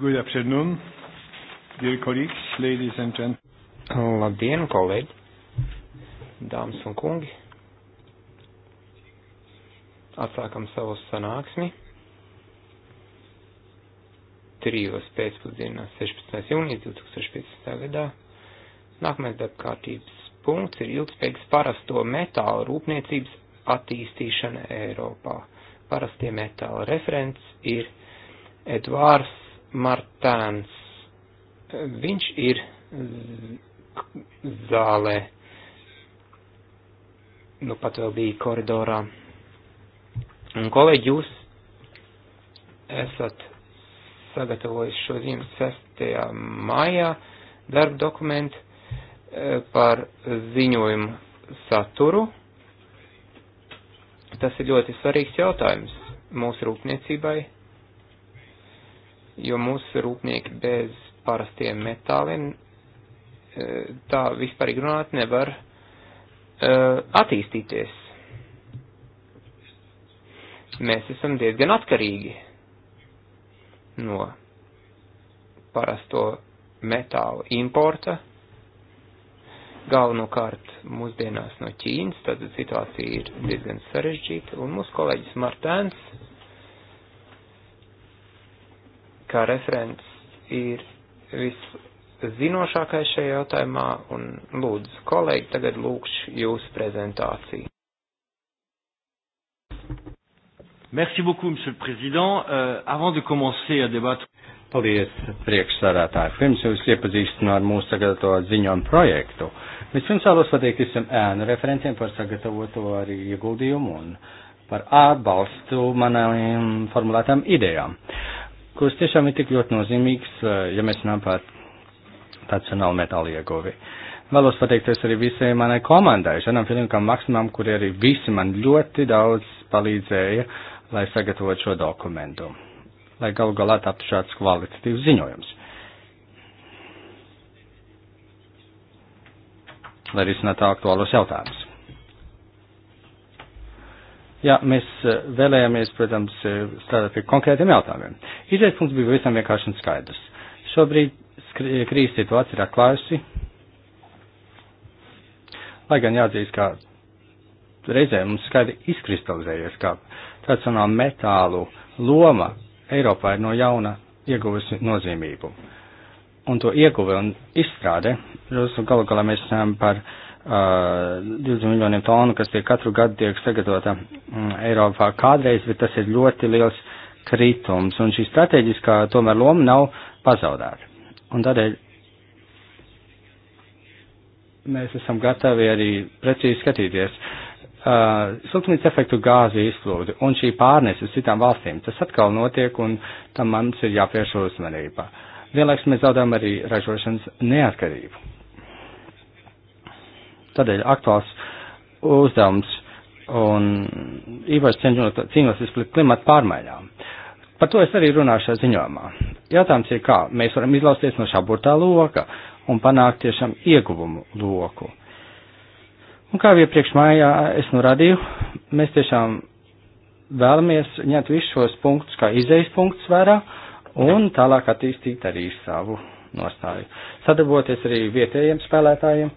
Good afternoon, dear colleagues, ladies and gentlemen. Labdien, kolēģi, dāmas un kungi. Atsākam savu sanāksmi. Trījos pēcpusdienā 16. jūnijas 2015. gadā. Nākamais darba kārtības punkts ir ilgspējīgs parasto metālu rūpniecības attīstīšana Eiropā. Parastie metāli referents ir Edvārs Martāns. Viņš ir zālē. Nu, pat vēl bija koridorā. Un, kolēģi, jūs esat sagatavojis šo ziņu 6. maijā darba dokumentu e, par ziņojumu saturu. Tas ir ļoti svarīgs jautājums mūsu rūpniecībai, jo mūsu rūpnieki bez parastiem metāliem e, tā vispārīgi runāt nevar e, attīstīties. Mēs esam diezgan atkarīgi no parasto metālu importa, galvenokārt mūsdienās no Ķīnas, tad situācija ir diezgan sarežģīta, un mūsu kolēģis Martēns kā referents ir viszinošākais šajā jautājumā, un lūdzu, kolēģi, tagad lūkšu jūsu prezentāciju. Merci beaucoup, Monsieur le Président. Euh, avant de commencer à débattre. Paldies, priekšsādātāji. Pirms jūs iepazīstinu ar mūsu sagatavoto ziņojumu projektu. Vispirms vēlos pateikt visiem ēnu referentiem par sagatavoto arī ieguldījumu un par atbalstu manām formulētām idejām. Uh, kuras tiešām ir tik ļoti nozīmīgas, eh, ja mēs runājam par nacionālu metālu ieguvi. Vēlos pateikties arī visai manai komandai, Žanam Filinkam Maksimam, kuri arī visi man ļoti daudz palīdzēja, lai sagatavotu šo dokumentu, lai galu galā taptu šāds kvalitatīvs ziņojums. Lai risinātu aktuālos jautājumus. Jā, mēs eh, vēlējāmies, protams, eh, strādāt pie konkrētiem jautājumiem. Izējas punkts bija visam vienkārši un skaidrs. Šobrīd krīzes situācija ir atklājusi, lai gan jāatzīst, ka reizē mums skaidri izkristalizējies, ka tradicionāla metālu loma Eiropā ir no jauna ieguvusi nozīmību. Un to ieguve un izstrāde, galu galā mēs runājam par uh, 20 miljoniem tonu, kas tiek katru gadu tiek sagatavota mm, Eiropā kādreiz, bet tas ir ļoti liels kritums, un šī strateģiskā tomēr loma nav pazaudēta. Un tādēļ mēs esam gatavi arī precīzi skatīties. Uh, Siltumnīca efektu gāzi izplūdi un šī pārnes uz citām valstīm, tas atkal notiek un tam mums ir jāpievērš uzmanība. Vienlaiks mēs zaudām arī ražošanas neatkarību Tādēļ aktuāls uzdevums un īpaši cīnos pret klimatu pārmaiņām. Par to es arī runāšu šajā ziņojumā. Jautājums ir, kā mēs varam izlausties no šā burtā loka un panākt tiešām ieguvumu loku. Un kā jau iepriekš mājā es norādīju, mēs tiešām vēlamies ņemt visus šos punktus kā izējas punktus vērā un tālāk attīstīt arī savu nostāju. Sadarboties arī vietējiem spēlētājiem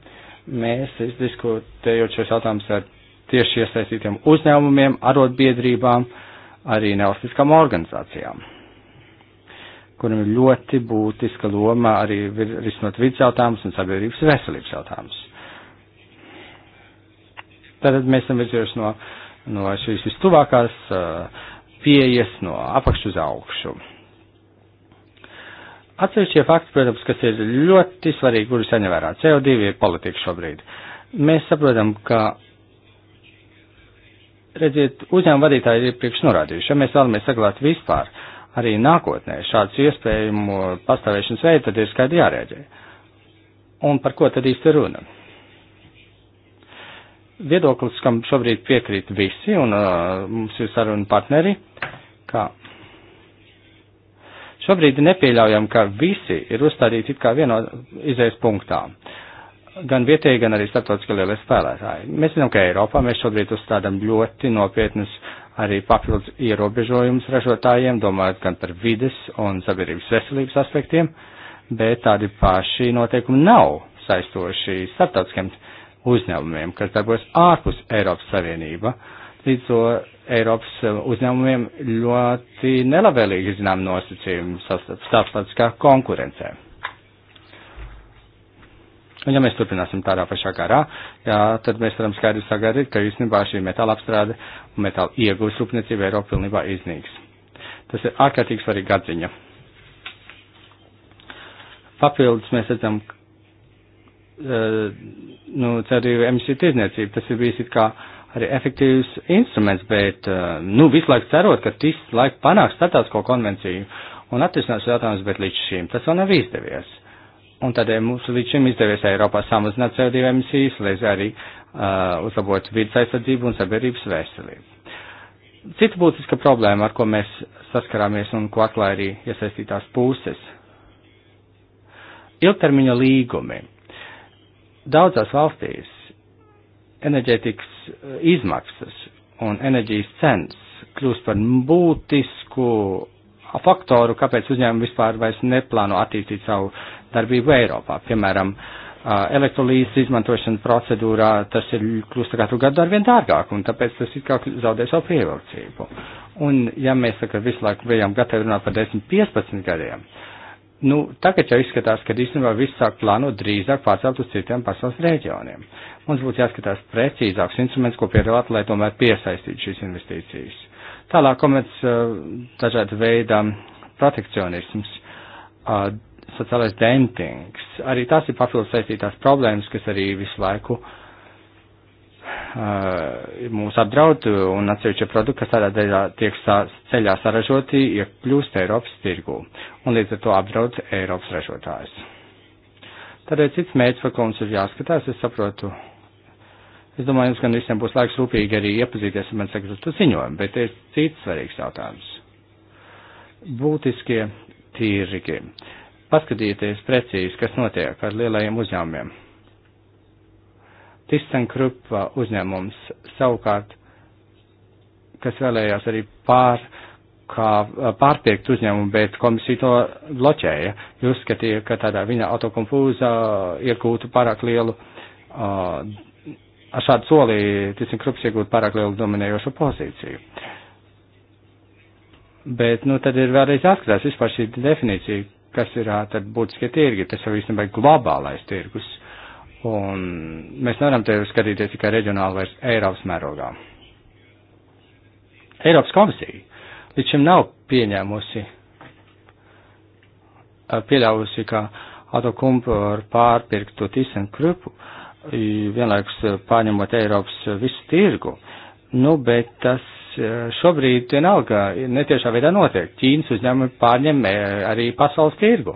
mēs izdiskutējot šos jautājumus ar tieši iesaistītiem uzņēmumiem, arotbiedrībām, arī nevalstiskām organizācijām, kuriem ir ļoti būtiska loma arī risinot vidas jautājumus un sabiedrības veselības jautājumus. Tātad mēs esam virzījuši no, no šīs vistuvākās uh, pieejas no apakšu uz augšu. Atsevišķie fakti, protams, kas ir ļoti svarīgi, kurus saņem vērā. CO2 ir politika šobrīd. Mēs saprotam, ka, redziet, uzņēmuma vadītāji ir priekš norādījuši, ja mēs vēlamies saglabāt vispār arī nākotnē šādus iespējumu pastāvēšanas veidu, tad ir skaidri jārēģē. Un par ko tad īsti runa? Viedoklis, kam šobrīd piekrīt visi, un uh, mums ir saruna partneri, ka Šobrīd ir nepieļaujami, ka visi ir uzstādīti it kā vienā izējas punktā. Gan vietēji, gan arī starptautiskie lielie spēlētāji. Mēs zinām, ka Eiropā mēs šobrīd uzstādām ļoti nopietnus arī papildus ierobežojumus ražotājiem, domājot gan par vides un sabiedrības veselības aspektiem, bet tādi paši noteikumi nav saistoši starptautiskiem uzņēmumiem, kas darbojas ārpus Eiropas Savienība. Uh, līdz to Eiropas eh, uzņēmumiem ļoti nelabvēlīgi zinām nosacījumi starptautiskā konkurencē. Un ja mēs turpināsim tādā pašā garā, jā, tad mēs varam skaidri sagaidīt, ka īstenībā šī metāla apstrāde un metāla iegūs rūpniecība Eiropā pilnībā iznīks. Tas ir ārkārtīgi svarīga atziņa. Papildus mēs redzam, uh, nu, cerību emisiju tirzniecību. Tas ir bijis it kā uh, arī efektīvs instruments, bet, uh, nu, visu laiku cerot, ka tas laik panāks startautisko konvenciju un atrisinās jautājumus, bet līdz šim tas vēl nav izdevies. Un tādēļ mums līdz šim izdevies Eiropā samazināt CO2 emisijas, lai arī uh, uzlabot vidas aizsardzību un sabiedrības veselību. Cita būtiska problēma, ar ko mēs saskarāmies un ko atklāja arī iesaistītās puses - ilgtermiņa līgumi. Daudzās valstīs enerģētikas eh, izmaksas un enerģijas cenas kļūst par būtisku faktoru, kāpēc uzņēmumi vispār vairs neplāno attīstīt savu darbību Eiropā. Piemēram, eh, elektrolīzes izmantošana procedūrā tas ir kļūst katru gadu arvien dārgāk, un tāpēc tas it kā zaudē savu pievilcību. Un ja mēs, saka, visu laiku bijām gatavi runāt par 10-15 gadiem, uh, Nu, tagad jau izskatās, ka īstenībā viss sāk plānot drīzāk pārcelt uz citiem pasaules reģioniem. Mums būtu jāskatās precīzāks instruments, ko piedāvāt, lai tomēr piesaistītu šīs investīcijas. Tālāk komets uh, dažāda veida protekcionisms, uh, sociālais dempings. Arī tās ir papildus saistītās problēmas, kas arī visu laiku uh, mūs apdraud un atsevišķi produkti, kas tādā daļā tiek ceļā saražoti, iekļūst Eiropas tirgū un līdz ar to apdraud Eiropas ražotājus. Tādēļ cits mērķis, par ko mums ir jāskatās, es saprotu. Es domāju, jums gan visiem būs laiks rūpīgi arī iepazīties ar man sekretu ziņojumu, bet ir cits svarīgs jautājums. Būtiskie tīrgi. Paskatieties precīzi, kas notiek ar lielajiem uzņēmumiem ThyssenKrupa uzņēmums savukārt, kas vēlējās arī pār, kā, pārpirkt uzņēmumu, bet komisija to bloķēja, jo uzskatīja, ka tādā viņa autokonfūza iegūtu pārāk lielu, uh, ar šādu soli ThyssenKrups iegūtu pārāk lielu dominējošu pozīciju. Bet, nu, tad ir vēlreiz jāskatās vispār šī definīcija, kas ir tad būtiskie tirgi, tas jau īstenībā ir globālais tirgus. Uh, Un mēs nevaram te skatīties tikai reģionāli vairs Eiropas mērogā. Eiropas komisija līdz šim nav pieņēmusi, eh, pieļāvusi, ka atokumpu var pārpirkt to tīsen krupu, vienlaikus eh, pārņemot Eiropas eh, visu tirgu. Nu, bet tas šobrīd vienalga netiešā veidā notiek. Ķīnas uzņēmumi pārņem arī pasaules tirgu.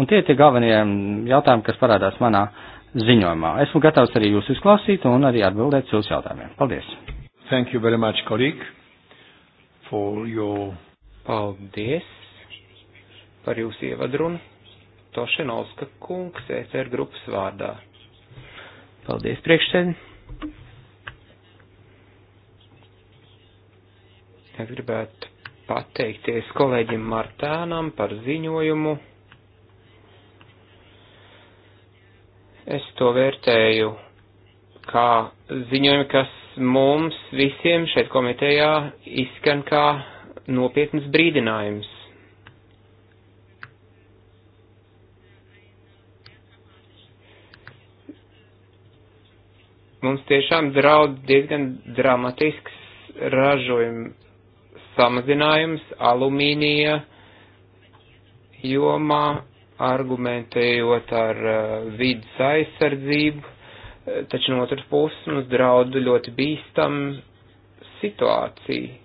Un tie ir tie galvenie mm, jautājumi, kas parādās manā uh, ziņojumā. Esmu gatavs arī jūs uzklausīt un arī atbildēt uz jautājumiem. Paldies! Thank you very much, colleague, for your... Paldies par jūsu ievadrunu. Tošenovska kungs, ECR grupas vārdā. Paldies, priekšsēdē. Es gribētu pateikties kolēģim Martānam par ziņojumu. Es to vērtēju kā ziņojumi, kas mums visiem šeit komitejā izskan kā nopietnas brīdinājums. Mums tiešām draud diezgan dramatisks ražojuma samazinājums alumīnija jomā argumentējot ar eh, vidas aizsardzību, eh, taču no otras puses mums draudu ļoti bīstam situācija. Eh,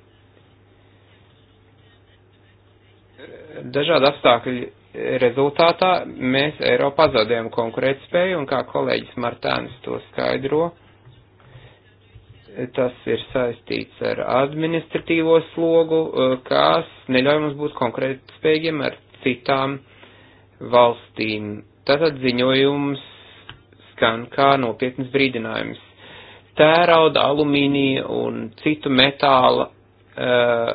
dažādi apstākļi rezultātā mēs Eiropā zaudējam konkurētspēju, un kā kolēģis Martēns to skaidro, tas ir saistīts ar administratīvo slogu, kas neļauj mums būt konkurētspējiem ar citām uh, valstīm. Tātad ziņojums skan kā nopietnas brīdinājums. Tērauda, alumīnija un citu metāla uh,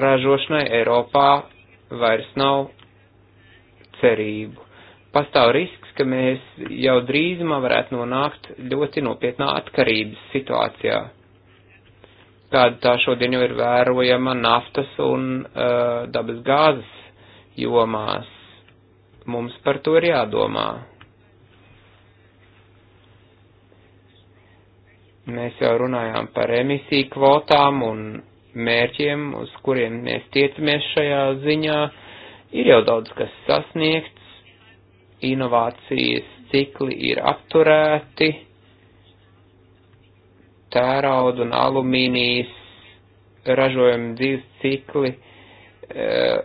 ražošanai Eiropā vairs nav cerību. Pastāv risks, ka mēs jau drīzumā varētu nonākt ļoti nopietnā atkarības situācijā, kāda tā šodien jau ir vērojama naftas un uh, dabas gāzes jomās. Mums par to ir jādomā. Mēs jau runājām par emisiju kvotām un mērķiem, uz kuriem mēs tiecamies šajā ziņā. Ir jau daudz kas sasniegts, inovācijas cikli ir apturēti, tērauda un alumīnijas ražojuma dzīves cikli Eh,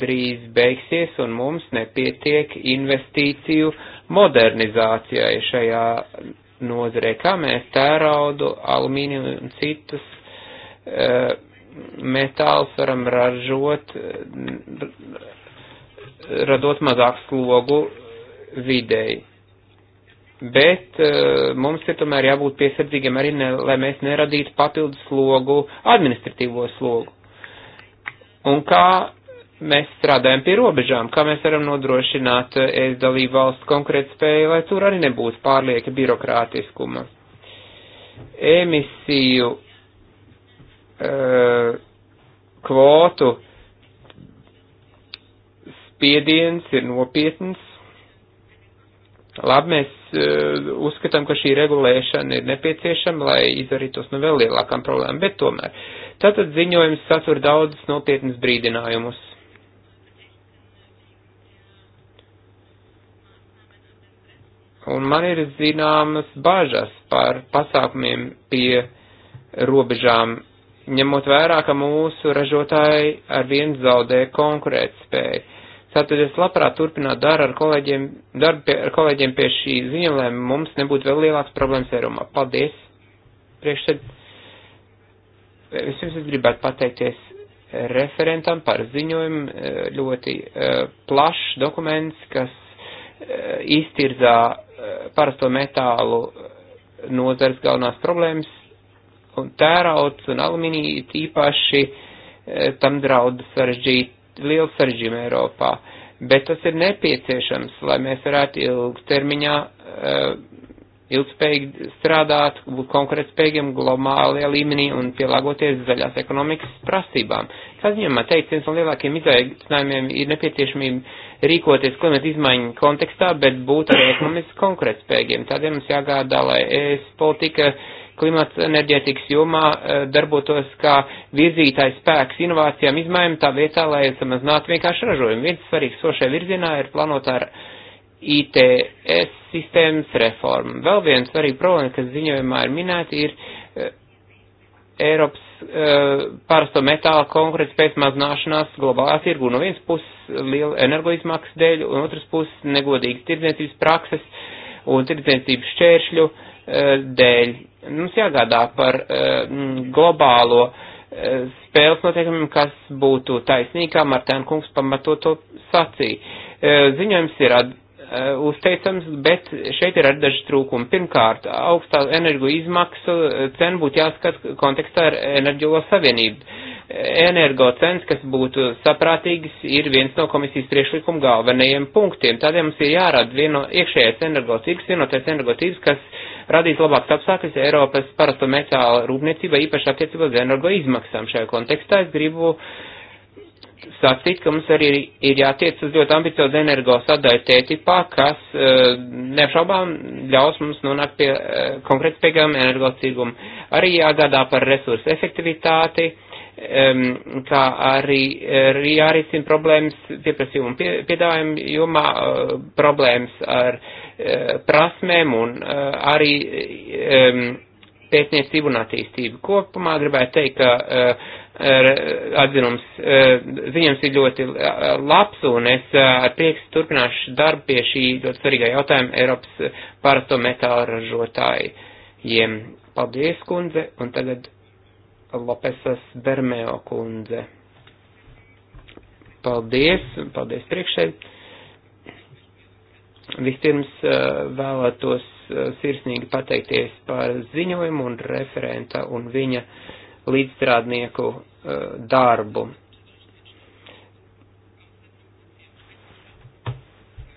drīz beigsies un mums nepietiek investīciju modernizācijai šajā nozarē, kā mēs tēraudu, alumīniju un citus eh, metālus varam ražot, eh, radot mazāk slogu videi. Bet mums ir tomēr jābūt piesardzīgiem arī, ne, lai mēs neradītu papildus slogu, administratīvo slogu Un kā mēs strādājam pie robežām, kā mēs varam nodrošināt eh, es dalību valsts konkrētu spēju, lai tur arī nebūtu pārlieka birokrātiskuma. Emisiju uh, kvotu spiediens ir nopietns Labi, mēs uh, uzskatām, ka šī regulēšana ir nepieciešama, lai izvarītos no nu vēl lielākām problēmām, bet tomēr. Tātad ziņojums satur daudzus nopietnus brīdinājumus. Un man ir zināmas bažas par pasākumiem pie robežām, ņemot vērā, ka mūsu ražotāji ar vienu zaudē konkurētspēju Tātad es labprāt turpinātu darbu ar kolēģiem, darbu pie, ar kolēģiem pie šī ziņa, lai mums nebūtu vēl lielāks problēmas Eiromā. Paldies! Priekšsēd. Vispirms es gribētu pateikties referentam par ziņojumu. Ļoti e, plašs dokuments, kas e, iztirzā e, parasto metālu nozares galvenās problēmas, un tērauts un alumīnija īpaši tam draud sarežģīt liels sarežģījums Eiropā, bet tas ir nepieciešams, lai mēs varētu ilgtermiņā eh, ilgspējīgi strādāt, būt konkurētspējīgiem globālajā līmenī un pielāgoties zaļās ekonomikas prasībām. Kā ziņojumā teikt, viens no lielākiem izaicinājumiem ir nepieciešamība rīkoties klimata izmaiņu kontekstā, bet būt arī ekonomiski konkurētspējīgiem. Tādēļ mums jāgādā, lai ES politika uh, klimats enerģētikas jomā eh, darbotos kā virzītājs spēks inovācijām izmaiņām tā vietā, lai samazinātu vienkārši ražojumu. Viens svarīgs sošajā virzienā ir planotā ar ITS sistēmas reformu. Vēl viens svarīgs problēma, kas ziņojumā ir minēta, ir eh, Eiropas uh, parasto metālu konkurētspējas mazināšanās globālā tirgu. No vienas puses liela energoizmaksas dēļ, un otras puses negodīgas tirdzniecības prakses un tirdzniecības šķēršļu uh, dēļ. Mums jāgādā par eh, globālo eh, spēles noteikumiem, kas būtu taisnīgi, kā Martēna kungs pamatot to sacīja. Eh, ziņojums ir uzteicams, bet šeit ir arī daži trūkumi. Pirmkārt, augstā energo izmaksu cena būtu jāskata kontekstā ar enerģilo savienību. Energo cenas, kas būtu saprātīgas, ir viens no komisijas priekšlikuma galvenajiem punktiem. Tādēļ mums ir jārada vieno, iekšējais energo tīks, vienotais energo tīks, kas radīt labākas apstākļas Eiropas parasto metālu rūpniecībai, īpaši attiecībā uz energo izmaksām. Šajā kontekstā es gribu sacīt, ka mums arī ir jātiec uz ļoti ambiciozu energo sadaļu tētipā, kas e, neapšaubām ļaus mums nonākt pie e, konkrēts pieejama energo cīguma. Arī jāgādā par resursu efektivitāti kā arī jārisina problēmas pieprasījumu un piedāvājumu jomā, eh, problēmas ar eh, prasmēm un eh, arī pētniecību un attīstību. Kopumā gribētu teikt, ka atzinums ziņams ir ļoti labs un es ar prieks turpināšu darbu pie šī ļoti svarīgā jautājuma Eiropas parasto metālu ražotājiem. Paldies, kundze, un tagad Lopesas Bermeo kundze. Paldies, paldies priekšēji. Vispirms eh, vēlētos eh, sirsnīgi pateikties par ziņojumu un referenta un viņa līdzstrādnieku eh, darbu.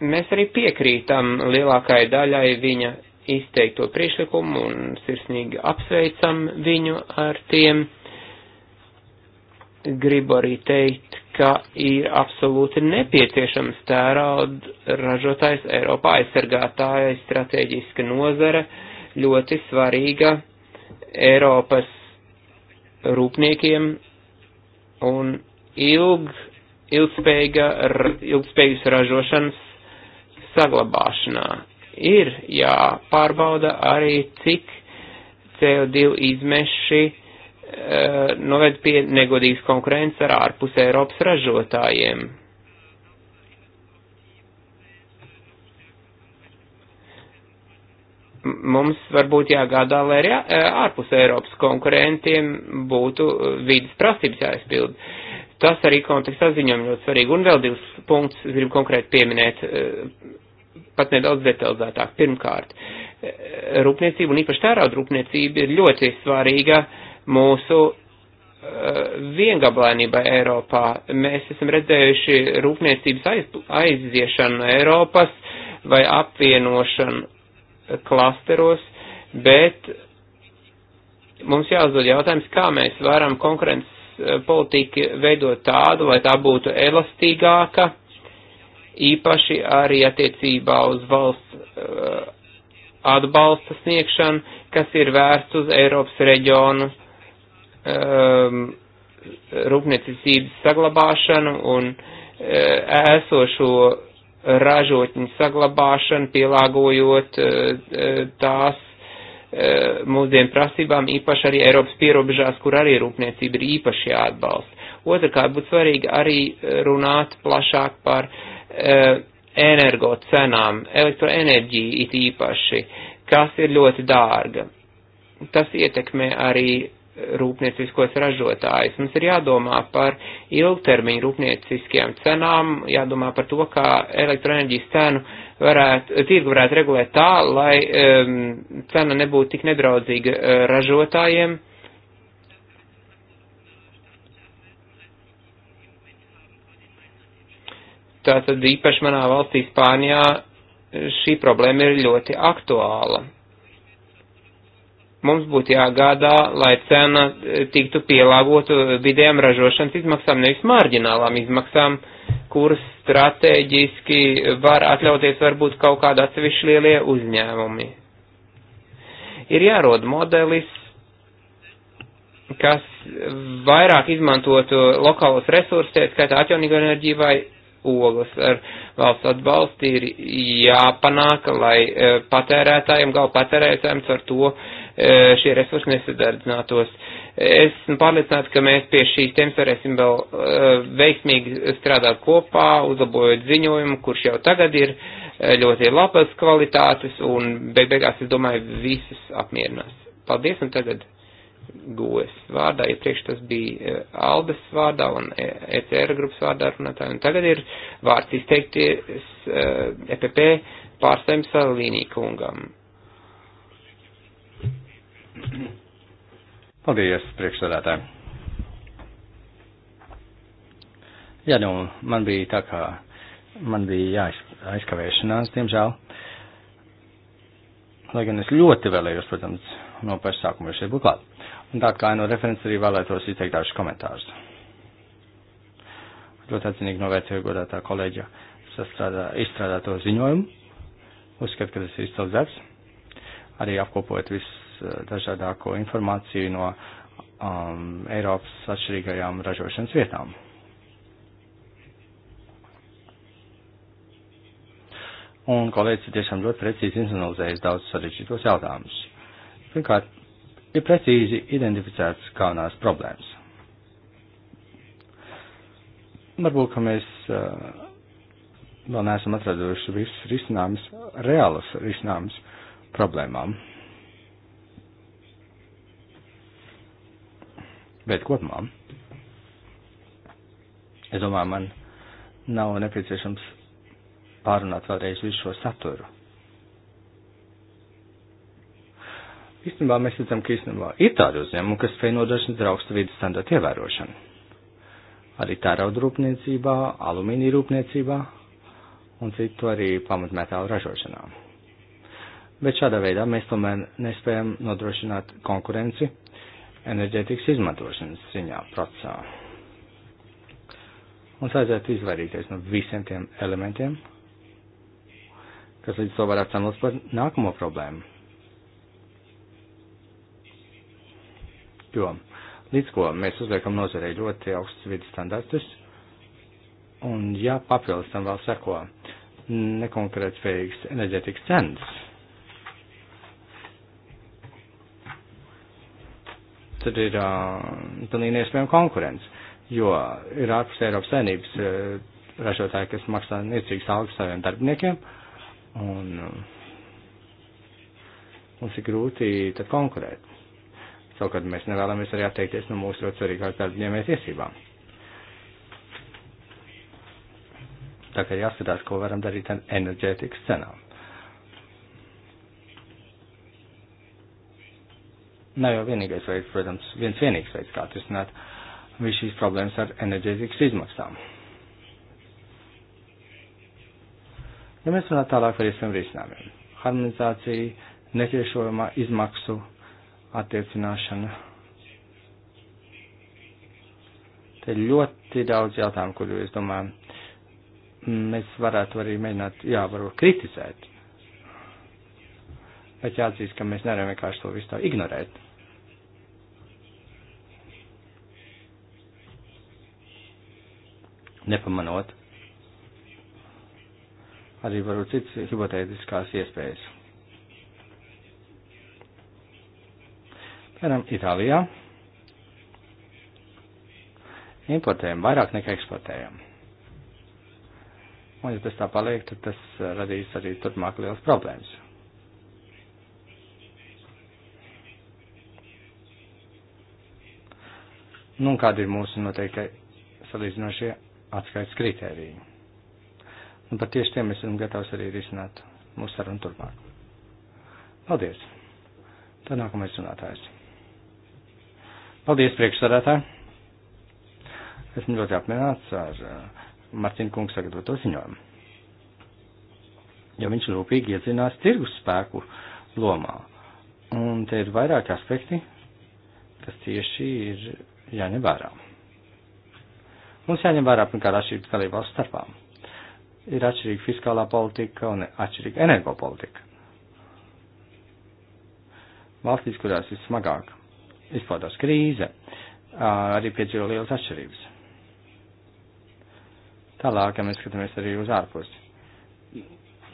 Mēs arī piekrītam lielākai daļai viņa izteikto priešlikumu un sirsnīgi apsveicam viņu ar tiem. Gribu arī teikt, ka ir absolūti nepieciešams tērauda ražotājs Eiropā aizsargātāja strateģiska nozara, ļoti svarīga Eiropas rūpniekiem un ilg, ilgspējīgas ražošanas saglabāšanā ir jāpārbauda arī, cik CO2 izmeši uh, noved pie negodīgas konkurences ar ārpus Eiropas ražotājiem. Mums varbūt jāgādā, lai arī eh, ārpus Eiropas konkurentiem būtu eh, vidas prasības jāizpild. Tas arī kontekstā ziņojumi ļoti svarīgi. Un vēl divas punktus gribu konkrēti pieminēt. Uh, pat nedaudz detalizētāk. Pirmkārt, rūpniecība un īpaši tērauda rūpniecība ir ļoti svarīga mūsu eh, viengablēnībai Eiropā. Mēs esam redzējuši rūpniecības aiz, aiziešanu Eiropas vai apvienošanu eh, klasteros, bet mums jāuzdod jautājums, kā mēs varam konkurences eh, politiku veidot tādu, lai tā būtu elastīgāka, uh, īpaši arī attiecībā uz valsts uh, atbalsta sniegšanu, kas ir vērsts uz Eiropas reģionu um, rūpniecības saglabāšanu un uh, esošo ražotņu saglabāšanu, pielāgojot uh, tās mūsdienu prasībām, īpaši arī Eiropas pierobežās, kur arī rūpniecība ir īpaši jāatbalsta. Otrakārt, būtu svarīgi arī runāt plašāk par uh, E, energo cenām, elektroenerģija it īpaši, kas ir ļoti dārga. Tas ietekmē arī rūpnieciskos ražotājus. Mums ir jādomā par ilgtermiņu rūpnieciskajām cenām, jādomā par to, kā elektroenerģijas cenu varētu, tirgu varētu regulēt tā, lai um, cena nebūtu tik nedraudzīga uh, ražotājiem Tātad īpaši manā valstī Spānijā šī problēma ir ļoti aktuāla. Mums būtu jāgādā, lai cena tiktu pielāgotu vidējām ražošanas izmaksām, nevis marģinālām izmaksām, kuras strateģiski var atļauties varbūt kaut kāda atsevišķa lielie uzņēmumi. Ir jārod modelis, kas vairāk izmantotu lokālos resursus, skaitā atjaunīgo enerģiju vai ogles ar valsts atbalstu ir jāpanāk, lai e, patērētājiem, gal patērētājiem ar to e, šie resursi nesadardzinātos. Esmu pārliecināts, ka mēs pie šīs tēmas varēsim vēl e, veiksmīgi strādāt kopā, uzlabojot ziņojumu, kurš jau tagad ir ļoti labas kvalitātes un beig beigās, es domāju, visus apmierinās. Paldies un tagad gojas vārdā, iepriekš tas bija e, Aldes vārdā un ECR e grupas vārdā runātāji, un tagad ir vārds izteikties EPP e pārstāvim Salīnī kungam. Paldies, priekšsādātāji. Jā, nu, man bija tā kā, man bija jāaizkavēšanās, diemžēl. Lai gan es ļoti vēlējos, protams, no paša sākuma šeit būt klāt. Un tā kā no referents arī vēlētos izteikt dažus komentārus. Ļoti atzinīgi novērtēju godātā kolēģa sastrādā, izstrādāto ziņojumu. Uzskatu, ka tas ir izcils darbs. Arī apkopot visdažādāko eh, informāciju no um, Eiropas atšķirīgajām ražošanas vietām. Un kolēģis ir tiešām ļoti precīzi izanalizējis daudz sarežģītos jautājumus. Pirmkārt, ir precīzi identificētas galvenās problēmas. Varbūt, ka mēs uh, vēl neesam atraduši visus risinājumus, reālus risinājumus problēmām. Bet kopumā, es domāju, man nav nepieciešams pārunāt vēlreiz visu šo saturu. Īstenībā mēs redzam, ka īstenībā ir tādi uzņēmumi, kas spēj nodrošināt augstu vidas standartu ievērošanu. Arī tērauda rūpniecībā, alumīnija rūpniecībā un citu arī pamatmetālu ražošanā. Bet šādā veidā mēs tomēr nespējam nodrošināt konkurenci enerģētikas izmantošanas ziņā procesā. Mums vajadzētu izvairīties no visiem tiem elementiem, kas līdz to varētu samlst par nākamo problēmu jo līdz ko mēs uzliekam nozarei ļoti augstus vidas standartus, un ja papildus tam vēl seko nekonkurētspējīgs enerģētikas cenas, tad ir uh, pilnīgi neiespējama konkurence, jo ir ārpus Eiropas saimnības uh, ražotāji, kas maksā niecīgas algas saviem darbiniekiem, un uh, mums ir grūti tad konkurēt. Savukārt mēs nevēlamies arī atteikties no mūsu ļoti svarīgās darbaņēmējas tiesībām. Tā kā jāskatās, ko varam darīt ar enerģētikas cenām. Nav jau vienīgais veids, protams, viens vienīgs veids, kā atrisināt visu šīs problēmas ar enerģētikas izmaksām. Ja mēs runājam tālāk par iespējamiem risinājumiem, harmonizācija, netiešojumā izmaksu attiecināšana. Te ir ļoti daudz jautājumu, kuru, es domāju, mēs varētu arī mēģināt, jā, varbūt kritizēt. Bet jāatzīst, ka mēs nevaram vienkārši to visu tā ignorēt. Nepamanot. Arī varbūt citas hipotētiskās iespējas. Piemēram, Itālijā importējam vairāk nekā eksportējam. Un, ja tas tā paliek, tad tas radīs arī turpmāk liels problēmas. Nu, un kādi ir mūsu noteikti salīdzinošie atskaits kritēriji? Un nu, pat tieši tiem mēs esam gatavs arī risināt mūsu sarunu turpmāk. Paldies! Tad nākamais runātājs. Paldies, priekšsādātāji! Esmu ļoti apmierināts ar eh, Marcinu kungu sagatavoto ziņojumu, jo viņš rūpīgi iedzinās tirgus spēku lomā. Un te ir vairāki aspekti, kas tieši ir jāņem vērā. Mums jāņem vērā pirmkārt atšķirības dalībvalstu starpā. Ir atšķirīga fiskālā politika un atšķirīga energopolitika. Valstīs, kurās ir smagāk izpaužās krīze, arī piedzīvo lielas atšķirības. Tālāk, ja mēs skatāmies arī uz ārpusi.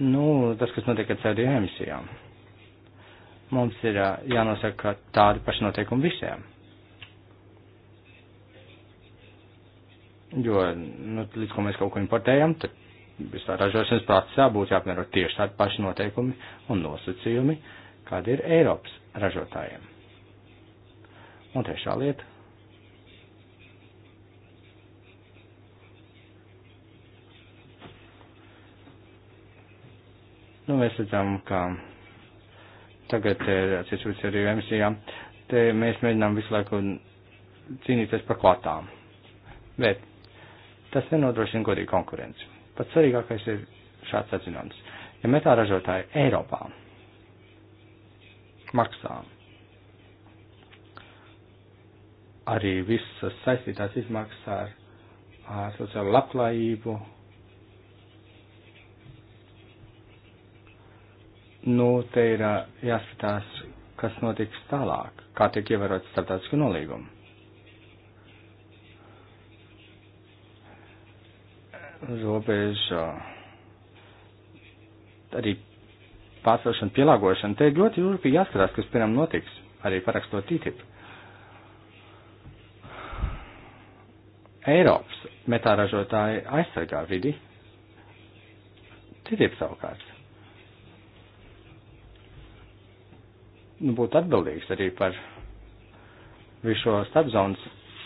Nu, tas, kas notiek ar CO2 emisijām. Mums ir jānosaka tādi paši noteikumi visiem. Jo, nu, līdz ko mēs kaut ko importējam, tad visā ražošanas procesā būtu jāapmierot tieši tādi paši noteikumi un nosacījumi, kādi ir Eiropas ražotājiem. Un trešā lieta. Nu, mēs redzam, ka tagad ir eh, atsevišķi arī emisijā. Te mēs mēģinām visu laiku cīnīties par kvotām. Bet tas nenodrošina godīgu konkurenci. Pats svarīgākais ir šāds atzinums. Ja metāražotāji Eiropā maksā arī visas saistītās izmaksas ar, ar sociālo labklājību. Nu, te ir jāskatās, kas notiks tālāk, kā tiek ievērot starptautisku nolīgumu. Robeža arī pārcelšana, pielāgošana. Te ir ļoti jūrpi jāskatās, kas, piemēram, notiks arī parakstot TTIP. Eiropas metāražotāji aizsargā vidi, citiem savukārt. Nu, būtu atbildīgs arī par visu šo starpzonas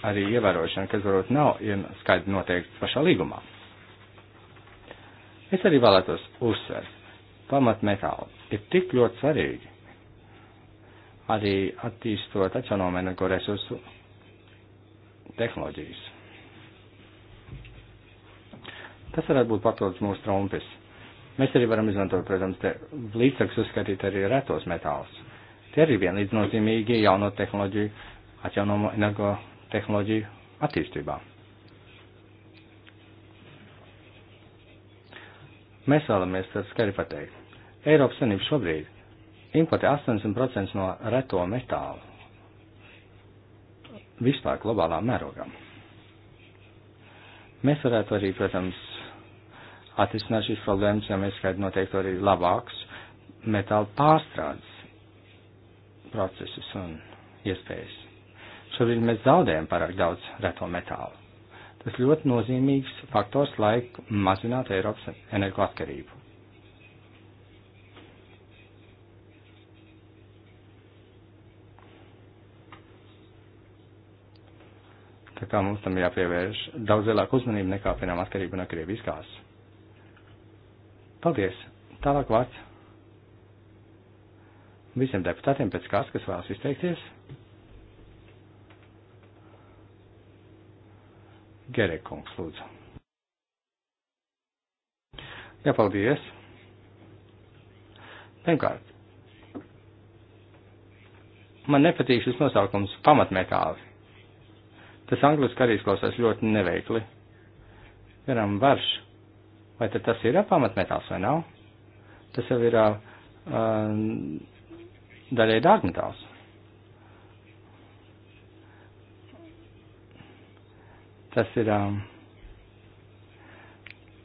arī ievērošanu, kas varbūt nav skaidri noteikts pašā līgumā. Es arī vēlētos uzsvērt, pamatmetāli ir tik ļoti svarīgi arī attīstot atjaunojumu energoresursu tehnoloģijas. Tas varētu būt papildus mūsu trumpis. Mēs arī varam izmantot, protams, līdzekļus uzskatīt arī retos metālus. Tie arī vienlīdz nozīmīgi jauno tehnoloģiju, atjaunomo energotehnoloģiju attīstībā. Mēs vēlamies tad skaidri pateikt. Eiropas Savienība šobrīd importē 80% no reto metālu vispār globālā mērogā. Mēs varētu arī, protams, atrisināt šīs problēmas, ja mēs skaidri noteikti arī labāks metāla pārstrādes procesus un iespējas. Šobrīd mēs zaudējam pārāk daudz reto metālu. Tas ļoti nozīmīgs faktors, lai mazinātu Eiropas energoatkarību. Tā kā mums tam jāpievērš daudz lielāka uzmanība nekā, piemēram, atkarība no Krievijas gāzes. Paldies! Tālāk vārds visiem deputātiem pēc kāds, kas vēlas izteikties. Gerekungs, lūdzu. Jā, paldies. Pirmkārt, man nepatīk šis nosaukums pamatmetāli. Tas angliski arī izklausās ļoti neveikli. Piemēram, varš Vai tad tas ir pamatmetāls vai nav? Tas jau ir uh, daļai dārgmetāls. Tas ir um,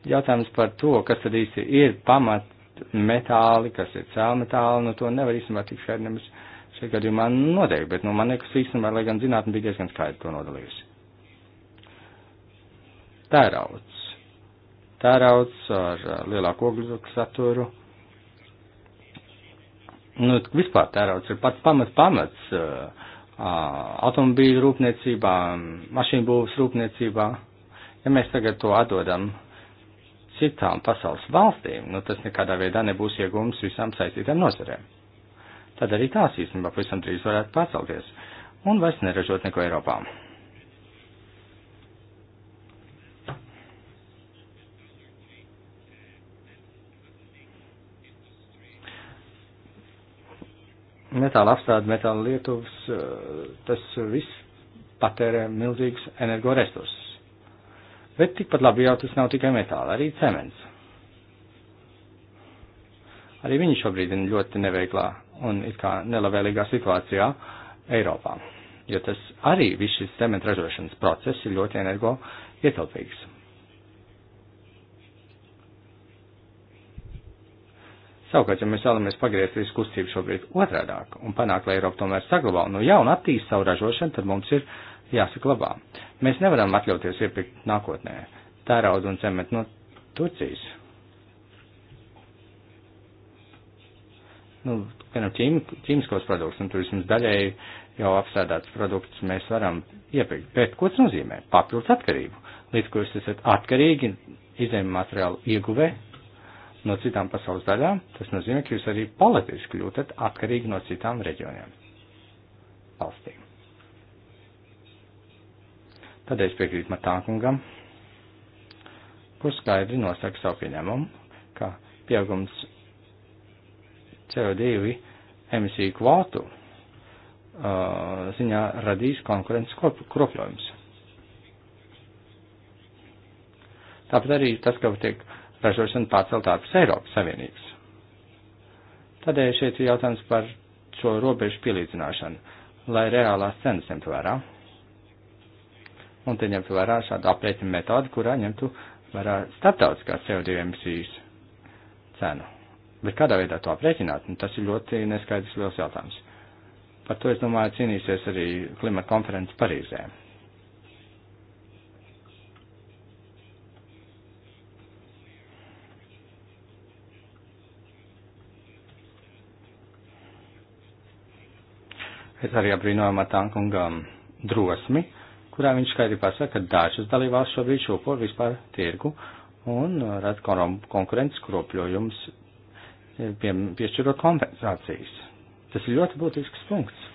jautājums par to, kas tad īsti ir pamatmetāli, kas ir cēlmetāli, nu to nevar īstenībā tik šeit nemaz šajā gadījumā noteikt, bet nu, man nekas īstenībā, lai gan zinātni bija diezgan skaidri to nodalījusi. Tērauds tērauds ar lielāku ogļu saturu. Nu, vispār tērauds ir pats pamat, pamats automobīļu rūpniecībā, mašīnu būvas rūpniecībā. Ja mēs tagad to atdodam citām pasaules valstīm, nu tas nekādā veidā nebūs iegums visām saistītām nozarēm. Tad arī tās īstenībā pavisam drīz varētu pacelties un vairs neražot neko Eiropā. metāla apstrāde, metāla lietuvs, eh, tas viss patērē milzīgus energoresursus. Bet tikpat labi jau tas nav tikai metāla, arī cements. Arī viņi šobrīd ir ļoti neveiklā un it kā nelabvēlīgā situācijā Eiropā, jo tas arī viss šis cementa ražošanas process ir ļoti energo ietilpīgs. Savukārt, ja mēs vēlamies pagriezt visu kustību šobrīd otrādāk un panākt, lai Eiropa tomēr saglabā un no jauna attīst savu ražošanu, tad mums ir jāsaglabā. Mēs nevaram atļauties iepirkt nākotnē tērauda un cementu no Turcijas. Nu, piemēram, ķīm, ķīmiskos produktus, un tur vismaz daļēji jau apstrādāts produkts mēs varam iepirkt. Bet ko tas nozīmē? Papildus atkarību. Līdz ko jūs esat atkarīgi izējuma materiālu ieguvē no citām pasaules daļām, tas nozīmē, ka jūs arī politiski kļūtat atkarīgi no citām reģioniem, valstīm. Tādēļ es piekrītu Matākungam, kurš skaidri nosaka savu pieņēmumu, ka pieaugums CO2 emisiju kvotu uh, ziņā radīs konkurences kropļojums. Tāpat arī tas, ka tiek uh, ražošanu pārcelt ārpus Eiropas Savienības. Tādēļ šeit ir jautājums par šo robežu pielīdzināšanu, lai reālās cenas ņemtu vērā. Un te ņemtu vērā šādu aprēķinu metodi, kurā ņemtu vērā starptautiskās CO2 emisijas cenu. Bet kādā veidā to aprēķināt? Nu, tas ir ļoti neskaidrs liels jautājums. Par to, es domāju, cīnīsies arī klimata konferences Parīzē. Es arī apbrīnoju Matankungam drosmi, kurā viņš skaidri pasaka, ka dažas dalībvalsts šobrīd šūpo vispār tirgu un uh, redz konkurences kropļojums, eh, pie, piešķirot kompensācijas. Tas ir ļoti būtisks punkts.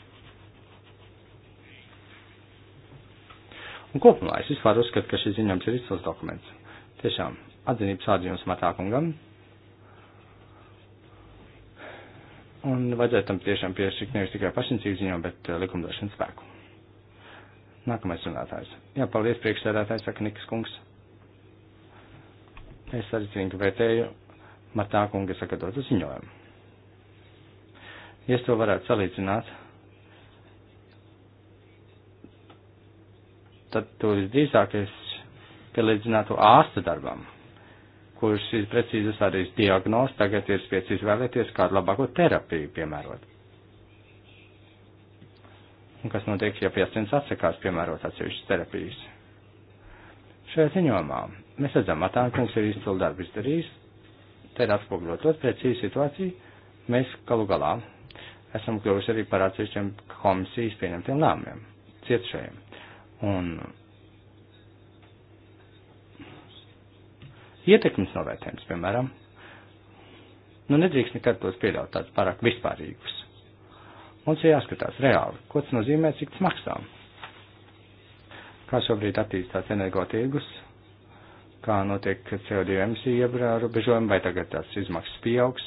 Un kopumā es vispār uzskatu, ka šis ziņojums ir izcils dokuments. Tiešām atzinības ādījums Matākungam Un vajadzētu tam tiešām piešķirt nevis tikai pašinicīgu ziņām, bet eh, likumdošanas spēku. Nākamais runātājs. Jā, paldies priekšsēdētājs, saka Nikas kungs. Es arī cīnīgi vērtēju Martā kunga sagatavotu ziņojumu. Ja es to varētu salīdzināt, tad to visdrīzāk es pielīdzinātu ārsta darbam kurš ir precīzi uzstādījis diagnozi, tagad ir spiedz izvēlēties kādu labāko terapiju piemērot. Un kas notiek, ja pacients atsakās piemērot atsevišķas terapijas? Šajā ziņojumā mēs redzam, Matānkungs ir izcilu darbu izdarījis, te ir atspoguļotot precīzi situāciju, mēs galu galā esam kļuvuši arī par atsevišķiem komisijas pieņemtiem lēmumiem, cietušajiem. Un Ietekmes novērtējums, piemēram. Nu, nedrīkst nekad tos pieļaut tādus pārāk vispārīgus. Mums ir jāskatās reāli, ko tas nozīmē, cik tas maksā. Kā šobrīd attīstās energotirgus, kā notiek CO2 emisiju ierobežojumi, vai tagad tās izmaksas pieaugs,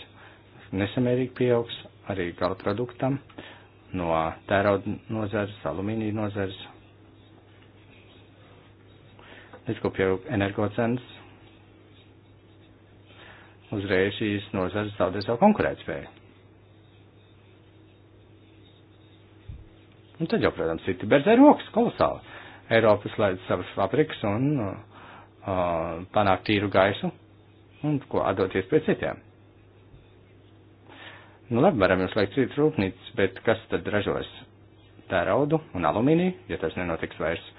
nesamērīgi pieaugs arī gala produktam no tērauda nozares, alumīnija nozares. Neskopjau energocenas uzreiz šīs nozares zaudē savu konkurētspēju. Un tad jau, protams, citi berzē rokas kolosāli. Eiropas slēdz savas fabrikas un uh, panāk tīru gaisu un ko atdoties pie citiem. Nu labi, varam jums liekt citas rūpnīcas, bet kas tad ražos tēraudu un alumīniju, ja tas nenotiks vairs um,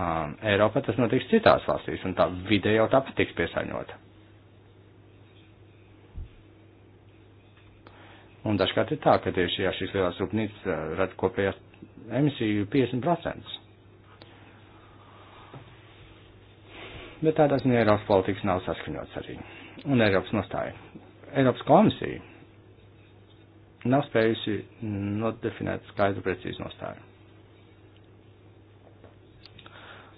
uh, Eiropā, tas notiks citās valstīs un tā vide jau tāpat tiks piesaņota. Un dažkārt ir tā, ka tieši jā, šīs lielās rūpnīcas eh, rada kopējās emisiju 50%. Bet tādā ziņā Eiropas politikas nav saskaņots arī. Un Eiropas nostāja. Eiropas komisija nav spējusi nodefinēt skaidru precīzu nostāju.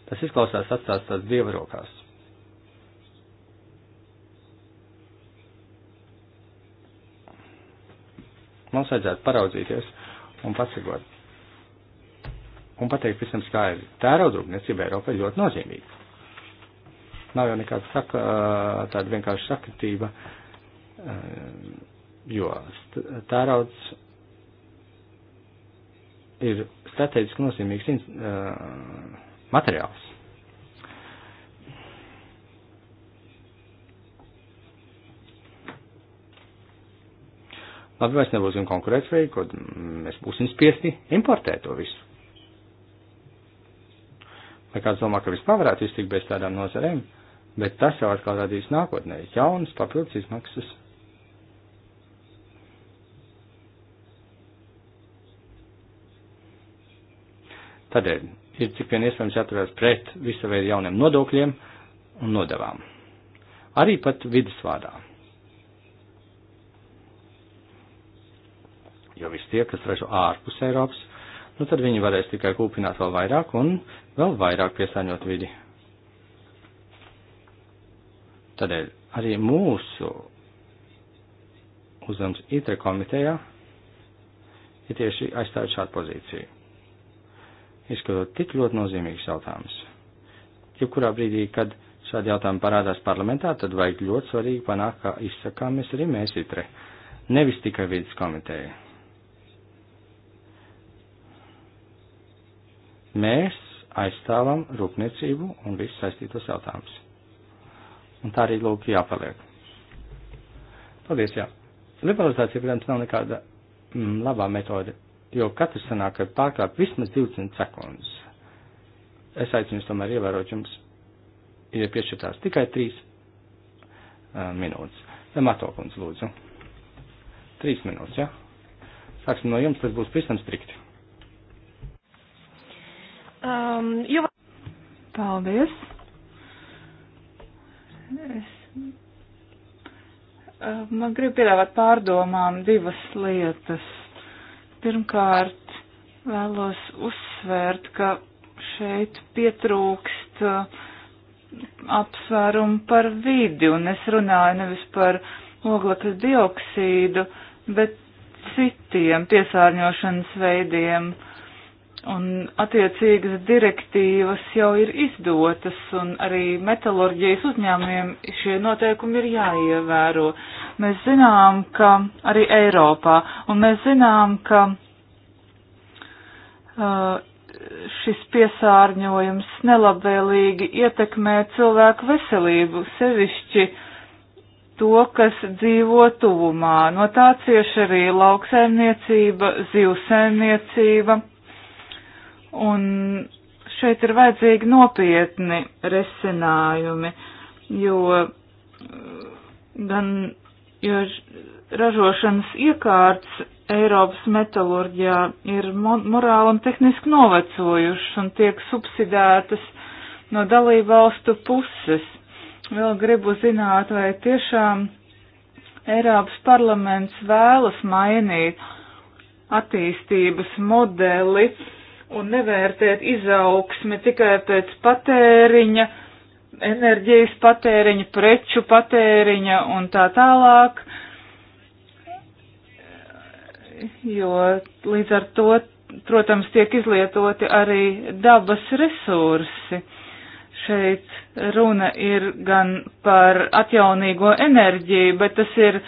Tas izklausās atstās tās dieva rokās. Mums vajadzētu paraudzīties un pasagot. Un pateikt visam skaidri, tēraudraudniecība Eiropā ir ļoti nozīmīga. Nav jau nekāda saka, tāda vienkārši sakatība, jo tērauds ir strateģiski nozīmīgs materiāls. Labi, mēs nebūsim konkurētspēji, kad mēs būsim spiesti importēt to visu. Lai kāds domā, ka vispār varētu iztikt bez tādām nozarēm, bet tas jau atkal radīs nākotnē jaunas papildus izmaksas. Tādēļ ir cik vien iespējams jāturās pret visu veidu jauniem nodokļiem un nodevām. Arī pat vidusvādā. jo visi tie, kas ražo ārpus Eiropas, nu tad viņi varēs tikai kūpināt vēl vairāk un vēl vairāk piesāņot vidi. Tādēļ arī mūsu uzdevums ITRE komitejā ir tieši aizstāvēt šādu pozīciju. Izskatot tik ļoti nozīmīgs jautājums. Jebkurā brīdī, kad šādi jautājumi parādās parlamentā, tad vajag ļoti svarīgi panākt, ka izsakāmies arī mēs ITRE, nevis tikai vidas komiteja. Mēs aizstāvam rūpniecību un visus saistītos jautājumus. Un tā arī lūk jāpaliek. Paldies, jā. Liberalizācija, protams, nav nekāda mm, labā metode, jo katrs sanāk, ka pārkāp vismaz 20 sekundes. Es aicinu jūs tomēr ievērot jums, ir piešķirtās tikai 3 uh, minūtes. Matokums, lūdzu. 3 minūtes, jā. Ja? Sāksim no jums, tas būs pavisam strikti. Um, jo... Paldies! Es uh, man grib piedāvāt pārdomām divas lietas. Pirmkārt, vēlos uzsvērt, ka šeit pietrūkst uh, apsvērumu par vidi, un es runāju nevis par oglekļa dioksīdu, bet citiem piesārņošanas veidiem. Uh, Un attiecīgas direktīvas jau ir izdotas, un arī metalurģijas uzņēmumiem šie noteikumi ir jāievēro. Mēs zinām, ka arī Eiropā, un mēs zinām, ka uh, šis piesārņojums nelabvēlīgi ietekmē cilvēku veselību, sevišķi to, kas dzīvo tuvumā. No tā cieši arī lauksaimniecība, zivsaimniecība Un šeit ir vajadzīgi nopietni resinājumi, jo mm, gan, jo ražošanas iekārts Eiropas metalurģijā ir morāli un tehniski novecojušas un tiek subsidētas no dalību valstu puses. Vēl gribu zināt, vai tiešām Eiropas parlaments vēlas mainīt attīstības modeli un nevērtēt izaugsmi tikai pēc patēriņa, enerģijas patēriņa, preču patēriņa un tā tālāk, jo līdz ar to, protams, tiek izlietoti arī dabas resursi šeit runa ir gan par atjaunīgo enerģiju, bet tas ir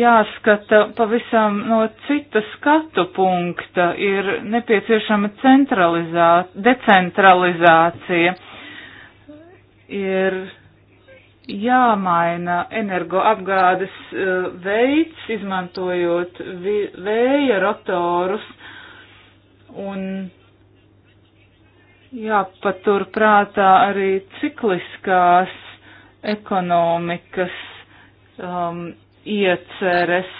jāskata pavisam no cita skatu punkta. Ir nepieciešama decentralizācija. Ir jāmaina energoapgādes uh, veids, izmantojot vi, vēja rotorus un jāpatur prātā arī cikliskās ekonomikas um, ieceres.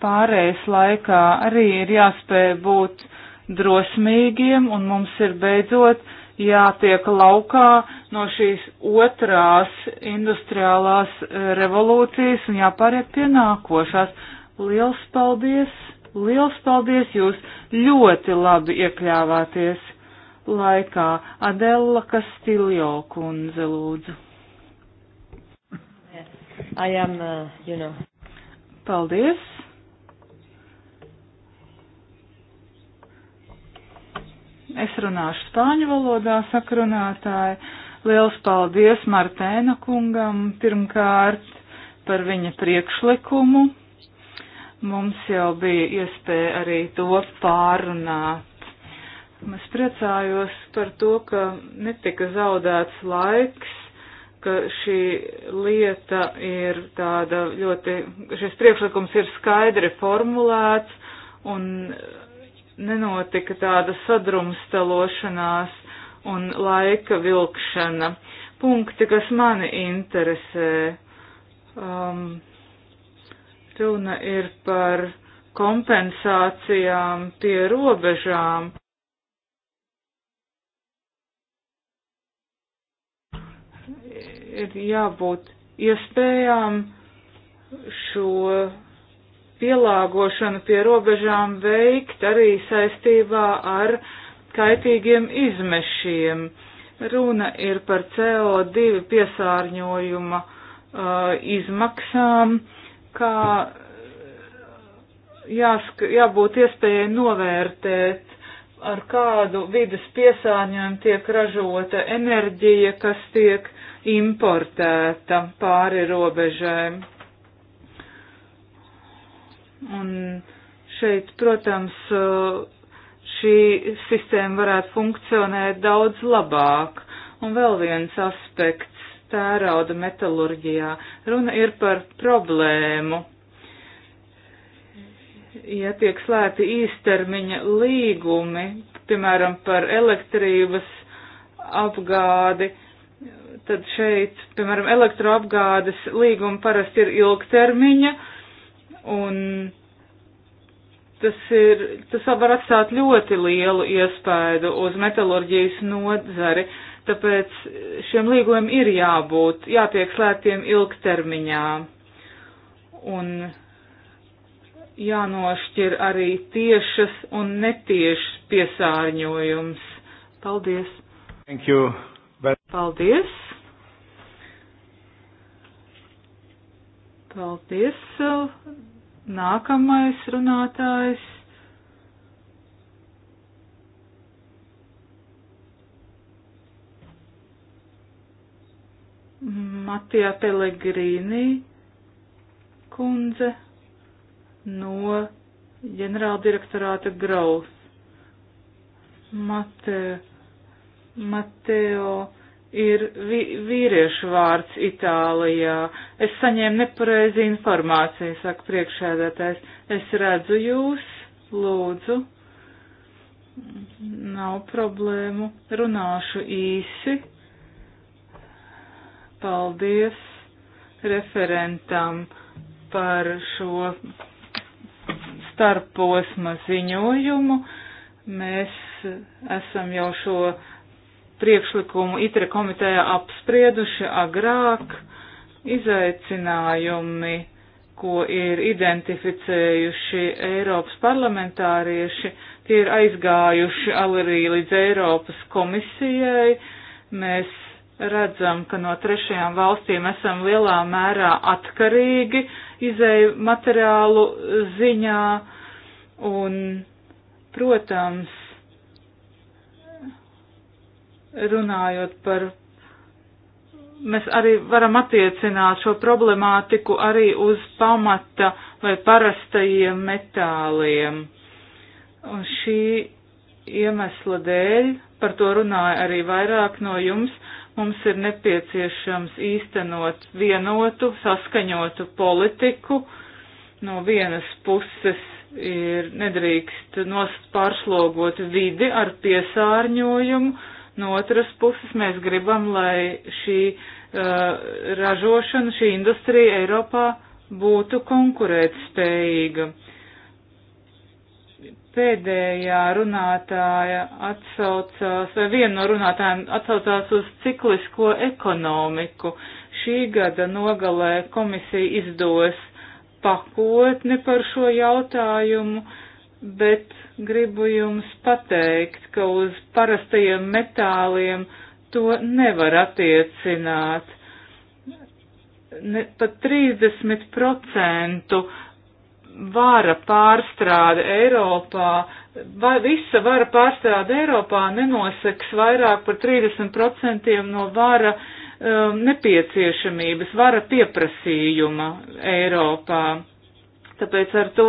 Pārējais laikā arī ir jāspēj būt drosmīgiem un mums ir beidzot jātiek laukā no šīs otrās industriālās revolūcijas un jāpāriet pie nākošās. Liels paldies! Liels paldies, jūs ļoti labi iekļāvāties laikā. Adela Kastiljo kundze lūdzu. I am, uh, you know. Paldies. Es runāšu spāņu valodā, sakrunātāji. Liels paldies Martēna kungam pirmkārt par viņa priekšlikumu Mums jau bija iespēja arī to pārunāt. Es priecājos par to, ka netika zaudēts laiks, ka šī lieta ir tāda ļoti, šis priekšlikums ir skaidri formulēts un nenotika tāda sadrumstalošanās un laika vilkšana. Punkti, kas mani interesē. Um, Runa ir par kompensācijām pie robežām. Ir jābūt iespējām šo pielāgošanu pie robežām veikt arī saistībā ar kaitīgiem izmešiem. Runa ir par CO2 piesārņojuma uh, izmaksām. Uh, ka jāsk, jābūt iespējai novērtēt, ar kādu vidas piesārņojumu tiek ražota enerģija, kas tiek importēta pāri robežēm. Un šeit, protams, šī sistēma varētu funkcionēt daudz labāk. Un vēl viens aspekts tērauda metalurģijā. Runa ir par problēmu. Ja tiek slēgti īstermiņa līgumi, piemēram, par elektrības apgādi, tad šeit, piemēram, elektroapgādes līgumi parasti ir ilgtermiņa, un tas, ir, tas var atstāt ļoti lielu iespēju uz metalurģijas nodzari. Tāpēc šiem līgumiem ir jābūt, jātiek slēgtiem ilgtermiņā. Un jānošķir arī tiešas un netiešas piesārņojums. Paldies! Thank you. But... Paldies! Paldies! Nākamais runātājs. Matija Pelegrīnī kundze no ģenerāldirektorāta Graus. Mate, Mateo ir vi, vīriešu vārds Itālijā. Es saņēmu nepareizi informāciju, saka priekšēdētājs. Es redzu jūs, lūdzu. Nav problēmu, runāšu īsi Paldies referentam par šo starposma ziņojumu. Mēs esam jau šo priekšlikumu ITRE komitejā apsprieduši agrāk. Izaicinājumi, ko ir identificējuši Eiropas parlamentārieši, tie ir aizgājuši arī līdz Eiropas komisijai. Mēs redzam, ka no trešajām valstīm esam lielā mērā atkarīgi izēju materiālu ziņā un, protams, runājot par, mēs arī varam attiecināt šo problemātiku arī uz pamata vai parastajiem metāliem. Un šī iemesla dēļ, par to runāja arī vairāk no jums, Mums ir nepieciešams īstenot vienotu, saskaņotu politiku. No vienas puses ir nedrīkst pārslogot vidi ar piesārņojumu, no otras puses mēs gribam, lai šī uh, ražošana, šī industrija Eiropā būtu konkurētspējīga pēdējā runātāja atsaucās, vai viena no runātājiem atsaucās uz ciklisko ekonomiku. Šī gada nogalē komisija izdos pakotni par šo jautājumu, bet gribu jums pateikt, ka uz parastajiem metāliem to nevar attiecināt. Ne, pat 30% vara pārstrāde Eiropā, va, visa vara pārstrāde Eiropā nenoseks vairāk par 30% no vara um, nepieciešamības, vara pieprasījuma Eiropā. Tāpēc ar to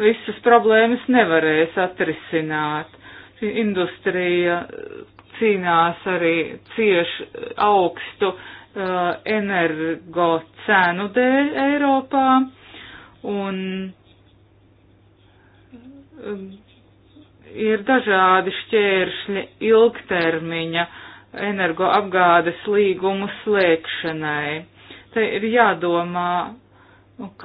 visas problēmas nevarēs atrisināt. Industrija uh, cīnās arī cieši augstu uh, energo cēnu dēļ Eiropā. Un Um, ir dažādi šķēršļi ilgtermiņa energoapgādes līgumu slēgšanai. Te ir jādomā,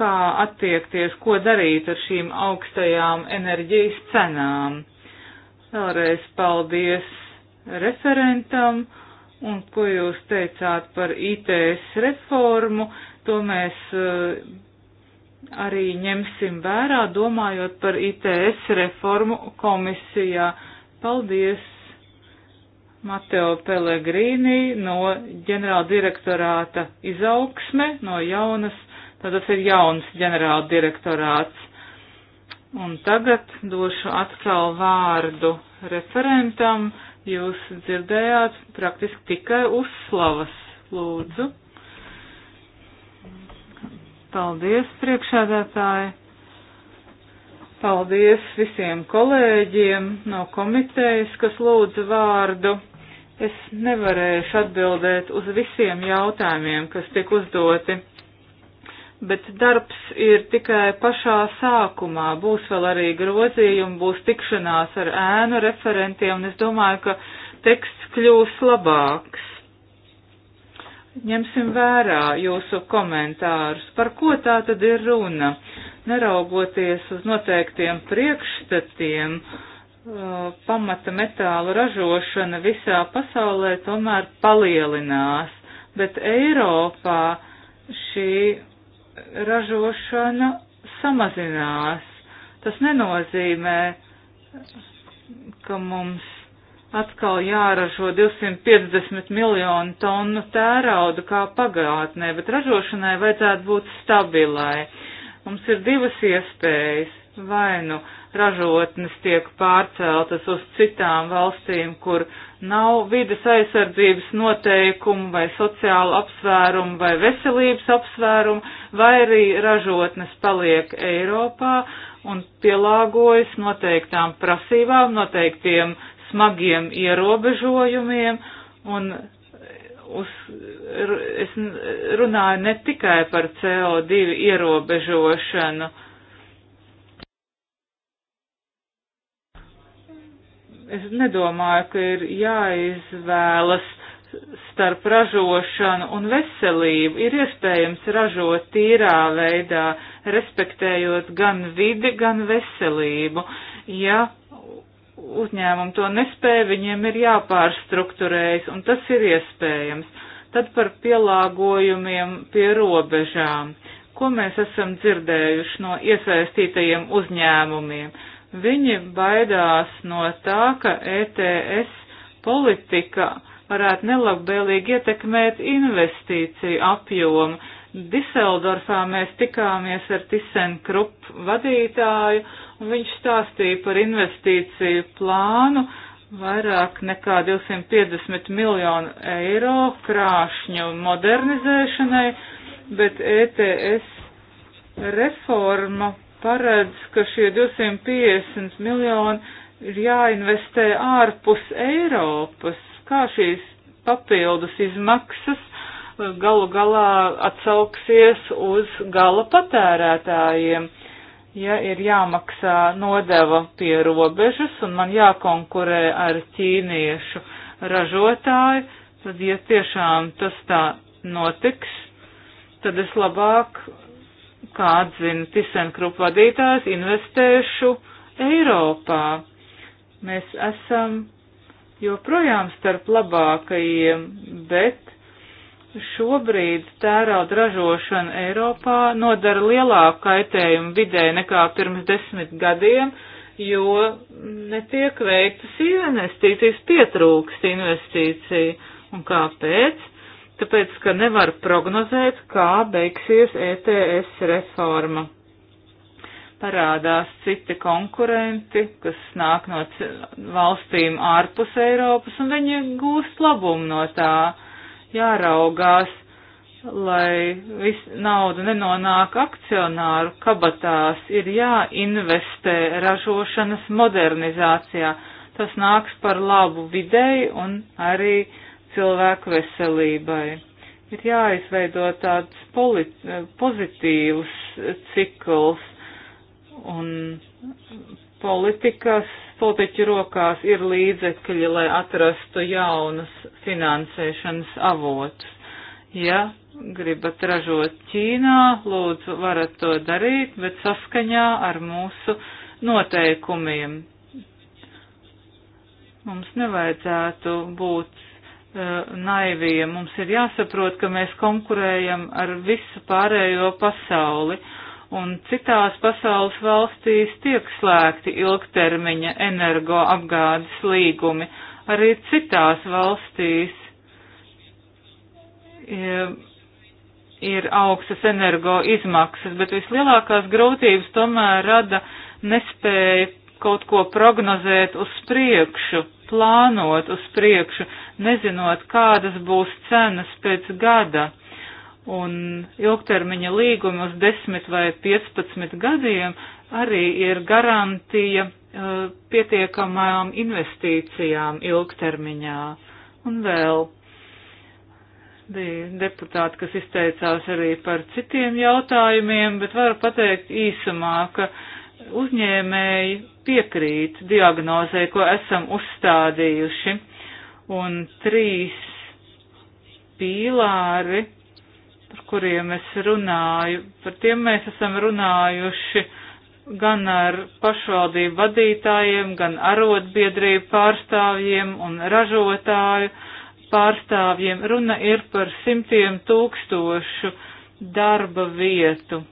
kā attiekties, ko darīt ar šīm augstajām enerģijas cenām. Vēlreiz paldies referentam un ko jūs teicāt par ITS reformu, to mēs uh, arī ņemsim vērā, domājot par ITS reformu komisijā. Paldies Mateo Pellegrīnī no ģenerāla direktorāta izaugsme, no jaunas, tad tas ir jauns ģenerāla direktorāts. Un tagad došu atkal vārdu referentam. Jūs dzirdējāt praktiski tikai uzslavas. Lūdzu. Paldies, priekšādātāji! Paldies visiem kolēģiem no komitejas, kas lūdza vārdu. Es nevarēšu atbildēt uz visiem jautājumiem, kas tiek uzdoti, bet darbs ir tikai pašā sākumā. Būs vēl arī grozījumi, būs tikšanās ar ēnu referentiem, un es domāju, ka teksts kļūs labāks ņemsim vērā jūsu komentārus, par ko tā tad ir runa, neraugoties uz noteiktiem priekšstatiem. Uh, pamata metālu ražošana visā pasaulē tomēr palielinās, bet Eiropā šī ražošana samazinās. Tas nenozīmē, ka mums atkal jāražo 250 miljonu tonu tērauda kā pagātnē, bet ražošanai vajadzētu būt stabilai. Mums ir divas iespējas. Vai nu ražotnes tiek pārceltas uz citām valstīm, kur nav vides aizsardzības noteikumu vai sociālu apsvērumu vai veselības apsvērumu, vai arī ražotnes paliek Eiropā un pielāgojas noteiktām prasībām, noteiktiem smagiem ierobežojumiem, un uz, es runāju ne tikai par CO2 ierobežošanu. Es nedomāju, ka ir jāizvēlas starp ražošanu un veselību. Ir iespējams ražot tīrā veidā, respektējot gan vidi, gan veselību. Ja uzņēmumi to nespēja, viņiem ir jāpārstruktūrējas, un tas ir iespējams. Tad par pielāgojumiem pie robežām. Ko mēs esam dzirdējuši no iesaistītajiem uzņēmumiem? Viņi baidās no tā, ka ETS politika varētu nelabvēlīgi ietekmēt investīciju apjomu. Diseldorfā mēs tikāmies ar Tisenkrup vadītāju, Viņš stāstīja par investīciju plānu vairāk nekā 250 miljonu eiro krāšņu modernizēšanai, bet ETS reforma paredz, ka šie 250 miljoni ir jāinvestē ārpus Eiropas. Kā šīs papildus izmaksas eh, galu galā atsauksies uz gala patērētājiem? ja ir jāmaksā nodeva pie robežas un man jākonkurē ar ķīniešu ražotāju, tad, ja tiešām tas tā notiks, tad es labāk, kā atzina Tisenkrup vadītājs, investēšu Eiropā. Mēs esam joprojām starp labākajiem, bet Šobrīd tērauda ražošana Eiropā nodara lielāku kaitējumu vidē nekā pirms desmit gadiem, jo netiek veiktas investīcijas, pietrūkst investīciju. Un kāpēc? Tāpēc, ka nevar prognozēt, kā beigsies ETS reforma. Parādās citi konkurenti, kas nāk no valstīm ārpus Eiropas, un viņi gūst labumu no tā jāraugās, lai viss nauda nenonāk akcionāru kabatās, ir jāinvestē ražošanas modernizācijā. Tas nāks par labu videi un arī cilvēku veselībai. Ir jāizveido tāds pozitīvs cikls un politikas politiķu rokās ir līdzekļi, lai atrastu jaunus finansēšanas avotus. Ja gribat ražot Ķīnā, lūdzu, varat to darīt, bet saskaņā ar mūsu noteikumiem. Mums nevajadzētu būt uh, naiviem, mums ir jāsaprot, ka mēs konkurējam ar visu pārējo pasauli. Uh, un citās pasaules valstīs tiek slēgti ilgtermiņa energoapgādes līgumi. Arī citās valstīs ir, e, ir augstas energo izmaksas, bet vislielākās grūtības tomēr rada nespēja kaut ko prognozēt uz priekšu, plānot uz priekšu, nezinot, kādas būs cenas pēc gada un ilgtermiņa līgumi uz 10 vai 15 gadiem arī ir garantija uh, pietiekamām investīcijām ilgtermiņā. Un vēl bija deputāti, kas izteicās arī par citiem jautājumiem, bet varu pateikt īsumā, ka uzņēmēji piekrīt diagnozē, ko esam uzstādījuši, un trīs pīlāri par kuriem es runāju, par tiem mēs esam runājuši gan ar pašvaldību vadītājiem, gan arotbiedrību pārstāvjiem un ražotāju pārstāvjiem. Runa ir par simtiem tūkstošu darba vietu.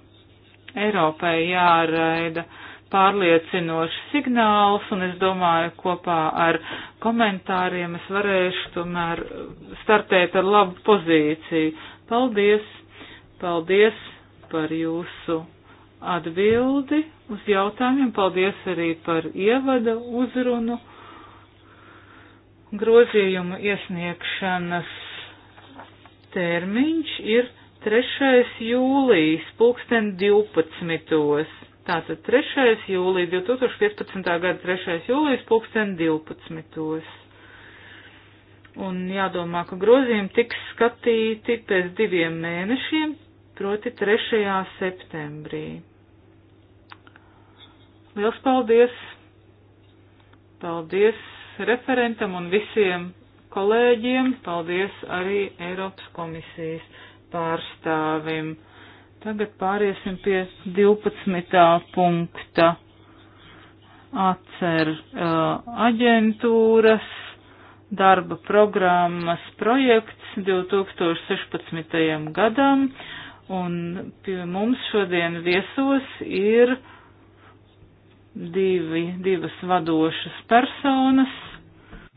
Eiropai jāraida pārliecinošs signāls, un es domāju, kopā ar komentāriem es varēšu tomēr startēt ar labu pozīciju. Paldies! Paldies par jūsu atbildi uz jautājumiem. Paldies arī par ievada uzrunu. Grozījuma iesniegšanas termiņš ir 3. jūlijas, pulksten 12. Tātad 3. jūlija, 2015. gada 3. jūlijas, pulksten 12 un jādomā, ka grozījumi tiks skatīti pēc diviem mēnešiem, proti 3. septembrī. Liels paldies! Paldies referentam un visiem kolēģiem, paldies arī Eiropas komisijas pārstāvim. Tagad pāriesim pie 12. punkta. Atcer uh, aģentūras darba programmas projekts 2016. gadam, un pie mums šodien viesos ir divi, divas vadošas personas.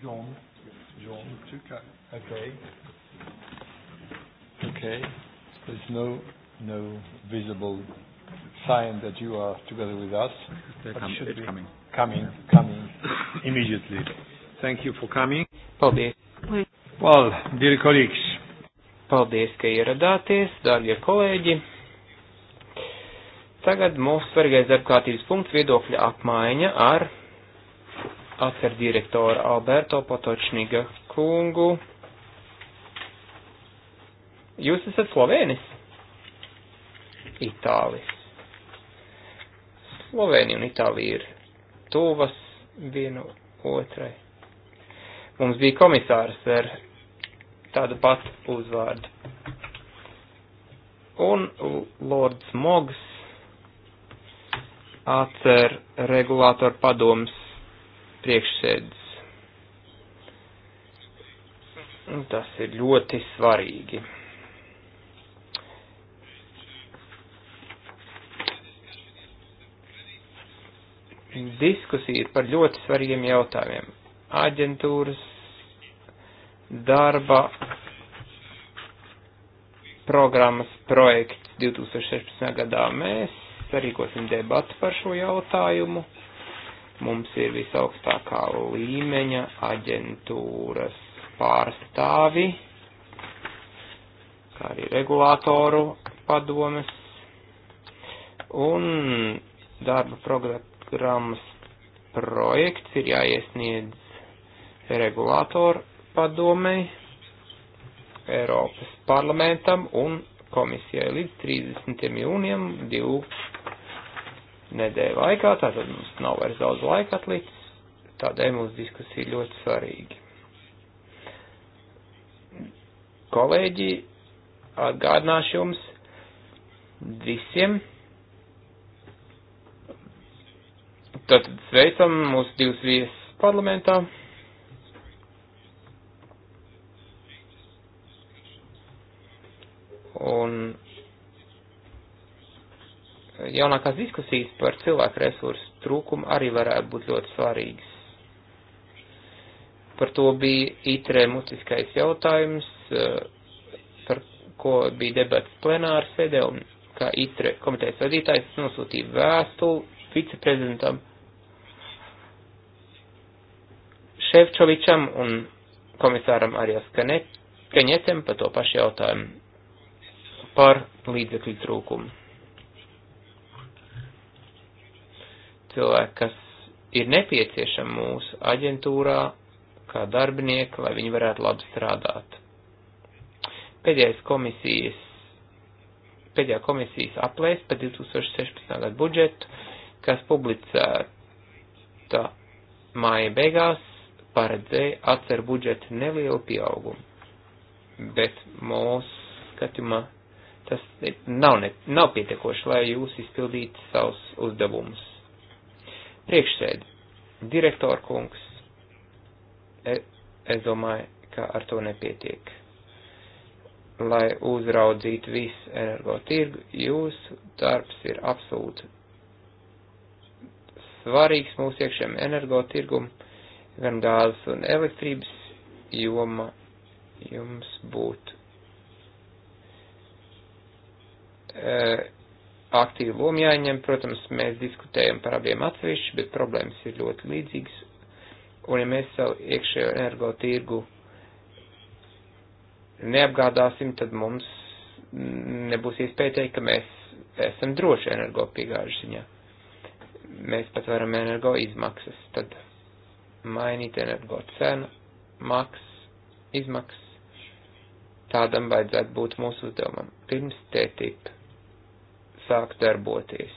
John, John, okay. Okay. There's no, no visible sign that you are together with us. They're com- it's coming. Coming, yeah. coming immediately. Thank you for coming. Paldies. Well, dear colleagues. Paldies, ka ieradāties, dārgie kolēģi. Tagad mūsu svarīgais darbkārtības punkts viedokļa apmaiņa ar atcer direktoru Alberto Potočniga kungu. Jūs esat Slovēnis? Itālis. Slovēnija un Itālija ir tuvas vienu otrai. Mums bija komisārs ar tādu patu uzvārdu. Un Lords Mogs atcer regulātoru padomus priekšsēdus. Tas ir ļoti svarīgi. Diskusija par ļoti svarīgiem jautājumiem. Aģentūras darba programmas projekts 2016. gadā. Mēs sarīkosim debatu par šo jautājumu. Mums ir visaugstākā līmeņa aģentūras pārstāvi, kā arī regulātoru padomes. Un darba programmas projekts ir jāiesniedz regulātoru padomei, Eiropas parlamentam un komisijai līdz 30. jūnijam divu nedēļu laikā, tātad mums nav vairs daudz laika atlicis, tādēļ mūsu diskusija ir ļoti svarīga. Kolēģi, atgādināšu jums visiem. Tātad sveicam mūsu divus viesus parlamentā. Un jaunākās diskusijas par cilvēku resursu trūkumu arī varētu būt ļoti svarīgas. Par to bija itrē mutiskais jautājums, eh, par ko bija debats plenāra sēdē, un kā itrē komitejas vadītājs nosūtīja vēstuli viceprezidentam Ševčovičam un komisāram arī Skaņetem par to pašu jautājumu par līdzekļu trūkumu. Cilvēki, kas ir nepieciešami mūsu aģentūrā, kā darbinieki, lai viņi varētu labi strādāt. Pēdējais komisijas, pēdējā komisijas aplēs par 2016. gadu budžetu, kas publicēta māja beigās, paredzēja atceru budžetu nelielu pieaugumu, bet mūsu skatījumā Tas nav, ne, nav pietiekoši, lai jūs izpildītu savus uzdevumus. Priekšsēdi, direktor kungs, es, es domāju, ka ar to nepietiek. Lai uzraudzītu visu energotirgu, jūsu darbs ir absolūti svarīgs mūsu iekšējiem energotirgum, gan gāzes un elektrības joma jums būtu Eh, aktīva loma jāņem. Protams, mēs diskutējam par abiem atsevišķi, bet problēmas ir ļoti līdzīgas. Un ja mēs savu iekšējo energo tirgu neapgādāsim, tad mums nebūs iespēja teikt, ka mēs esam droši energo piegāžu ziņā. Mēs pat varam energo izmaksas, tad mainīt energo cenu, maks, izmaksas. Tādam vajadzētu būt mūsu uzdevumam. Pirms tētība sāk darboties.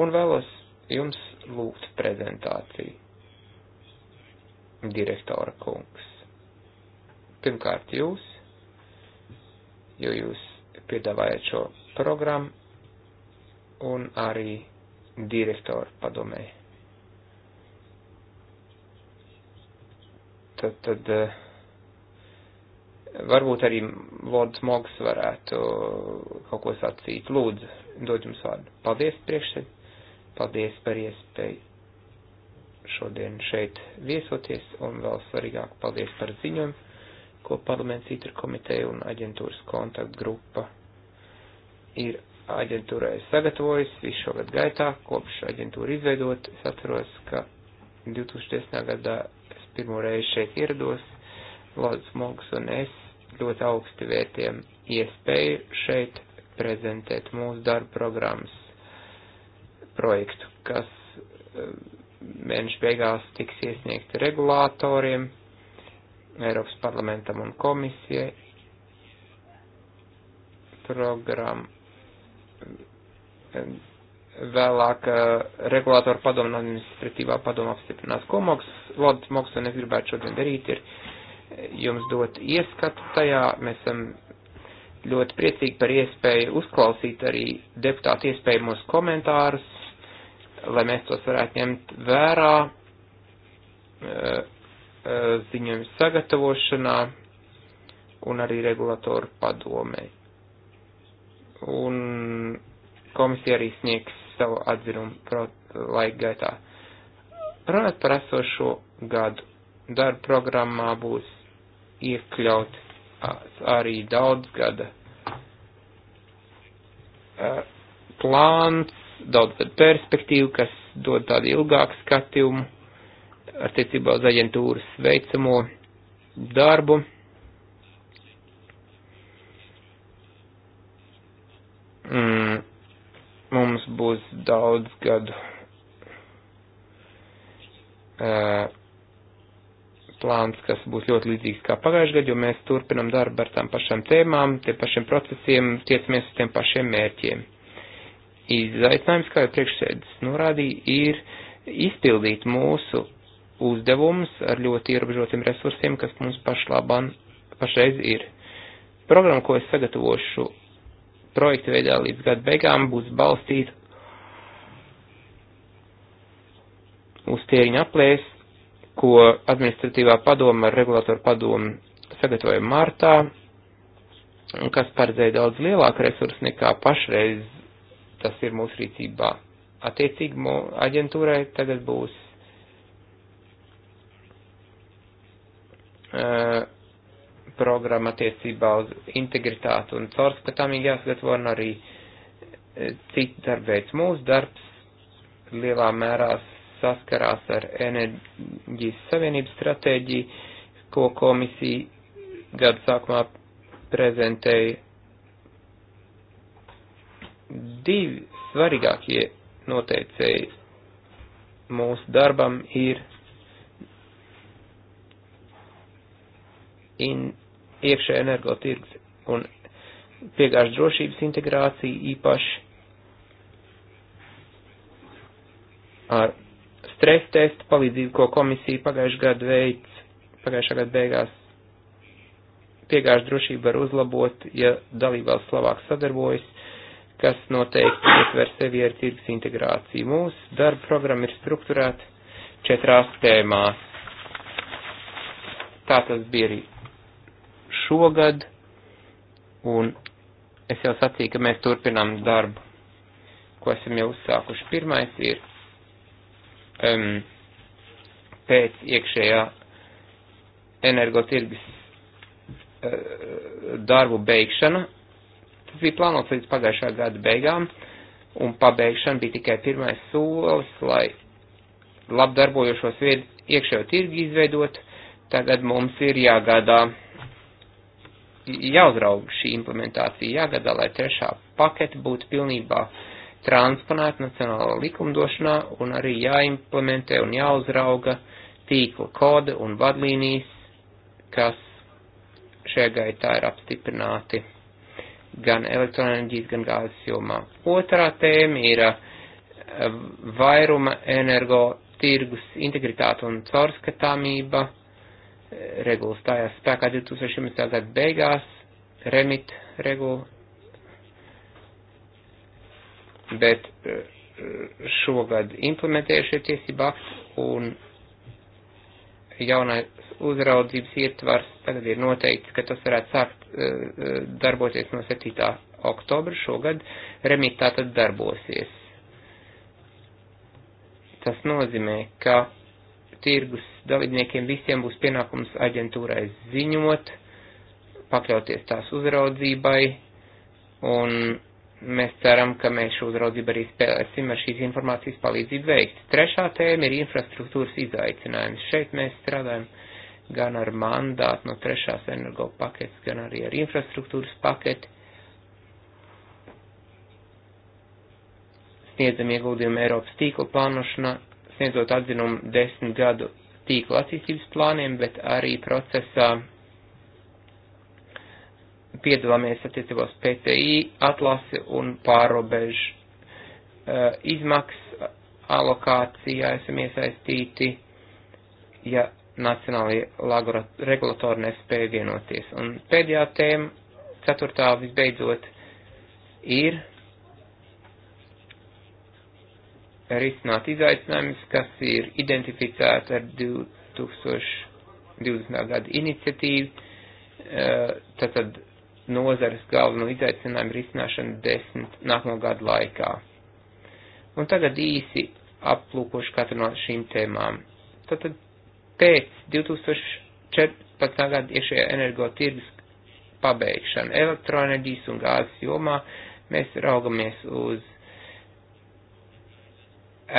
Un vēlos jums lūgt prezentāciju. Direktora kungs. Pirmkārt jūs, jo jūs piedāvājat šo programmu un arī direktoru padomē. Tad, tad uh, Varbūt arī Lords Mogs varētu kaut ko sacīt. Lūdzu, dod jums vārdu. Paldies priekšsēd, paldies par iespēju šodien šeit viesoties, un vēl svarīgāk paldies par ziņojumu, ko parlaments itra komiteja un aģentūras kontaktgrupa ir aģentūrai sagatavojis visu šogad gaitā, kopš aģentūra izveidot. Es atceros, ka 2010. gadā es pirmo reizi šeit ierados Klods Mūks un es ļoti augsti vērtiem iespēju šeit prezentēt mūsu darba programmas projektu, kas eh, mēneša beigās tiks iesniegti regulātoriem, Eiropas parlamentam un komisijai. Programma vēlāk eh, regulātoru padomu un administratīvā padomu apstiprinās, ko Moks, Lodas Moks un es gribētu šodien darīt, ir jums dot ieskatu tajā. Mēs esam ļoti priecīgi par iespēju uzklausīt arī deputātu iespējamos komentārus, lai mēs tos varētu ņemt vērā eh, eh, ziņojumu sagatavošanā un arī regulatoru padomē. Un komisija arī sniegs savu atzinumu laika gaitā. Runāt par esošo gadu. Darba programmā būs iekļaut arī daudzgada plāns, daudzgada perspektīva, kas dod tādu ilgāku skatījumu attiecībā uz aģentūras veicamo darbu. Mm, mums būs daudz gadu uh, plāns, kas būs ļoti līdzīgs kā pagājušajā gadā, jo mēs turpinam darbu ar tām pašām tēmām, tiem pašiem procesiem, tiecamies uz tiem pašiem mērķiem. Izaicinājums, kā jau priekšsēdis norādīja, ir izpildīt mūsu uzdevumus ar ļoti ierobežotiem resursiem, kas mums pašlaban pašreiz ir. Programma, ko es sagatavošu projektu veidā līdz gada beigām, būs balstīta uz tēriņa aplēst ko administratīvā padoma ar regulātoru padomu sagatavoja martā, kas paredzēja daudz lielāku resursu nekā pašreiz tas ir mūsu rīcībā. Attiecīgi aģentūrai tagad būs uh, programma attiecībā uz integritātu un caurskatāmīgi jāsagatavo un arī uh, citi darbveids. Mūsu darbs lielā mērā saskarās ar enerģijas savienības stratēģiju, ko komisija gadu sākumā prezentēja. Divi svarīgākie noteicēji mūsu darbam ir in, iekšē energotirgs un piegāžu drošības integrācija īpaši ar stresa testa palīdzību, ko komisija pagājušā gada veids, pagājušā gada beigās piegāžu drošību var uzlabot, ja dalībvalsts labāk sadarbojas, kas noteikti ietver sevi ar tirgus integrāciju. Mūsu darba programma ir strukturēta četrās tēmās. Tā tas bija arī šogad, un es jau sacīju, ka mēs turpinām darbu, ko esam jau uzsākuši. Pirmais ir um, pēc iekšējā energotirgus uh, darbu beigšana. Tas bija plānots līdz pagājušā gada beigām, un pabeigšana bija tikai pirmais solis, lai labdarbojošos iekšējo tirgu izveidot. Tagad mums ir jāgādā jāuzraug šī implementācija, jāgada, lai trešā pakete būtu pilnībā transponēt nacionālā likumdošanā un arī jāimplementē un jāuzrauga tīkla koda un vadlīnijas, kas šajā gaitā ir apstiprināti gan elektroenerģijas, gan gāzes jomā. Otrā tēma ir eh, vairuma energo tirgus integritāte un caurskatāmība. Eh, regula stājās spēkā 2017. gada beigās, remit regula bet eh, šogad implementēja šie tiesībā un jaunais uzraudzības ietvars tagad ir noteikts, ka tas varētu sākt eh, eh, darboties no 7. oktobra šogad. Remit tā tad darbosies. Tas nozīmē, ka tirgus dalībniekiem visiem būs pienākums aģentūrai ziņot, pakļauties tās uzraudzībai un Mēs ceram, ka mēs šo uzraudzību arī spēlēsim ar šīs informācijas palīdzību veikt. Trešā tēma ir infrastruktūras izaicinājums. Šeit mēs strādājam gan ar mandātu no trešās energo paketes, gan arī ar infrastruktūras paketi. Sniedzam ieguldījumu Eiropas tīkla plānošanā, sniedzot atzinumu desmit gadu tīkla attīstības plāniem, bet arī procesā piedalāmies attiecībos PTI atlasi un pārobežu uh, e, izmaksu alokācijā esam iesaistīti, ja nacionālie regulatori nespēja vienoties. Un pēdējā tēma, ceturtā visbeidzot, ir risināt izaicinājumus, kas ir identificēti ar 2020. gada iniciatīvu, tātad e, nozares galveno izaicinājumu risināšanu desmit nākamo gadu laikā. Un tagad īsi aplūkošu katru no šīm tēmām. Tātad pēc 2014. gada iekšējā energotirgus pabeigšana elektroenerģijas un gāzes jomā mēs raugamies uz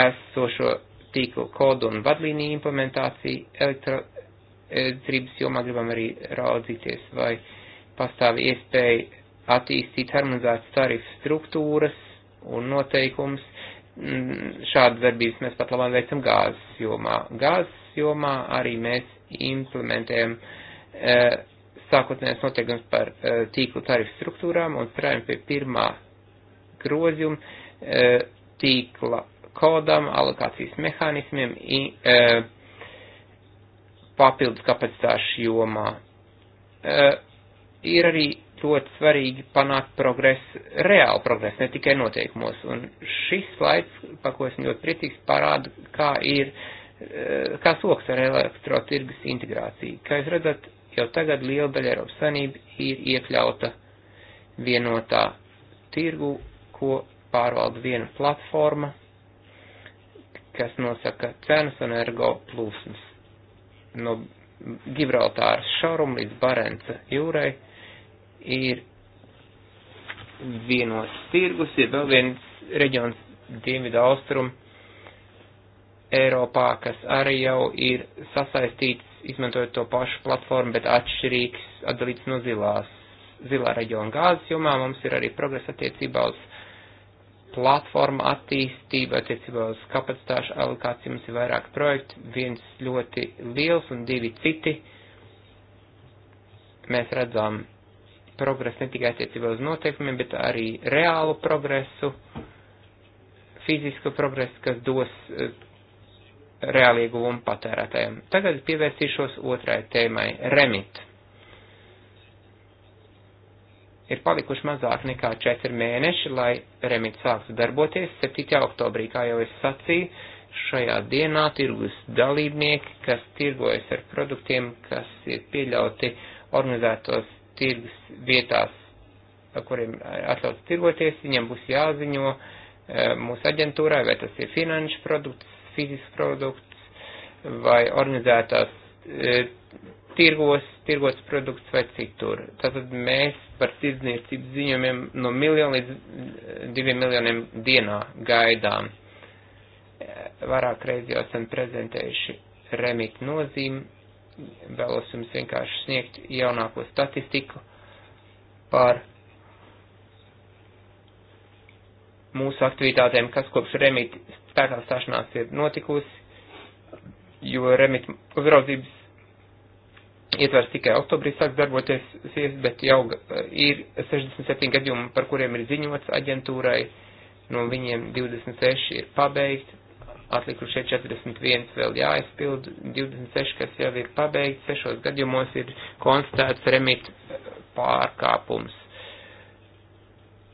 esošo tīklu kodu un vadlīniju implementāciju elektroenerģijas eh, jomā, gribam arī raudzīties, vai uh, pastāv iespēja attīstīt harmonizētas tarifu struktūras un noteikums. Mm, Šādu darbības mēs pat labāk veicam gāzes jomā. Gāzes jomā arī mēs implementējam e, sākotnējās noteikums par e, tīklu tarifu struktūrām un strādājam pie pirmā grozījuma e, tīkla kodam, alokācijas mehānismiem, i, e, papildus kapacitāšu jomā. E, ir arī ļoti svarīgi panākt progresu, reālu progresu, ne tikai noteikumos. Un šis slaids, pa ko esmu ļoti priecīgs, parāda, kā ir, eh, kā soks ar elektrotirgus integrāciju. Kā jūs redzat, jau tagad liela daļa Eiropas Sanība ir iekļauta vienotā tirgu, ko pārvalda viena platforma, kas nosaka cenas un ergo plūsmas. No Gibraltāras šaurumu līdz Barenca jūrai ir vienos tirgus, ir vēl viens reģions dienvidu austrumu Eiropā, kas arī jau ir sasaistīts, izmantojot to pašu platformu, bet atšķirīgs, atdalīts no zilās, zilā reģiona gāzes jomā. Mums ir arī progress attiecībā uz platforma attīstība attiecībā uz kapacitāšu alokāciju. Mums ir vairāk projekti, viens ļoti liels un divi citi. Mēs redzam progresu ne tikai attiecībā uz noteikumiem, bet arī reālu progresu, fizisku progresu, kas dos eh, reāli ieguvumu patērētājiem. Tagad pievērsīšos otrai tēmai - remit ir palikuši mazāk nekā 4 mēneši, lai remit sāktu darboties. 7. oktobrī, kā jau es sacīju, šajā dienā tirgus dalībnieki, kas tirgojas ar produktiem, kas ir pieļauti organizētos tirgus vietās, kuriem eh, atļauts tirgoties, viņiem būs jāziņo eh, mūsu aģentūrai, vai tas ir finanšu produkts, fizisks produkts vai organizētās eh, tirgos, tirgos produkts vai citur. Tātad mēs par tirdzniecības ziņojumiem no miljonu līdz eh, diviem miljoniem dienā gaidām. Eh, vairāk reizi jau esam prezentējuši remit nozīmi, vēlos jums vienkārši sniegt jaunāko statistiku par mūsu aktivitātēm, kas kopš remit spēkā stāšanās ir notikusi, jo remit uzraudzības ietvers tikai oktobrī sāks darboties, bet jau eh, ir 67 gadījumi, par kuriem ir ziņots aģentūrai, no viņiem 26 ir pabeigti, atlikušie 41 vēl jāaizpild, 26, kas jau ir pabeigts, 6 gadījumos ir konstatēts remit eh, pārkāpums,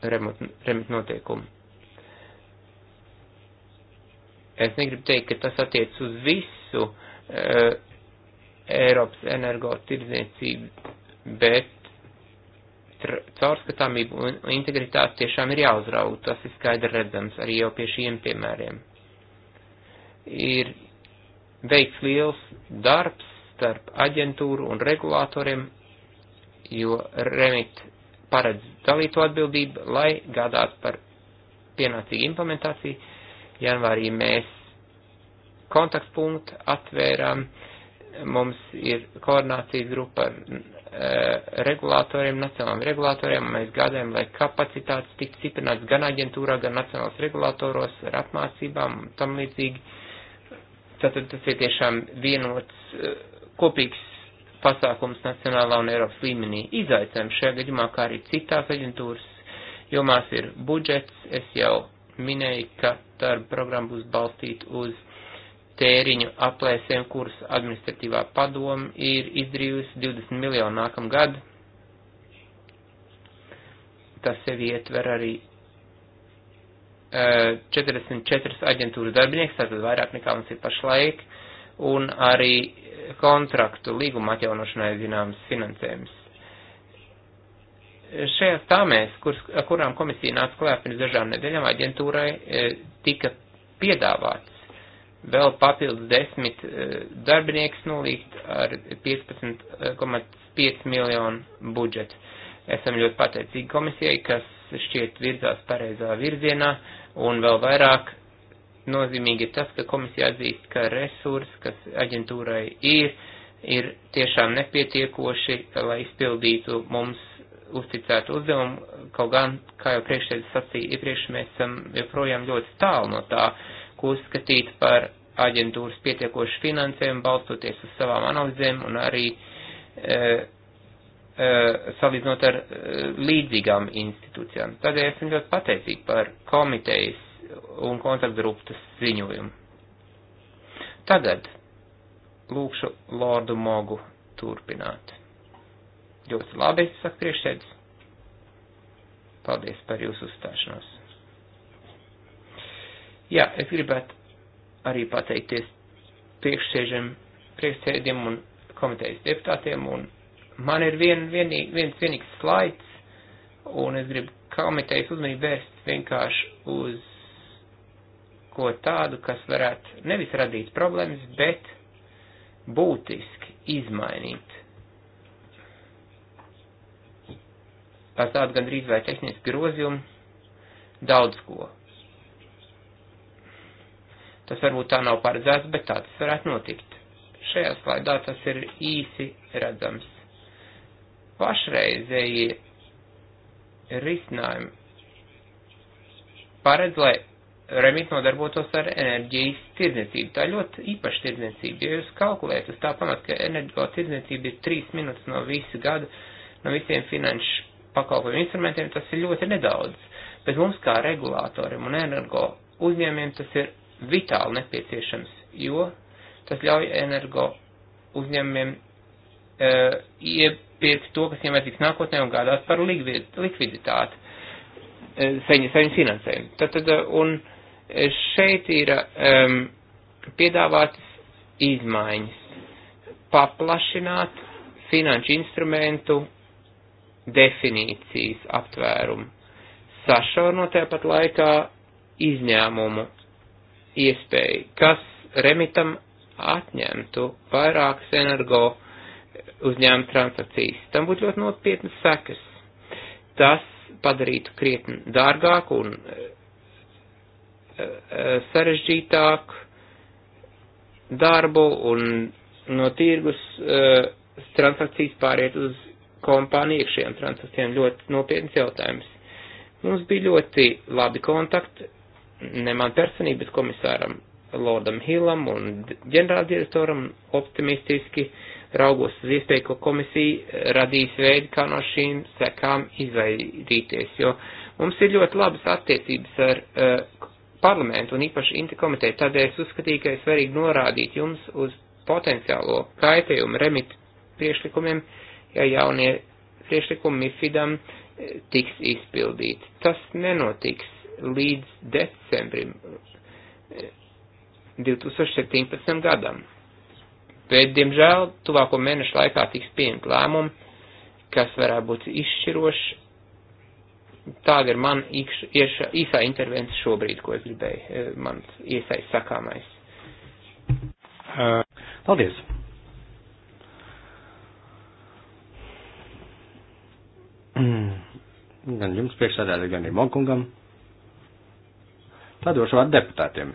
remit, remit noteikumu. Es negribu teikt, ka tas attiec uz visu, uh, Eiropas energo tirdzniecību, bet caurskatāmību un integritāti tiešām ir jāuzrauga, tas ir skaidri redzams arī jau pie šiem piemēriem. Ir veikts liels darbs starp aģentūru un regulātoriem, jo remit paredz dalīto atbildību, lai gādātu par pienācīgu implementāciju. Janvārī mēs kontaktpunktu atvērām, uh, Mums ir koordinācijas grupa ar e, regulātoriem, nacionāliem regulātoriem, un mēs gādājam, lai kapacitātes tik stiprināts gan aģentūrā, gan nacionāls regulātoros ar apmācībām un tam līdzīgi. Tātad tas ir tiešām vienots e, kopīgs pasākums nacionālā un Eiropas līmenī. Izaicinājums šajā gadījumā, kā arī citās aģentūras jomās ir budžets. Es jau minēju, ka darba programma būs balstīta uz tēriņu aplēsēm, kuras administratīvā padoma ir izdrījusi 20 miljonu nākamgad. Tas sevi ietver arī uh, e, 44 aģentūras darbinieks, tātad vairāk nekā mums ir pašlaik, un arī kontraktu līguma atjaunošanai zināms finansējums. Šajās tāmēs, kur, kurām komisija nāca klāt pirms dažām nedēļām, aģentūrai e, tika piedāvāts vēl papildus 10 eh, darbinieks nolīgt ar 15,5 eh, miljonu budžetu. Esam ļoti pateicīgi komisijai, kas šķiet virzās pareizā virzienā, un vēl vairāk nozīmīgi ir tas, ka komisija atzīst, ka resursi, kas aģentūrai ir, ir tiešām nepietiekoši, lai izpildītu mums uzticētu uzdevumu, kaut gan, kā jau priekšēdz sacīja, iepriekš mēs esam joprojām ļoti tālu no tā, uh, ko uzskatīt par aģentūras pietiekošu finansējumu, balstoties uz savām analizēm un arī e, e, salīdzinot ar e, līdzīgām institūcijām. Tādēļ esmu ļoti pateicīgi par komitejas un kontaktgrupas ziņojumu. Tagad lūkšu Lordu Mogu turpināt. Ļoti labi, saka priekšsēdus. Paldies par jūsu uzstāšanos. Jā, es gribētu arī pateikties priekšsēžiem, priekšsēdiem un komitejas deputātiem, un man ir vien, vienī, viens vienīgs slaids, un es gribu komitejas uzmanību vērst vienkārši uz ko tādu, kas varētu nevis radīt problēmas, bet būtiski izmainīt. Ar tādu gandrīz vai tehnisku grozījumu daudz ko Tas varbūt tā nav paredzēts, bet tā tas varētu notikt. Šajā slaidā tas ir īsi redzams. Pašreizēji risinājumi paredz, lai remit nodarbotos ar enerģijas tirdzniecību. Tā ir ļoti īpaša tirdzniecība. Ja jūs kalkulējat uz tā pamat, ka energo tirdzniecība ir 3 minūtes no visu gadu, no visiem finanšu pakalpojumu instrumentiem, tas ir ļoti nedaudz. Bet mums kā regulātoriem un energo uzņēmiem tas ir vitāli nepieciešams, jo tas ļauj energo uzņēmumiem e, iepirkt to, kas viņiem vajadzīgs nākotnē un gādāt par likviditāti, e, saņem, saņem finansējumu. Tad, tad, un šeit ir um, e, piedāvātas izmaiņas, paplašināt finanšu instrumentu definīcijas aptvērumu, sašaurinot tāpat laikā izņēmumu iespēju, kas remitam atņemtu vairākas energo uzņēmuma transakcijas. Tam būtu ļoti nopietnas sekas. Tas padarītu krietni dārgāku un e, e, e, sarežģītāku darbu un no tirgus uh, transakcijas pāriet uz kompāniju iekšējām transakcijām ļoti nopietns jautājums. Mums bija ļoti labi kontakti ne man personīgi, bet komisāram Lordam Hillam un ģenerāldirektoram optimistiski raugos uz iespēju, ka komisija eh, radīs veidu, kā no šīm sekām izvairīties, jo mums ir ļoti labas attiecības ar uh, parlamentu un īpaši interkomiteju, tādēļ es uzskatīju, ka ir svarīgi norādīt jums uz potenciālo kaitējumu remit priešlikumiem, ja jaunie priešlikumi MIFIDam eh, tiks izpildīti. Tas nenotiks līdz decembrim 2017. gadam. Bet, diemžēl, tuvāko mēnešu laikā tiks pieņemt lēmumu, kas varētu būt izšķirošs. Tāda ir man īkš, ieša, īsā intervence šobrīd, ko es gribēju, eh, man iesaist sakāmais. Uh, paldies! Mm, gan jums priekšsādātāji, gan ir Monkungam. Tad došu vārdu deputātiem.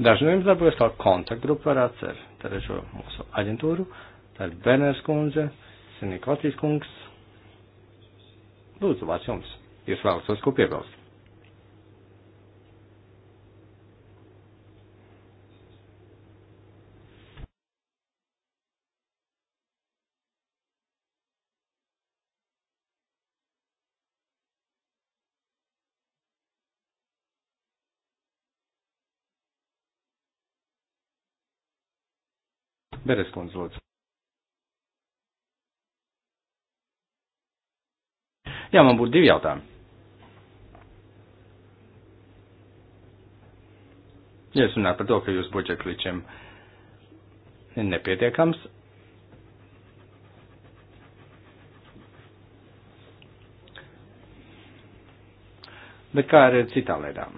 Daži no jums darbojas kā kontaktgrupa ar atceru. Tad ir šo mūsu aģentūru, tā ir Berners kundze, Sinikotīs kungs. Lūdzu, vārds jums. Jūs vēlaties ko piebilst? Beres kundze, lūdzu. Jā, man būtu divi jautājumi. Ja es runāju par to, ka jūs budžeta kličiem ir nepietiekams, bet kā ar citām lietām?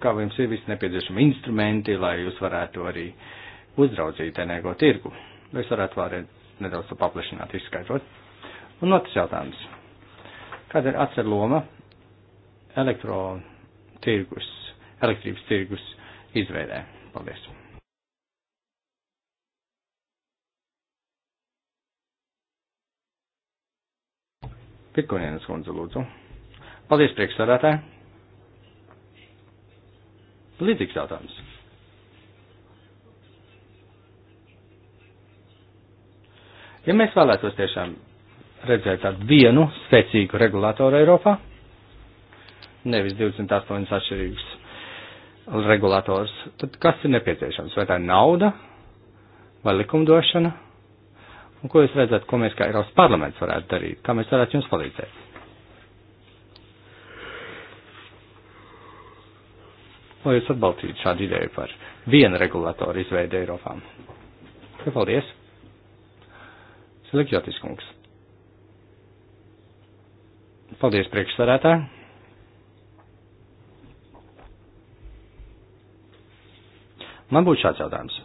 Kā jums ir visi nepieciešami instrumenti, lai jūs varētu arī uh, uzraudzīt energo tirgu. Es varētu vēlreiz nedaudz paplašināt, izskaidrot. Un otrs jautājums. Kāda ir atcer loma elektro tirgus, elektrības tirgus izveidē? Paldies! Pikurienes kundze, lūdzu. Paldies, priekšsādātāji. Līdzīgs jautājums. Ja mēs vēlētos tiešām redzēt tādu vienu spēcīgu regulātoru Eiropā, nevis 28 atšķirīgus regulātors, tad kas ir nepieciešams? Vai tā ir nauda vai likumdošana? Un ko jūs redzat, ko mēs kā Eiropas parlaments varētu darīt? Kā mēs varētu jums palīdzēt? Lai jūs atbalstītu šādu ideju par vienu regulātoru izveidu Eiropā. Paldies! Slikjotis kungs. Paldies, priekšsarētā. Man būtu šāds jautājums.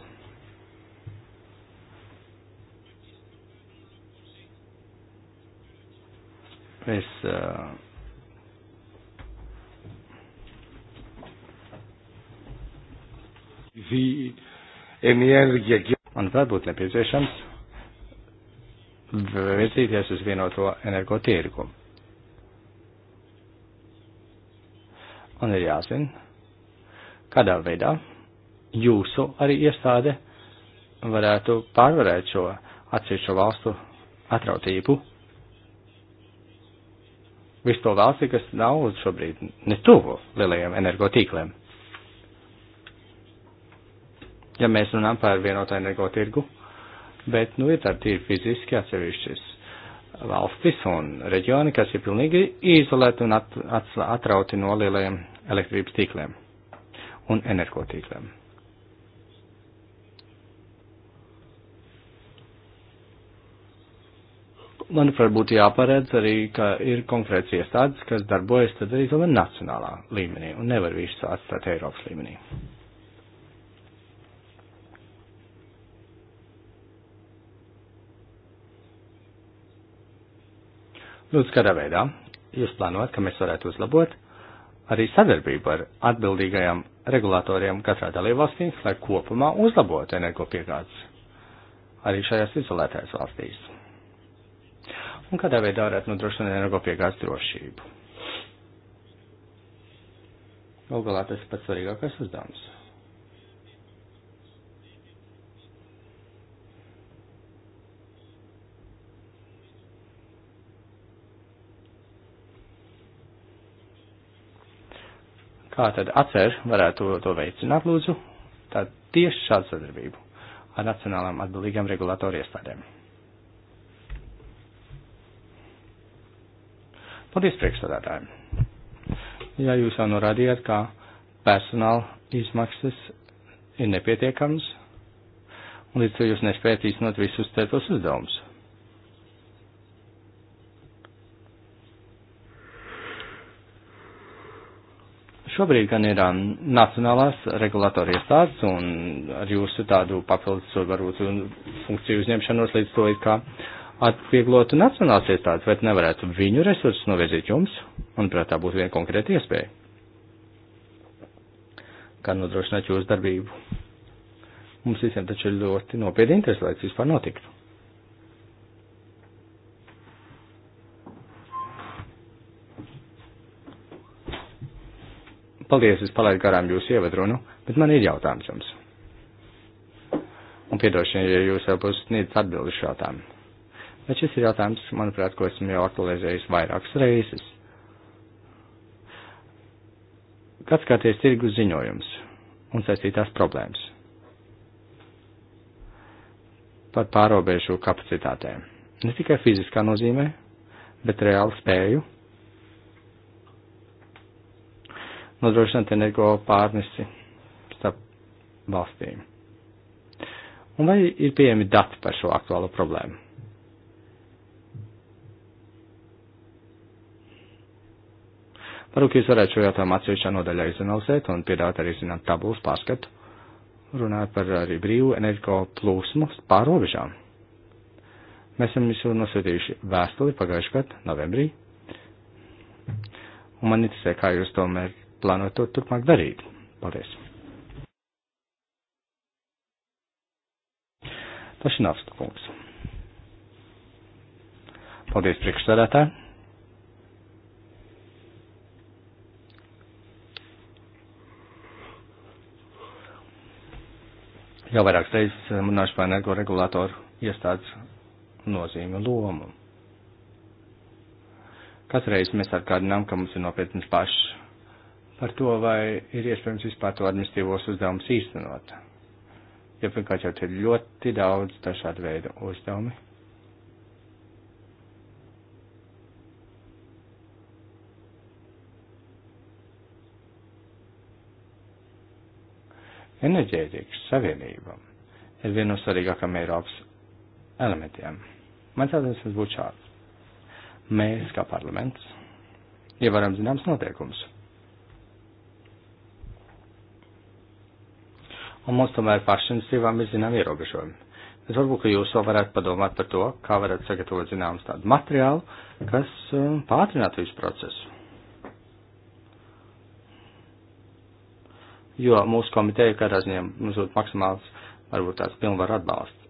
Es uh, enēģija. Man varbūt nepieciešams virzīties uz vienoto energo tirgu. Un ir jāzina, kādā veidā jūsu arī iestāde varētu pārvarēt šo atsevišķo valstu atrautību. Visu to valsti, kas nav šobrīd ne tuvu lielajiem energotīkliem. Ja mēs runājam par vienotu energotirgu, tirgu, bet, nu, ir tādi tīri fiziski atsevišķas valstis un reģioni, kas ir pilnīgi izolēti un at, at, atrauti no lielajiem elektrības tīkliem un energotīkliem. manuprāt, būtu jāparedz arī, ka ir konkrēts iestādes, kas darbojas tad arī tomēr nacionālā līmenī un nevar visu atstāt Eiropas līmenī. Lūdzu, nu, kādā veidā jūs plānojat, ka mēs varētu uzlabot arī sadarbību ar atbildīgajiem regulātoriem katrā dalībvalstī, lai kopumā uzlabotu energopiegādes arī šajās izolētajās valstīs? Un kādā veidā varētu nodrošināt energopiegādes drošību? Galu galā tas ir pats svarīgākais uzdevums. Kā tad atcer varētu to, to veicināt, lūdzu? Tā tieši šādu sadarbību ar nacionālām atbildīgām regulātoru iestādēm. Paldies priekšstādātājiem. Jā, jūs jau norādījāt, ka personāla izmaksas ir nepietiekams, un līdz ar to jūs nespējat īstenot visus tētos uzdevumus. Šobrīd gan ir um, nacionālās regulatorijas iestādes un ar jūsu tādu papildus varbūt funkciju uzņemšanos līdz to it kā atvieglotu nacionālās iestādes, bet nevarētu viņu resursus novirzīt jums, manuprāt, tā būtu viena konkrēta iespēja. Kā nodrošināt jūsu darbību? Mums visiem taču ir ļoti nopietni interesi, lai tas vispār notiktu. Paldies, es palaidu garām jūsu ievadrunu, bet man ir jautājums jums. Un piedošana, ja jūs jau būs sniedz atbildi šo jautājumu. Bet šis ir jautājums, manuprāt, ko esmu jau aktualizējis vairākas reizes. Kāds kārties tirgus ziņojums un saistītās problēmas par pārobežu kapacitātēm? Ne tikai fiziskā nozīmē, bet reāli spēju nodrošināt energo pārnesi starp valstīm. Un vai ir pieejami dati par šo aktuālo problēmu? Varbūt jūs varētu šo jautājumu atsevišķā nodaļā izanalizēt un piedāvāt arī, zinām, tabulas pārskatu, runāt par arī brīvu energo plūsmu pār robežām. Mēs esam jau nosūtījuši vēstuli pagājušajā gadā, novembrī. Un man interesē, kā jūs tomēr plāno to turpmāk darīt? Paldies. Tašinovska kungs. Paldies priekšsēdētāji. Jau vairākas reizes eh, runāšu par energoregulātoru iestādes nozīmi un lomu. Katreiz mēs atgādinām, ka mums ir nopietnas pašas par to, vai ir iespējams vispār to administratīvos uzdevumus īstenot. Ja pirmkārt jau ir ļoti daudz dažādu veidu uzdevumi. Enerģētikas savienība ir viena no svarīgākajām Eiropas elementiem. Mans jautājums būtu šāds. Mēs, kā parlaments, ievaram zināms noteikumus un mums tomēr pašiem sīvām ir zinām ierobežojumi. Es varbūt, ka jūs vēl varētu padomāt par to, kā varētu sagatavot zināmas tādu materiālu, kas um, pātrinātu visu procesu. Jo mūsu komiteja, kādā ziņā, mums būtu maksimāls, varbūt tāds pilnvar atbalsts.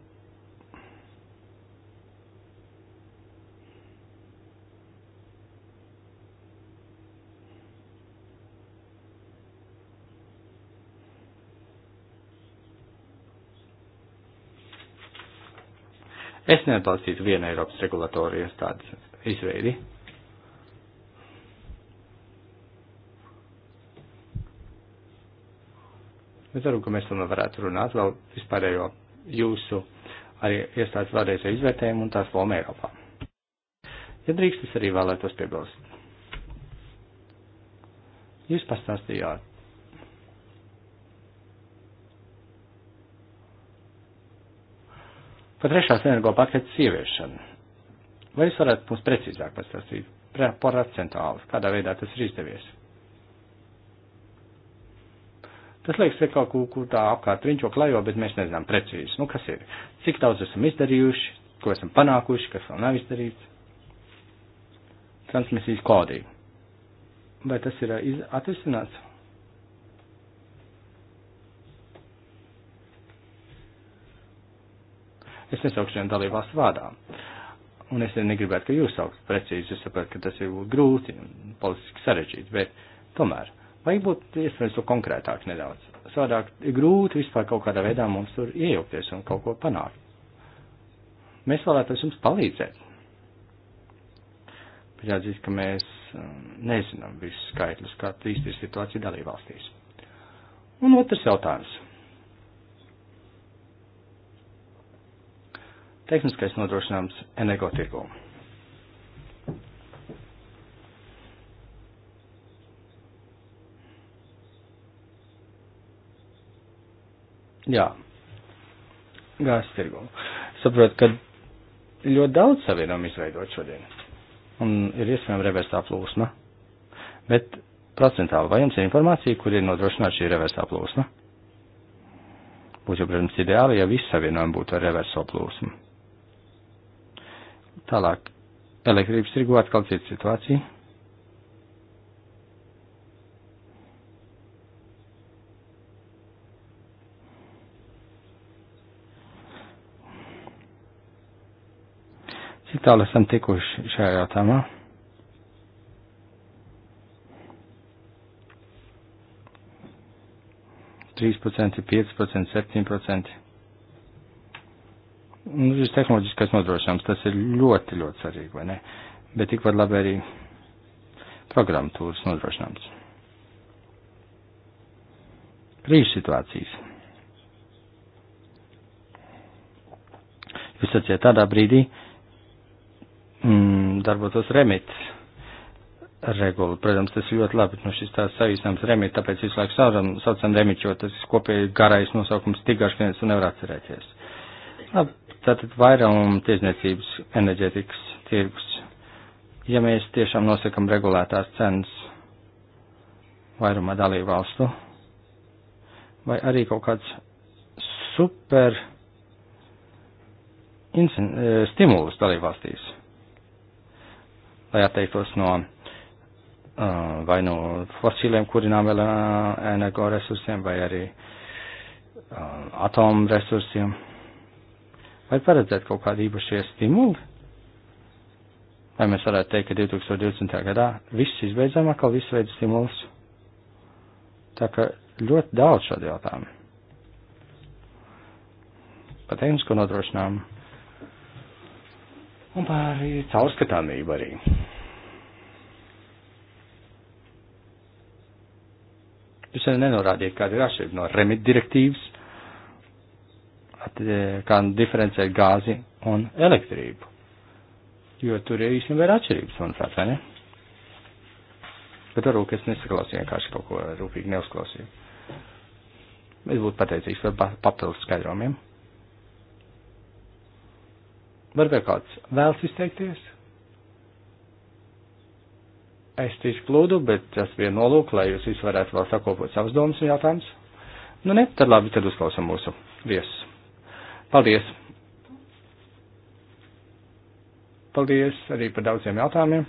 Es neatbalstītu vienu Eiropas regulatoru iestādes izveidi. Es ceru, ka mēs tomēr varētu runāt vēl vispārējo jūsu arī iestādes vēlreizēju izvērtējumu un tās lomu Eiropā. Ja drīkst, es arī vēlētos piebilst. Jūs pastāstījāt Par trešās energo paketes ieviešanu. Vai jūs varētu mums precīzāk pastāstīt par akcentuāli, kādā veidā tas ir izdevies? Tas liekas, ka kaut kur, kur tā apkārt riņķo klajo, bet mēs nezinām precīzi, nu kas ir, cik daudz esam izdarījuši, ko esam panākuši, kas vēl nav izdarīts. Transmisijas kodī. Vai tas ir uh, atrisināts? Es nesaukšu vienu dalībvalstu vārdā. Un es negribētu, ka jūs saukt precīzi, es saprotu, ka tas ir grūti un politiski sarežģīti, bet tomēr vajag būt iespējams to konkrētāk nedaudz. Sādāk ir grūti vispār kaut kādā veidā mums tur iejaukties un kaut ko panākt. Mēs vēlētos jums palīdzēt. Bet jāatzīst, ka mēs um, nezinām visus skaitļus, kā īsti ir situācija dalībvalstīs. Un otrs jautājums. tehniskais nodrošinājums energotirgū. Jā, gāzes tirgū. Saprotu, ka ļoti daudz savienojumu izveidot šodien. Un ir iespējama reversā plūsma. Bet procentāli vai jums ir informācija, kur ir nodrošināta šī reversā plūsma? Būtu, protams, ideāli, ja visi savienojumi būtu ar reverso plūsmu. Tālāk. Elektrības tirgu atkal cita situācija. Cik tālu esam tikuši šajā jautājumā? Trīs procenti, pieci procenti, septiņi procenti nu, šis tehnoloģiskais nodrošinājums, tas ir ļoti, ļoti svarīgi, vai ne? Bet tikpat labi arī programmatūras nodrošinājums. Krīžu situācijas. Jūs sacījāt tādā brīdī, mm, darbotos remits regula. Protams, tas ir ļoti labi, nu šis tās savīsnams remits, tāpēc visu laiku saucam, saucam remits, jo tas kopēji garais nosaukums tik garš, ka neviens to nevar atcerēties. Labi, Tātad vairuma tirzniecības enerģētikas tirgus. Ja mēs tiešām nosakam regulētās cenas vairumā dalību valstu, vai arī kaut kāds super e, stimulus dalību valstīs, lai atteiktos no uh, vai no fosīliem kurināmiem uh, energoresursiem vai arī uh, atomresursiem. resursiem Vai paredzēt kaut kādi īpašie stimuli? Vai mēs varētu teikt, ka 2020. gadā viss izbeidzām atkal visu veidu stimulus? Tā ka ļoti daudz šādi jautājumi. Par tehnisko nodrošinājumu. Un par caurskatāmību arī. Jūs arī nenorādījāt, kāda ir atšķirība no remit direktīvas E, kā diferencēt gāzi un elektrību. Jo tur ir īstenībā ir atšķirības, manuprāt, vai ne? Bet varbūt es nesaklausīju, vienkārši kaut ko rūpīgi neuzklausīju. Es būtu pateicīgs par papildus skaidrojumiem. Varbūt kāds vēlas izteikties? Es tieši plūdu, bet tas bija nolūk, lai jūs visi varētu vēl sakopot savas domas un jautājumus. Nu, ne, tad labi, tad uzklausam mūsu viesus. Paldies! Paldies arī par daudziem jautājumiem.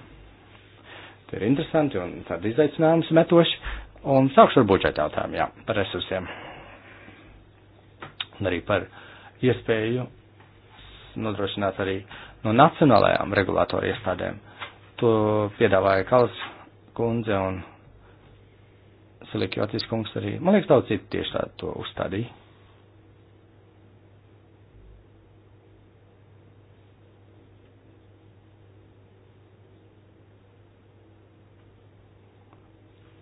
Tie ir interesanti un tādi izaicinājums metoši. Un sākšu ar budžeta jautājumu, jā, par resursiem. Un arī par iespēju nodrošināt arī no nacionālajām regulātoru iestādēm. To piedāvāja Kals kundze un Silikjotis kungs arī. Man liekas, daudz citu tieši tā to uzstādīja.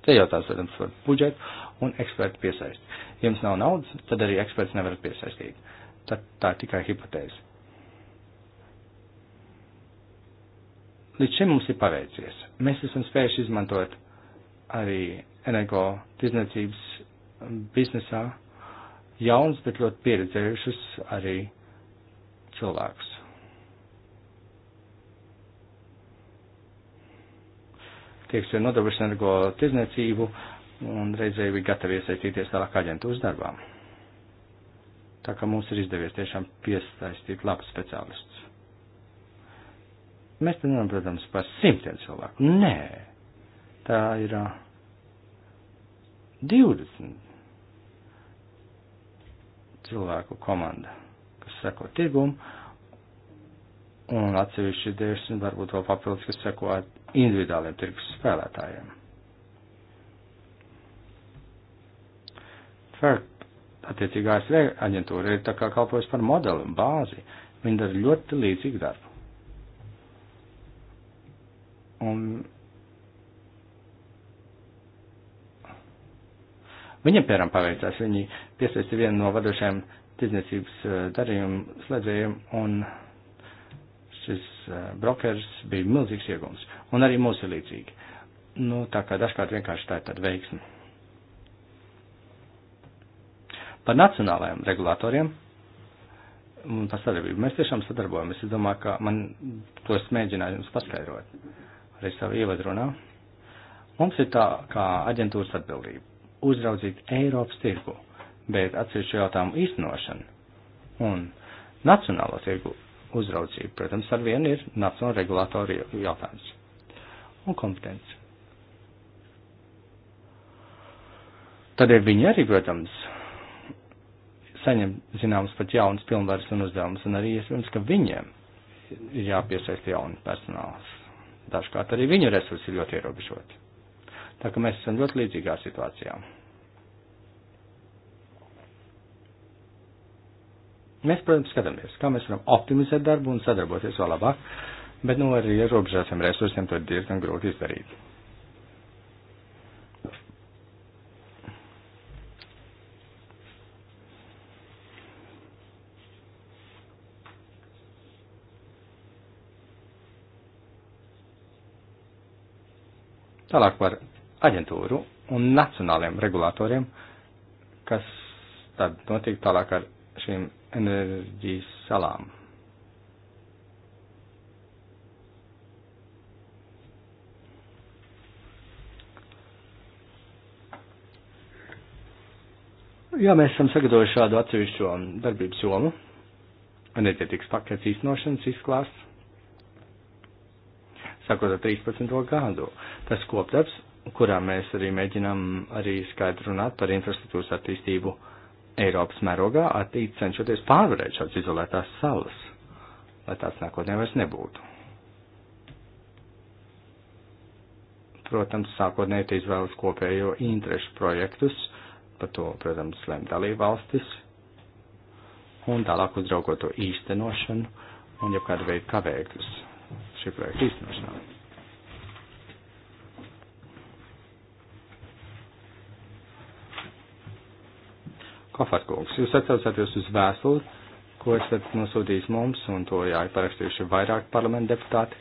Te jautās, protams, par budžetu un ekspertu piesaist. Ja jums nav naudas, tad arī eksperts nevar piesaistīt. Tad tā ir tikai hipotēze. Līdz šim mums ir paveicies. Mēs esam spējuši izmantot arī energo tirdzniecības biznesā jauns, bet ļoti pieredzējušus arī cilvēkus. tieks ar nodarbošanos energo tirdzniecību un reizēji bija gatavi iesaistīties tālāk aģentūras darbām. Tā kā mums ir izdevies tiešām piesaistīt labus speciālistus. Mēs te runājam, protams, par simtiem cilvēku. Nē, tā ir uh, 20 cilvēku komanda, kas seko tirgumu, un atsevišķi 10 varbūt vēl papildus, kas seko individuāliem tirgus spēlētājiem. FERP, attiecīgi ASV aģentūra, ir tā kā kalpojas par modeli, bāzi. Viņi dara ļoti līdzīgu darbu. Un viņam, piemēram, paveicās, viņi piesaistīja vienu no vadošajiem tirdzniecības eh, darījumu slēdzējiem un šis eh, brokers bija milzīgs iegums. Un arī mūs ir līdzīgi. Nu, tā kā dažkārt vienkārši tā ir tāda veiksme. Par nacionālajiem regulatoriem un par sadarbību. Mēs tiešām sadarbojamies. Es domāju, ka man to es mēģināju jums paskaidrot arī savu ievadrunā. Mums ir tā kā aģentūras atbildība uzraudzīt Eiropas tirgu, bet atsevišķu jautājumu īstenošanu un nacionālo tirgu uzraudzību. Protams, ar vienu ir nacionāla regulātora jautājums un kompetence. Tādēļ viņi arī, protams, saņem zināmas pat jaunas pilnvaras un uzdevumus, un arī iespējams, ka viņiem ir jāpiesaista jauni personāls. Dažkārt arī viņu resursi ir ļoti ierobežoti. Tā ka mēs esam ļoti līdzīgā situācijā. Mēs, protams, skatāmies, kā mēs varam optimizēt darbu un sadarboties vēl labāk, bet, nu, ar ierobežotiem resursiem to ir diezgan grūti izdarīt. Tālāk par aģentūru un nacionāliem regulātoriem, kas tad notiek tālāk ar šīm enerģijas salām. Jā, mēs esam sagatavojuši šādu atsevišķo darbības jomu. Enerģetikas pakets īstenošanas izklāsts. Sākot ar 13. gadu. Tas kopdarbs, kurā mēs arī mēģinām arī skaidri runāt par infrastruktūras attīstību Eiropas mērogā attīt cenšoties pārvarēt šādas izolētās salas, lai tās nākotnē vairs nebūtu. Protams, sākotnēji te izvēlas kopējo interešu projektus, par to, protams, lem dalību valstis, un tālāk uzraugot to īstenošanu un jebkādu veidu kavēkļus šī projekta īstenošanā. Kofarkungs, jūs atcaucāties uz vēstuli, ko esat nosūtījis mums, un to jā, ir parakstījuši vairāk parlamenta deputāti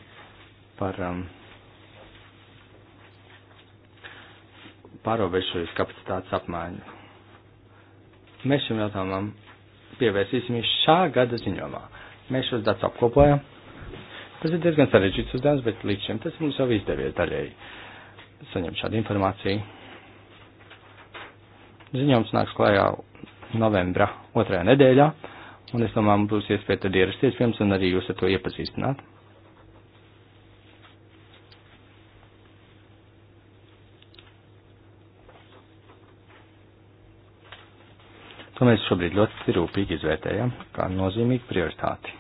par um, pārobežojas kapacitātes apmaiņu. Mēs šim jautājumam pievērsīsimies šā gada ziņojumā. Mēs šos datus apkopojam. Tas ir diezgan sarežģīts uzdevums, bet līdz šim tas mums jau izdevies daļēji saņemt šādu informāciju. Ziņojums nāks klajā novembra otrajā nedēļā, un es domāju, mums būs iespēja tad ierasties pie jums un arī jūs ar to iepazīstināt. To mēs šobrīd ļoti rūpīgi izvērtējam kā nozīmīgu prioritāti.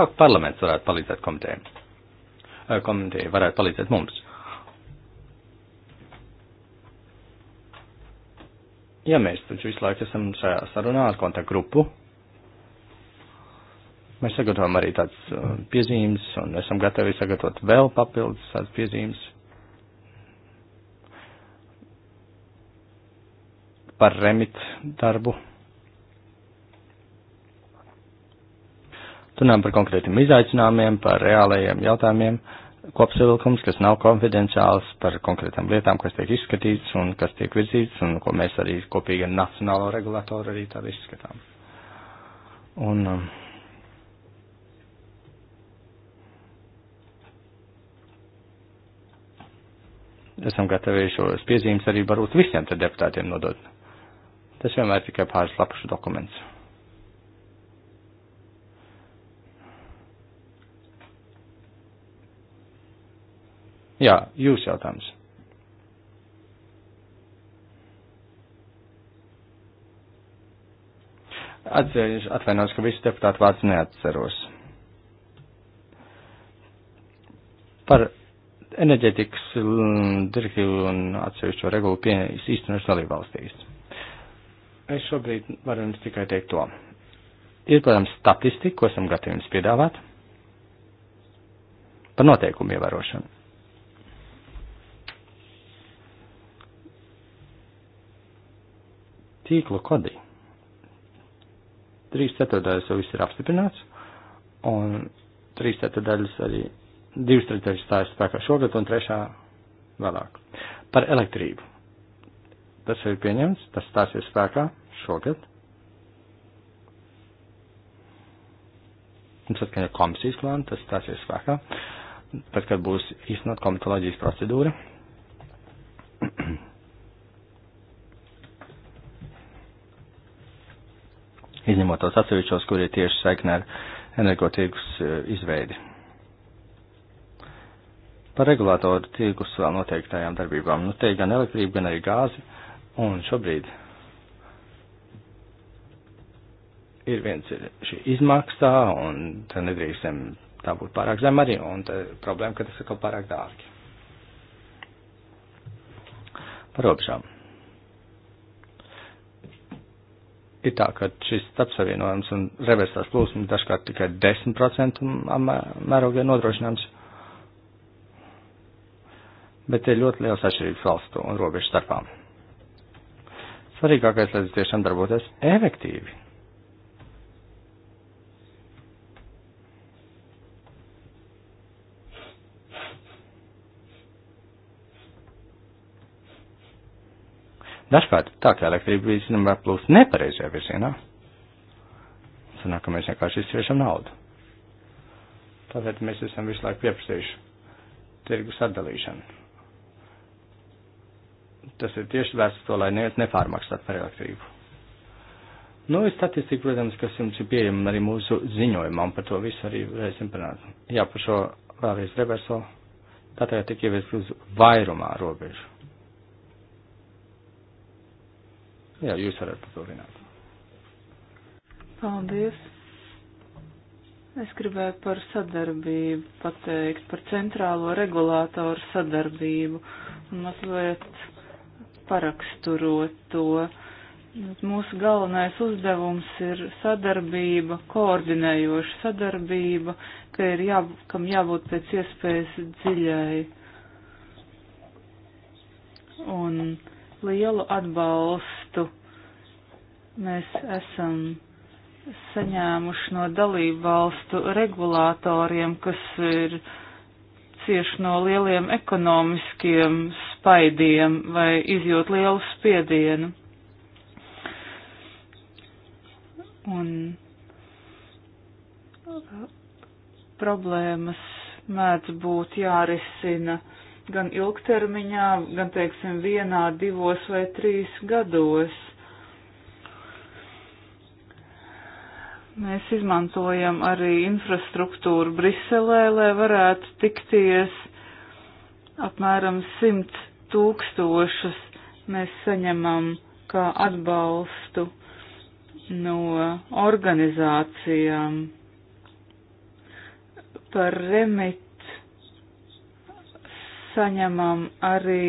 Kā parlaments varētu palīdzēt komitejai? Komiteja varētu palīdzēt mums. Ja mēs taču visu laiku esam šajā sarunā ar kontaktgrupu, mēs sagatavojam arī tādas uh, piezīmes un esam gatavi sagatavot vēl papildus tādas piezīmes. par remit darbu Runājam par konkrētiem izaicinājumiem, par reālajiem jautājumiem, kopsavilkums, kas nav konfidenciāls, par konkrētām lietām, kas tiek izskatīts un kas tiek virzīts, un ko mēs arī kopīgi ar nacionālo regulātoru arī tādu izskatām. Un, um, esam gatavi šos piezīmes arī varbūt visiem deputātiem nodot. Tas vienmēr tikai pāris lapušu dokuments. Jā, jūs jautājums. Atcerieties, atvainojos, ka visu deputātu vārds neatceros. Par enerģētikas mm, direktīvu un atsevišķo regulu pieņems īstenos dalībvalstīs. Es šobrīd varu jums tikai teikt to. Ir, protams, statistika, ko esam gatavi jums piedāvāt par noteikumu ievērošanu. tīklu kodī. 3 ceturtdaļas jau viss ir apstiprināts, un 3 ceturtdaļas arī 2 ceturtdaļas stājas spēkā šogad, un 3 vēlāk. Par elektrību. Tas ir pieņemts, tas stāsies spēkā šogad. Un saskaņā komisijas plānu tas stāsies spēkā, tad, kad būs īstenot komitoloģijas procedūra ņemot tos atsevišķos, kur ir tieši saikne ar energotirgus eh, izveidi. Par regulātoru tirgus vēl noteiktajām darbībām. Nu, te ir gan elektrība, gan arī gāzi. Un šobrīd ir viens ir šī izmaksā, un tad nedrīkstam tā būt pārāk zem arī, un problēma, ka tas ir kaut pārāk dārgi. Par robežām. ir tā, ka šis starpsavienojums un reversās plūsmas dažkārt tikai 10% mērogā nodrošinājums. Bet ir ļoti liels atšķirības valstu un robežu starpām. Svarīgākais, lai tas tiešām darbotos efektīvi. Dažkārt tā, ka elektrība bija, zinām, plūst nepareizajā virzienā. Sanāk, ka mēs vienkārši izsviešam naudu. Tāpēc mēs esam visu laiku pieprasījuši tirgus atdalīšanu. Tas ir tieši vērsts to, lai neviens nepārmaksātu par elektrību. Nu, ir statistika, protams, kas jums ir pieejama arī mūsu ziņojumā, un par to visu arī varēsim panākt. Jā, par šo vēlreiz reverso. Tā tagad tik ievies uz vairumā robežu. Jā, jūs varat papildināt. Paldies. Es gribēju par sadarbību pateikt, par centrālo regulātoru sadarbību un mazliet paraksturot to. Mūsu galvenais uzdevums ir sadarbība, koordinējoša sadarbība, ka ir jā, kam jābūt pēc iespējas dziļai. Un lielu atbalstu Mēs esam saņēmuši no dalību valstu regulātoriem, kas ir cieši no lieliem ekonomiskiem spaidiem vai izjūt lielu spiedienu. Un problēmas mēdz būt jārisina gan ilgtermiņā, gan, teiksim, vienā, divos vai trīs gados. Mēs izmantojam arī infrastruktūru Briselē, lai varētu tikties apmēram simt tūkstošus. Mēs saņemam kā atbalstu no organizācijām par remit saņemam arī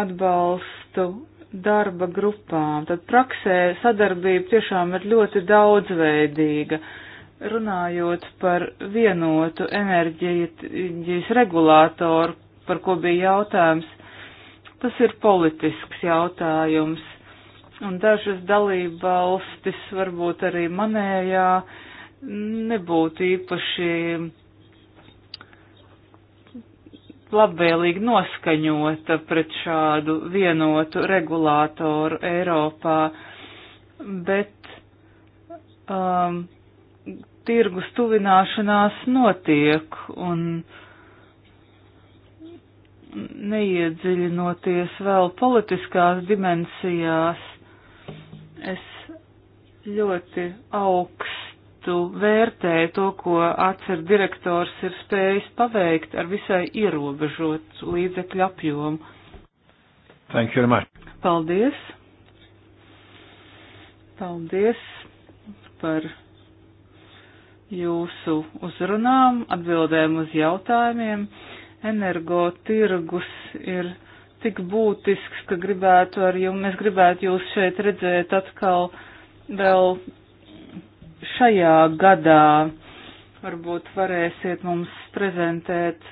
atbalstu darba grupām. Tad praksē sadarbība tiešām ir ļoti daudzveidīga. Runājot par vienotu enerģijas regulātoru, par ko bija jautājums, tas ir politisks jautājums. Un dažas dalība valstis, varbūt arī manējā, nebūtu īpaši labvēlīgi noskaņota pret šādu vienotu regulātoru Eiropā, bet um, tirgus tuvināšanās notiek un neiedziļinoties vēl politiskās dimensijās, es ļoti augstu varētu vērtēt to, ko atcer direktors ir spējis paveikt ar visai ierobežot līdzekļu apjomu. Thank you very much. Paldies. Paldies par jūsu uzrunām, atbildēm uz jautājumiem. Energo tirgus ir tik būtisks, ka gribētu ar jums, mēs gribētu jūs šeit redzēt atkal vēl šajā gadā varbūt varēsiet mums prezentēt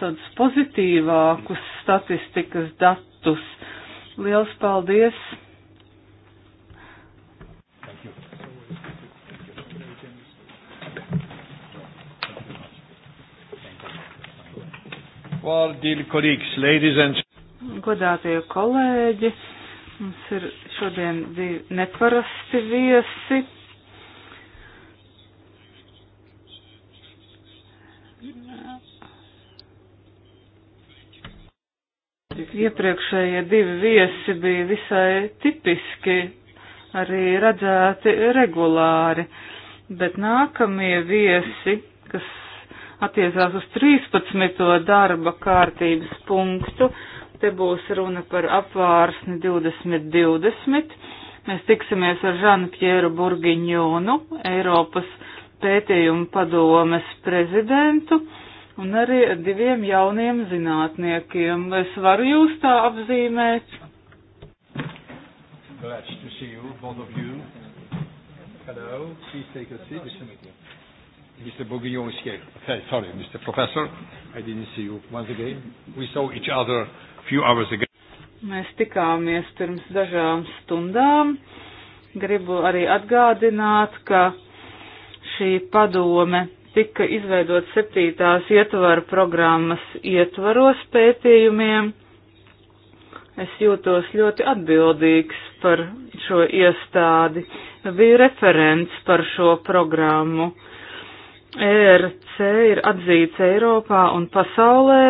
tādus pozitīvākus statistikas datus. Liels paldies! Well, dear colleagues, ladies and Godātie kolēģi, mums ir šodien divi neparasti viesi. iepriekšējie divi viesi bija visai tipiski, arī redzēti regulāri, bet nākamie viesi, kas attiecās uz 13. darba kārtības punktu, te būs runa par apvārsni 2020. Mēs tiksimies ar Žanu Pjēru Burgiņonu, Eiropas pētījumu padomes prezidentu un arī ar diviem jauniem zinātniekiem. Es varu jūs tā apzīmēt. Glad to see you, both of you. Hello, please take a seat. Mr. Bourguignon is here. Okay, sorry, Mr. Professor, I didn't see you once again. We saw each other a few hours ago. Mēs tikāmies pirms dažām stundām. Gribu arī atgādināt, ka šī padome tika izveidot septītās ietvaru programmas ietvaros pētījumiem. Es jūtos ļoti atbildīgs par šo iestādi. Biju referents par šo programmu. ERC ir atzīts Eiropā un pasaulē,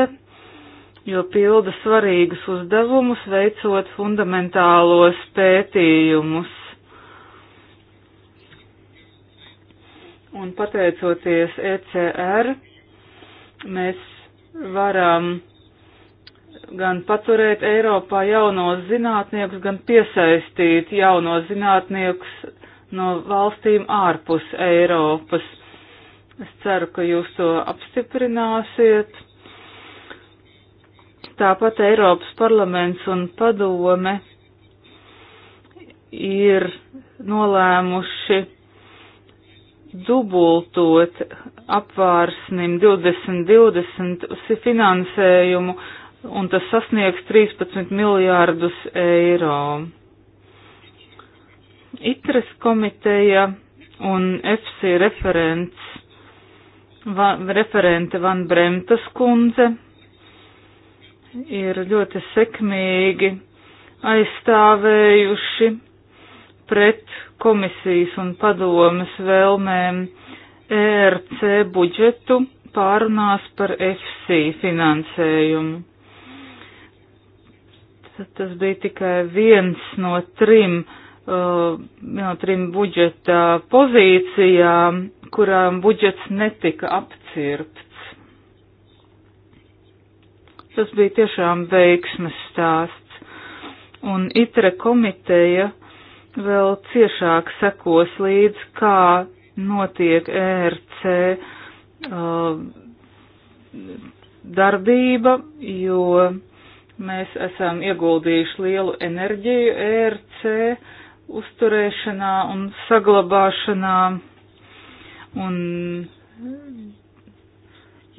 jo pilda svarīgus uzdevumus veicot fundamentālos pētījumus Un pateicoties ECR, mēs varam gan paturēt Eiropā jaunos zinātniekus, gan piesaistīt jaunos zinātniekus no valstīm ārpus Eiropas. Es ceru, ka jūs to apstiprināsiet. Tāpat Eiropas parlaments un padome ir nolēmuši dubultot apvārsnim 2020 finansējumu, un tas sasniegs 13 miljārdus eiro. ITRES komiteja un EFSI referents, va, referente Van Bremtas kundze ir ļoti sekmīgi aizstāvējuši pret komisijas un padomas vēlmēm ERC budžetu pārunās par FC finansējumu. Tad tas bija tikai viens no trim, uh, no trim budžeta pozīcijām, kurām budžets netika apcirpts. Tas bija tiešām veiksmes stāsts. Un ITRE komiteja uh, vēl ciešāk sekos līdz, kā notiek ERC uh, um, darbība, jo mēs esam ieguldījuši lielu enerģiju ERC uzturēšanā un saglabāšanā. Un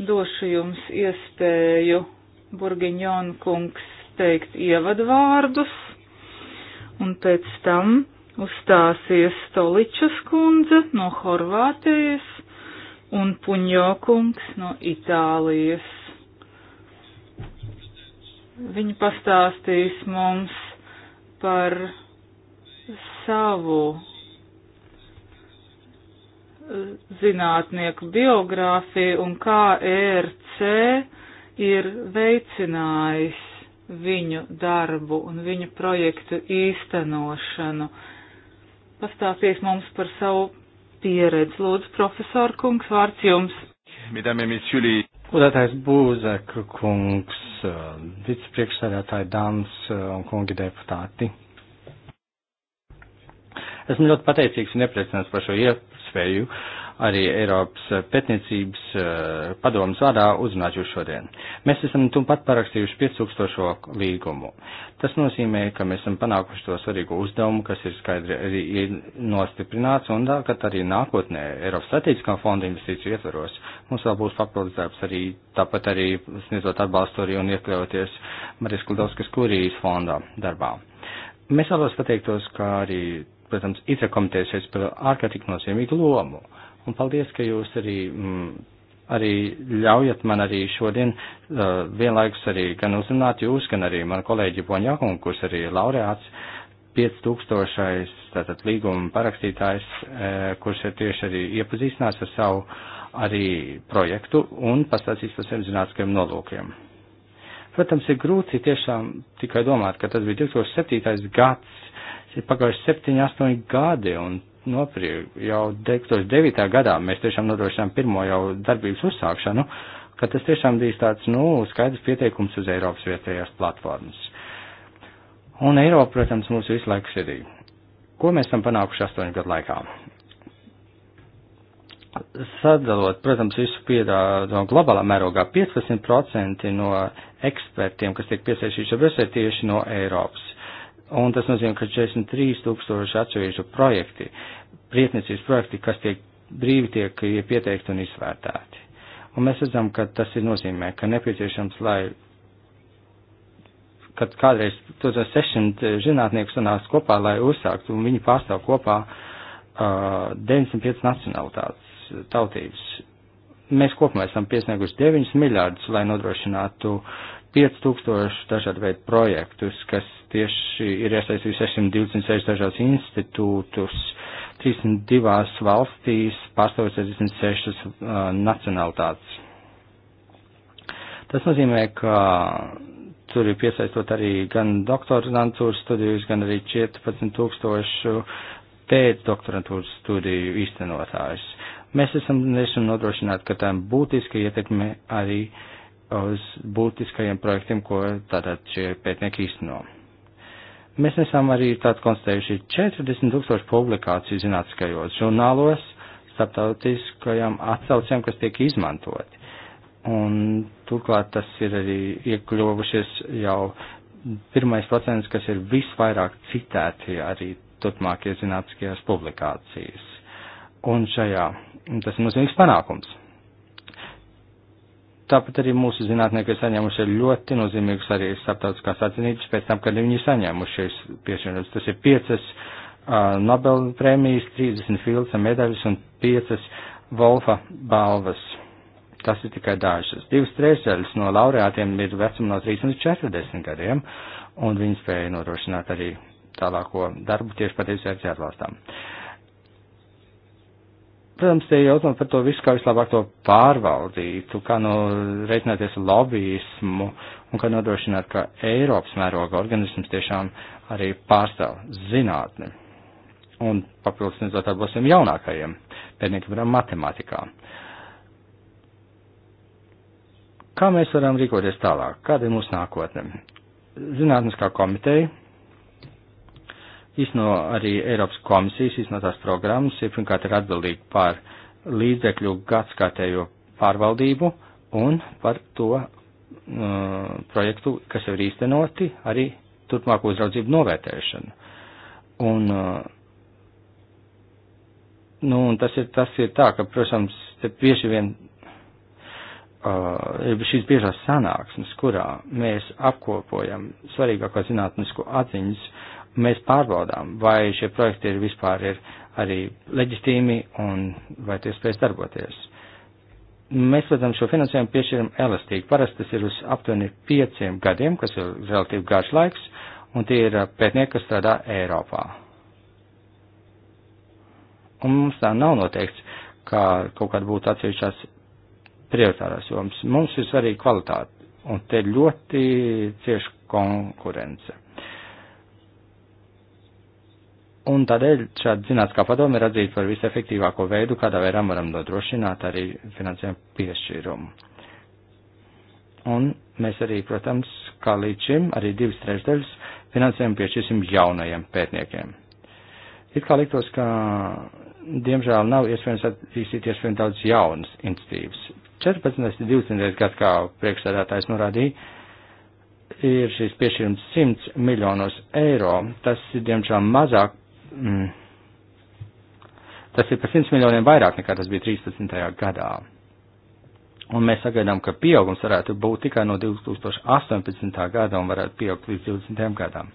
došu jums iespēju, Burgiņon kungs, teikt ievadvārdus un pēc tam uzstāsies Stoličas kundze no Horvātijas un Puņokungs no Itālijas. Viņi pastāstīs mums par savu eh, zinātnieku biogrāfiju un kā ERC ir veicinājis viņu darbu un viņu projektu īstenošanu. Pastāsties mums par savu pieredzi. Lūdzu, profesor kungs, vārds jums. Godātais Būzek kungs, vicepriekšsēdētāji dāmas uh, un kungi deputāti. Esmu ļoti pateicīgs un iepriecināts par šo iespēju arī Eiropas pētniecības eh, padomas vārdā uzrunāt jūs šodien. Mēs esam tumpat parakstījuši 5000 līgumu. Tas nozīmē, ka mēs esam panākuši to svarīgu uzdevumu, kas ir skaidri arī nostiprināts un tā, ka arī nākotnē Eiropas strateģiskā fonda investīciju ietvaros mums vēl būs papildus darbs arī tāpat arī sniedzot atbalstu arī un iekļauties Marijas Kludovskas kurijas fondā darbā. Mēs vēlos pateiktos, ka arī protams, ITRA komiteja šeit spēlē ārkārtīgi nozīmīgu lomu. Un paldies, ka jūs arī, mm, arī ļaujat man arī šodien uh, vienlaikus arī gan uzrunāt jūs, gan arī manu kolēģi Boņjakun, kurš arī ir laureāts 5000. tātad līguma parakstītājs, uh, kurš ir tieši arī iepazīstinās ar savu arī projektu un pastāstīs par saviem zinātniskajiem nolūkiem. Protams, ir grūti tiešām tikai domāt, ka tas bija 2007. gads, ir pagājuši 7, 8 gadi, un nopriek jau 2009. gadā mēs tiešām nodrošinām pirmo jau darbības uzsākšanu, ka tas tiešām bija tāds, nu, skaidrs pieteikums uz Eiropas vietējās platformas. Un Eiropa, protams, mūsu visu laiku sirdī. Ko mēs esam panākuši astoņu gadu laikā? sadalot, protams, visu pierādījumu globālā mērogā, 15% no ekspertiem, kas tiek piesaistīti šobrīd, ir tieši no Eiropas. Un tas nozīmē, ka 43 tūkstoši atsevišķu projekti, priekšniecības projekti, kas tiek brīvi tiek pieteikti un izvērtēti. Un mēs redzam, ka tas ir nozīmē, ka nepieciešams, lai kad kādreiz tos 60 zinātnieku sanāks kopā, lai uzsāktu, un viņi pārstāv kopā uh, 95 nacionalitātes tautības. Mēs kopumā esam piesnieguši 9 miljārdus, lai nodrošinātu 5000 dažādu veidu projektus, kas tieši ir iesaistījuši 626 dažādus institūtus, 32 valstīs, pārstāvot 66 uh, nacionalitātes. Tas nozīmē, ka tur ir piesaistot arī gan doktorantūras studijas, gan arī 14 tūkstošu pēcdoktorantūras studiju īstenotājus. Mēs esam nešam nodrošināt, ka tām būtiska ietekme arī uz būtiskajiem projektiem, ko tātad šie pētnieki īsteno. Mēs esam arī tātad konstatējuši 40 tūkstoši publikāciju zinātniskajos žurnālos, starptautiskajām atsaucēm, kas tiek izmantoti. Un turklāt tas ir arī iekļuvušies jau pirmais procents, kas ir visvairāk citēti arī turpmākie zinātniskajās publikācijas. Un šajā Tas ir nozīmīgs panākums. Tāpat arī mūsu zinātnieki ir saņēmuši ļoti nozīmīgus arī starptautiskās atzinības pēc tam, kad viņi ir saņēmuši šīs piešķirtas. Tas ir piecas uh, Nobel prēmijas, 30 Filca medaļas un piecas Volfa balvas. Tas ir tikai dažas. Divas trešdaļas no laureātiem ir vecuma no 3 līdz 40 gadiem, un viņi spēja nodrošināt arī tālāko darbu tieši pateicoties atbalstām. Uh, protams, tie jautājumi par to visu, kā vislabāk to pārvaldītu, kā no reiķināties lobbyismu un kā nodrošināt, ka Eiropas mēroga organisms tiešām arī pārstāv zinātni. Un papildus nezotā būsim jaunākajiem pētniekiem matemātikā. Kā mēs varam rīkoties tālāk? Kāda ir mūsu nākotne? Zinātniskā komiteja Īsno arī Eiropas komisijas īstenotās programmas ir pirmkārt ir atbildīgi par līdzekļu gadskārtējo pārvaldību un par to uh, projektu, kas jau ir īstenoti, arī turpmāko uzraudzību novērtēšanu. Un, uh, nu, un tas, ir, tas ir tā, ka, protams, te bieži vien uh, ir šīs biežās sanāksmes, kurā mēs apkopojam svarīgāko zinātnisko atziņas mēs pārbaudām, vai šie projekti ir vispār ir arī leģistīmi un vai tie spēs darboties. Mēs, protams, šo finansējumu piešķiram elastīgi. Parasti tas ir uz aptuveni pieciem gadiem, kas ir relatīvi garš laiks, un tie ir pētnieki, kas strādā Eiropā. Un mums tā nav noteikts, kā kaut kāda būtu atsevišķās prioritārās jomas. Mums ir svarīga kvalitāte, un te ļoti cieši konkurence. Un tādēļ šāda zinātniskā padoma ir atzīta par visefektīvāko veidu, kādā veidā varam nodrošināt arī finansējumu piešķīrumu. Un mēs arī, protams, kā līdz šim, arī divas trešdaļas finansējumu piešķirsim jaunajiem pētniekiem. It kā liktos, ka diemžēl nav iespējams attīstīt iespējami daudz jaunas institīvas. 14. un 20. gads, kā priekšsēdētājs norādīja, ir šis piešķirums 100 miljonos eiro. Tas ir diemžēl mazāk Mm. Tas ir par 100 miljoniem vairāk nekā tas bija 13. gadā. Un mēs sagaidām, ka pieaugums varētu būt tikai no 2018. gada un varētu pieaugt līdz 20. gadam.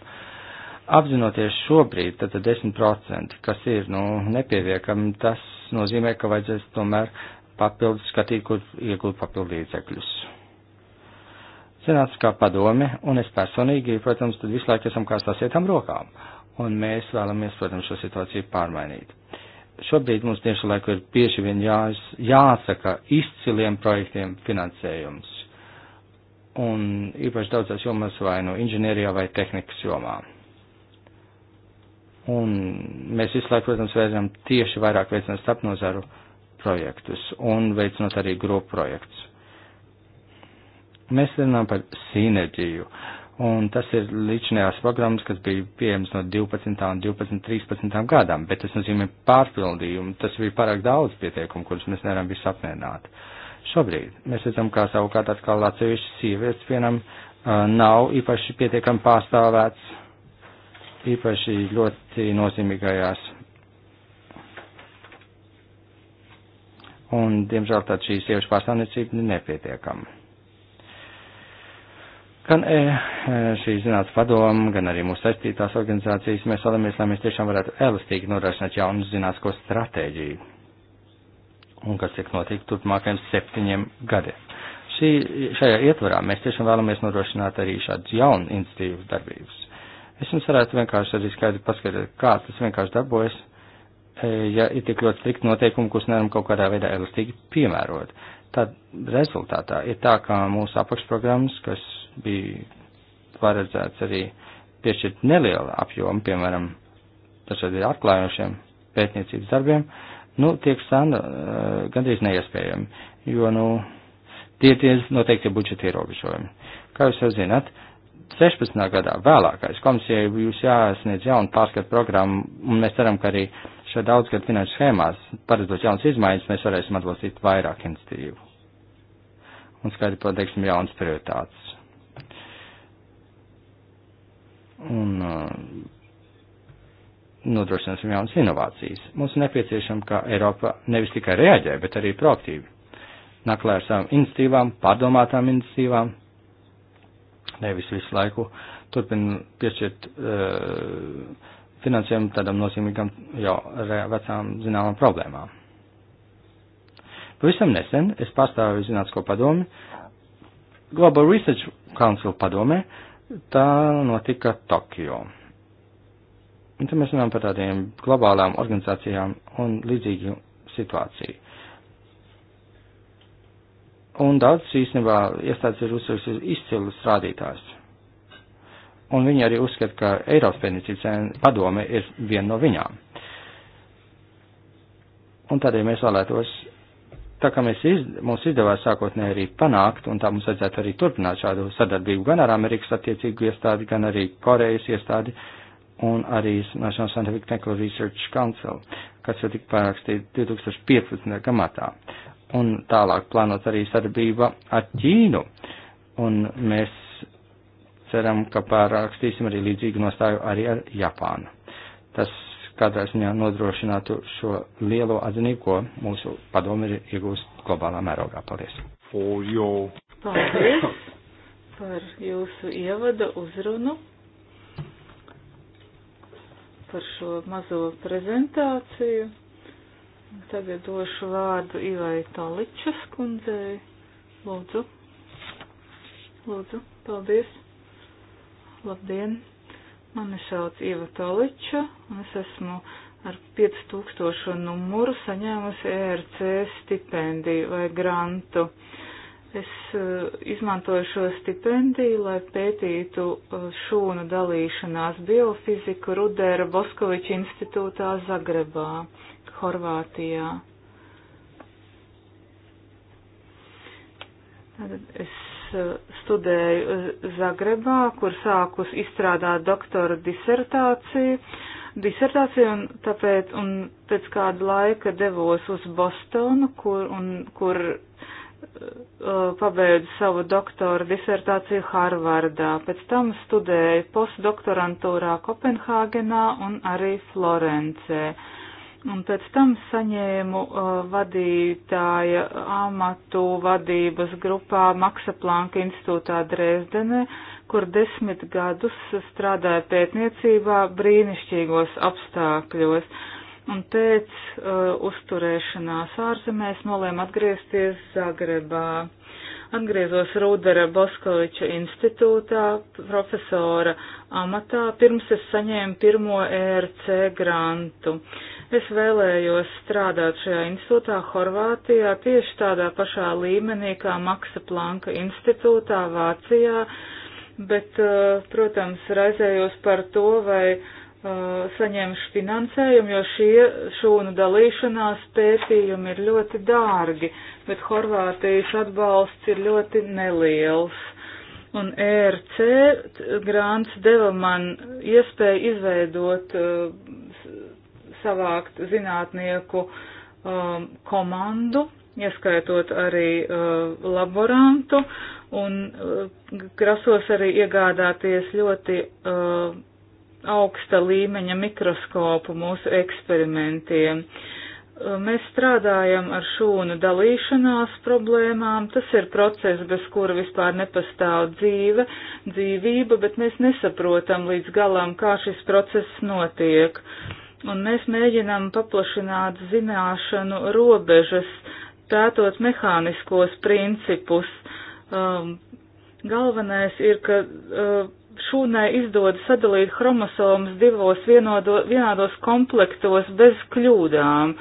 Apzinoties šobrīd, tad 10%, kas ir, nu, nepieviekami, tas nozīmē, ka vajadzēs tomēr papildus skatīt, kur iegūt papildu līdzekļus. Zinātniskā padome, un es personīgi, protams, tad visu laiku esam kā sasietām rokām. Uh, un mēs vēlamies, protams, šo situāciju pārmainīt. Šobrīd mums tieši laiku ir bieži vien jā, jāsaka izciliem projektiem finansējums. Un īpaši daudzās jomās vai nu no inženierijā vai tehnikas jomā. Un mēs visu laiku, protams, vērām tieši vairāk veicināt starpnozaru projektus un veicinot arī grupu projektus. Mēs runājam par sinerģiju. Uh, Un tas ir līdzinājās programmas, kas bija pieejams no 12. un 12. 13. gadam, bet tas nozīmē pārpildījumu. Tas bija pārāk daudz pieteikumu, kurus mēs nevaram visu apmierināt. Šobrīd mēs redzam, kā savukārt atkal atsevišķi sievietes vienam uh, nav īpaši pietiekami pārstāvēts, īpaši ļoti nozīmīgajās. Un, diemžēl, tad šī sieviešu pārstāvniecība ir nepietiekama. Gan e, e šī zinātnes padoma, gan arī mūsu saistītās organizācijas mēs vēlamies, lai mēs tiešām varētu elastīgi nodrošināt jaunu zinātnisko stratēģiju, un kas tiek notiek turpmākajiem septiņiem gadiem. Šī, šajā ietvarā mēs tiešām vēlamies nodrošināt arī šādas jaunu institīvas darbības. Es jums varētu vienkārši arī skaidri paskatīt, kā tas vienkārši darbojas, e, ja ir tik ļoti strikti noteikumi, kurus nevaram kaut kādā veidā elastīgi piemērot. Tad rezultātā ir tā, ka mūsu apakšprogrammas, kas bija paredzēts arī piešķirt nelielu apjomu, piemēram, dažādiem atklājošiem pētniecības darbiem, nu, tiek sana uh, eh, gandrīz neiespējami, jo, nu, tie tie noteikti budžeta ierobežojumi. Kā jūs jau zināt, 16. gadā vēlākais komisijai būs jāsniedz jauna pārskatu programma, un mēs ceram, ka arī šajā daudzgad finanšu schēmās, paredzot jaunas izmaiņas, mēs varēsim atbalstīt vairāk institīvu. Un skaidri pateiksim jaunas prioritātes un uh, nodrošināsim jaunas inovācijas. Mums ir nepieciešama, ka Eiropa nevis tikai reaģē, bet arī proaktīvi. Naklē ar savām iniciatīvām, pārdomātām iniciatīvām, nevis visu laiku turpina piešķirt uh, finansējumu tādam nozīmīgam jau vecām zināmām problēmām. Pavisam nesen es pārstāvu Zinātnisko padomi Global Research Council padomē, uh, Tā notika Tokijo. Un te mēs runājam par tādiem globālām organizācijām un līdzīgu situāciju. Un daudz īstenībā iestādes ir uzsverusi izcilus rādītājus. Un viņi arī uzskata, ka Eiropas pēdniecības padome ir viena no viņām. Un tādēļ mēs vēlētos tā kā mēs iz, mums izdevās sākotnēji arī panākt, un tā mums vajadzētu arī turpināt šādu sadarbību gan ar Amerikas attiecīgu iestādi, gan arī Korejas iestādi un arī National Scientific Technical Research Council, kas jau tika pārakstīts 2015. gamatā. Un tālāk plānot arī sadarbība ar Ķīnu, un mēs ceram, ka pārakstīsim arī līdzīgu nostāju arī ar Japānu. Tas kādā ziņā nodrošinātu šo lielo atzinību, ko mūsu padomi ir iegūst globālā mērogā. Paldies! Paldies par jūsu ievada uzrunu, par šo mazo prezentāciju. Tagad došu vārdu Ivai Taličas kundzei. Lūdzu, lūdzu, paldies. Labdien! Mani sauc Ieva Toliča, un es esmu ar 5000 numuru saņēmusi ERC stipendiju vai grantu. Es uh, izmantoju šo stipendiju, lai pētītu uh, šūnu dalīšanās biofiziku Rudera Boskoviča institūtā Zagrebā, Horvātijā. Tad es Eh, studēju eh, Zagrebā, kur sākus izstrādāt doktora disertāciju, disertāciju un tāpēc, un pēc kāda laika devos uz Bostonu, kur, un, kur eh, pabeidzu savu doktora disertāciju Harvardā. Pēc tam studēju postdoktorantūrā Kopenhāgenā un arī Florencē. Un pēc tam saņēmu uh, vadītāja amatu vadības grupā Maksa Planka institūtā Dresdenē, kur desmit gadus strādāja pētniecībā brīnišķīgos apstākļos. Un pēc uh, uzturēšanās ārzemēs nolēmu atgriezties Zagrebā. Atgriezos Rūdera Boskoviča institūtā, profesora amatā, pirms es saņēmu pirmo ERC grantu. Uh, Es vēlējos strādāt šajā institūtā Horvātijā tieši tādā pašā līmenī kā Maksa Planka institūtā Vācijā, bet, uh, protams, raizējos par to, vai uh, saņemšu finansējumu, jo šie šūnu dalīšanās pētījumi ir ļoti dārgi, bet Horvātijas atbalsts ir ļoti neliels. Un ERC grāns deva man iespēju izveidot uh, savākt zinātnieku um, komandu, ieskaitot arī uh, laborantu, un uh, grasos arī iegādāties ļoti uh, augsta līmeņa mikroskopu mūsu eksperimentiem. Uh, mēs strādājam ar šūnu dalīšanās problēmām. Tas ir process, bez kura vispār nepastāv dzīve, dzīvība, bet mēs nesaprotam līdz galam, kā šis process notiek. Uh, un mēs mēģinām paplašināt zināšanu robežas, pētot mehāniskos principus. Um, galvenais ir, ka uh, šūnai izdodas sadalīt chromosomas divos vienodo, vienādos komplektos bez kļūdām,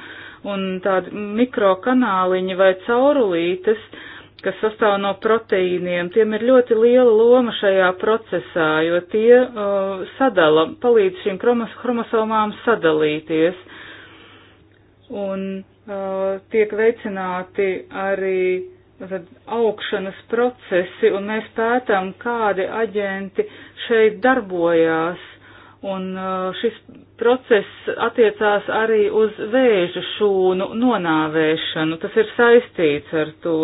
un tādi mikrokanāliņi vai caurulītes uh, kas sastāv no proteīniem, tiem ir ļoti liela loma šajā procesā, jo tie uh, sadala, palīdz šīm kromos, kromosomām sadalīties. Un uh, tiek veicināti arī tad, augšanas procesi, un mēs pētām, kādi aģenti šeit darbojās. Un uh, šis process attiecās arī uz vēža šūnu nonāvēšanu. Tas ir saistīts ar to.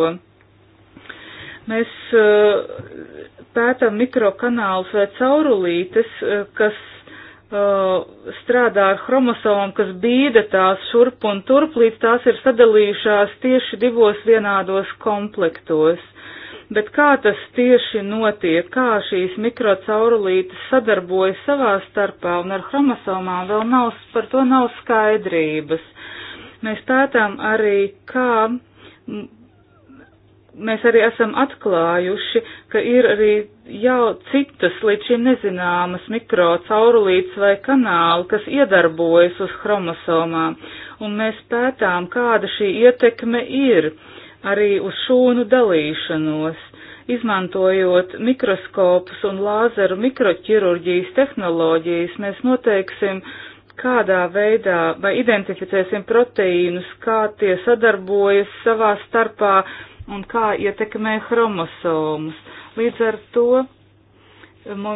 Mēs eh, pētām mikrokanālus vai caurulītes, eh, kas eh, strādā ar chromosomām, kas bīda tās šurp un turp, līdz tās ir sadalījušās tieši divos vienādos komplektos. Bet kā tas tieši notiek, kā šīs mikrocaurulītes sadarbojas savā starpā un ar chromosomām, vēl nav, par to nav skaidrības. Mēs pētām arī, kā mēs arī esam atklājuši, ka ir arī jau citas līdz šim nezināmas mikro caurulītes vai kanāli, kas iedarbojas uz chromosomām, un mēs pētām, kāda šī ietekme ir arī uz šūnu dalīšanos, izmantojot mikroskopus un lāzeru mikroķirurģijas tehnoloģijas, mēs noteiksim, kādā veidā vai identificēsim proteīnus, kā tie sadarbojas savā starpā, un kā ietekmē chromosomus. Līdz ar to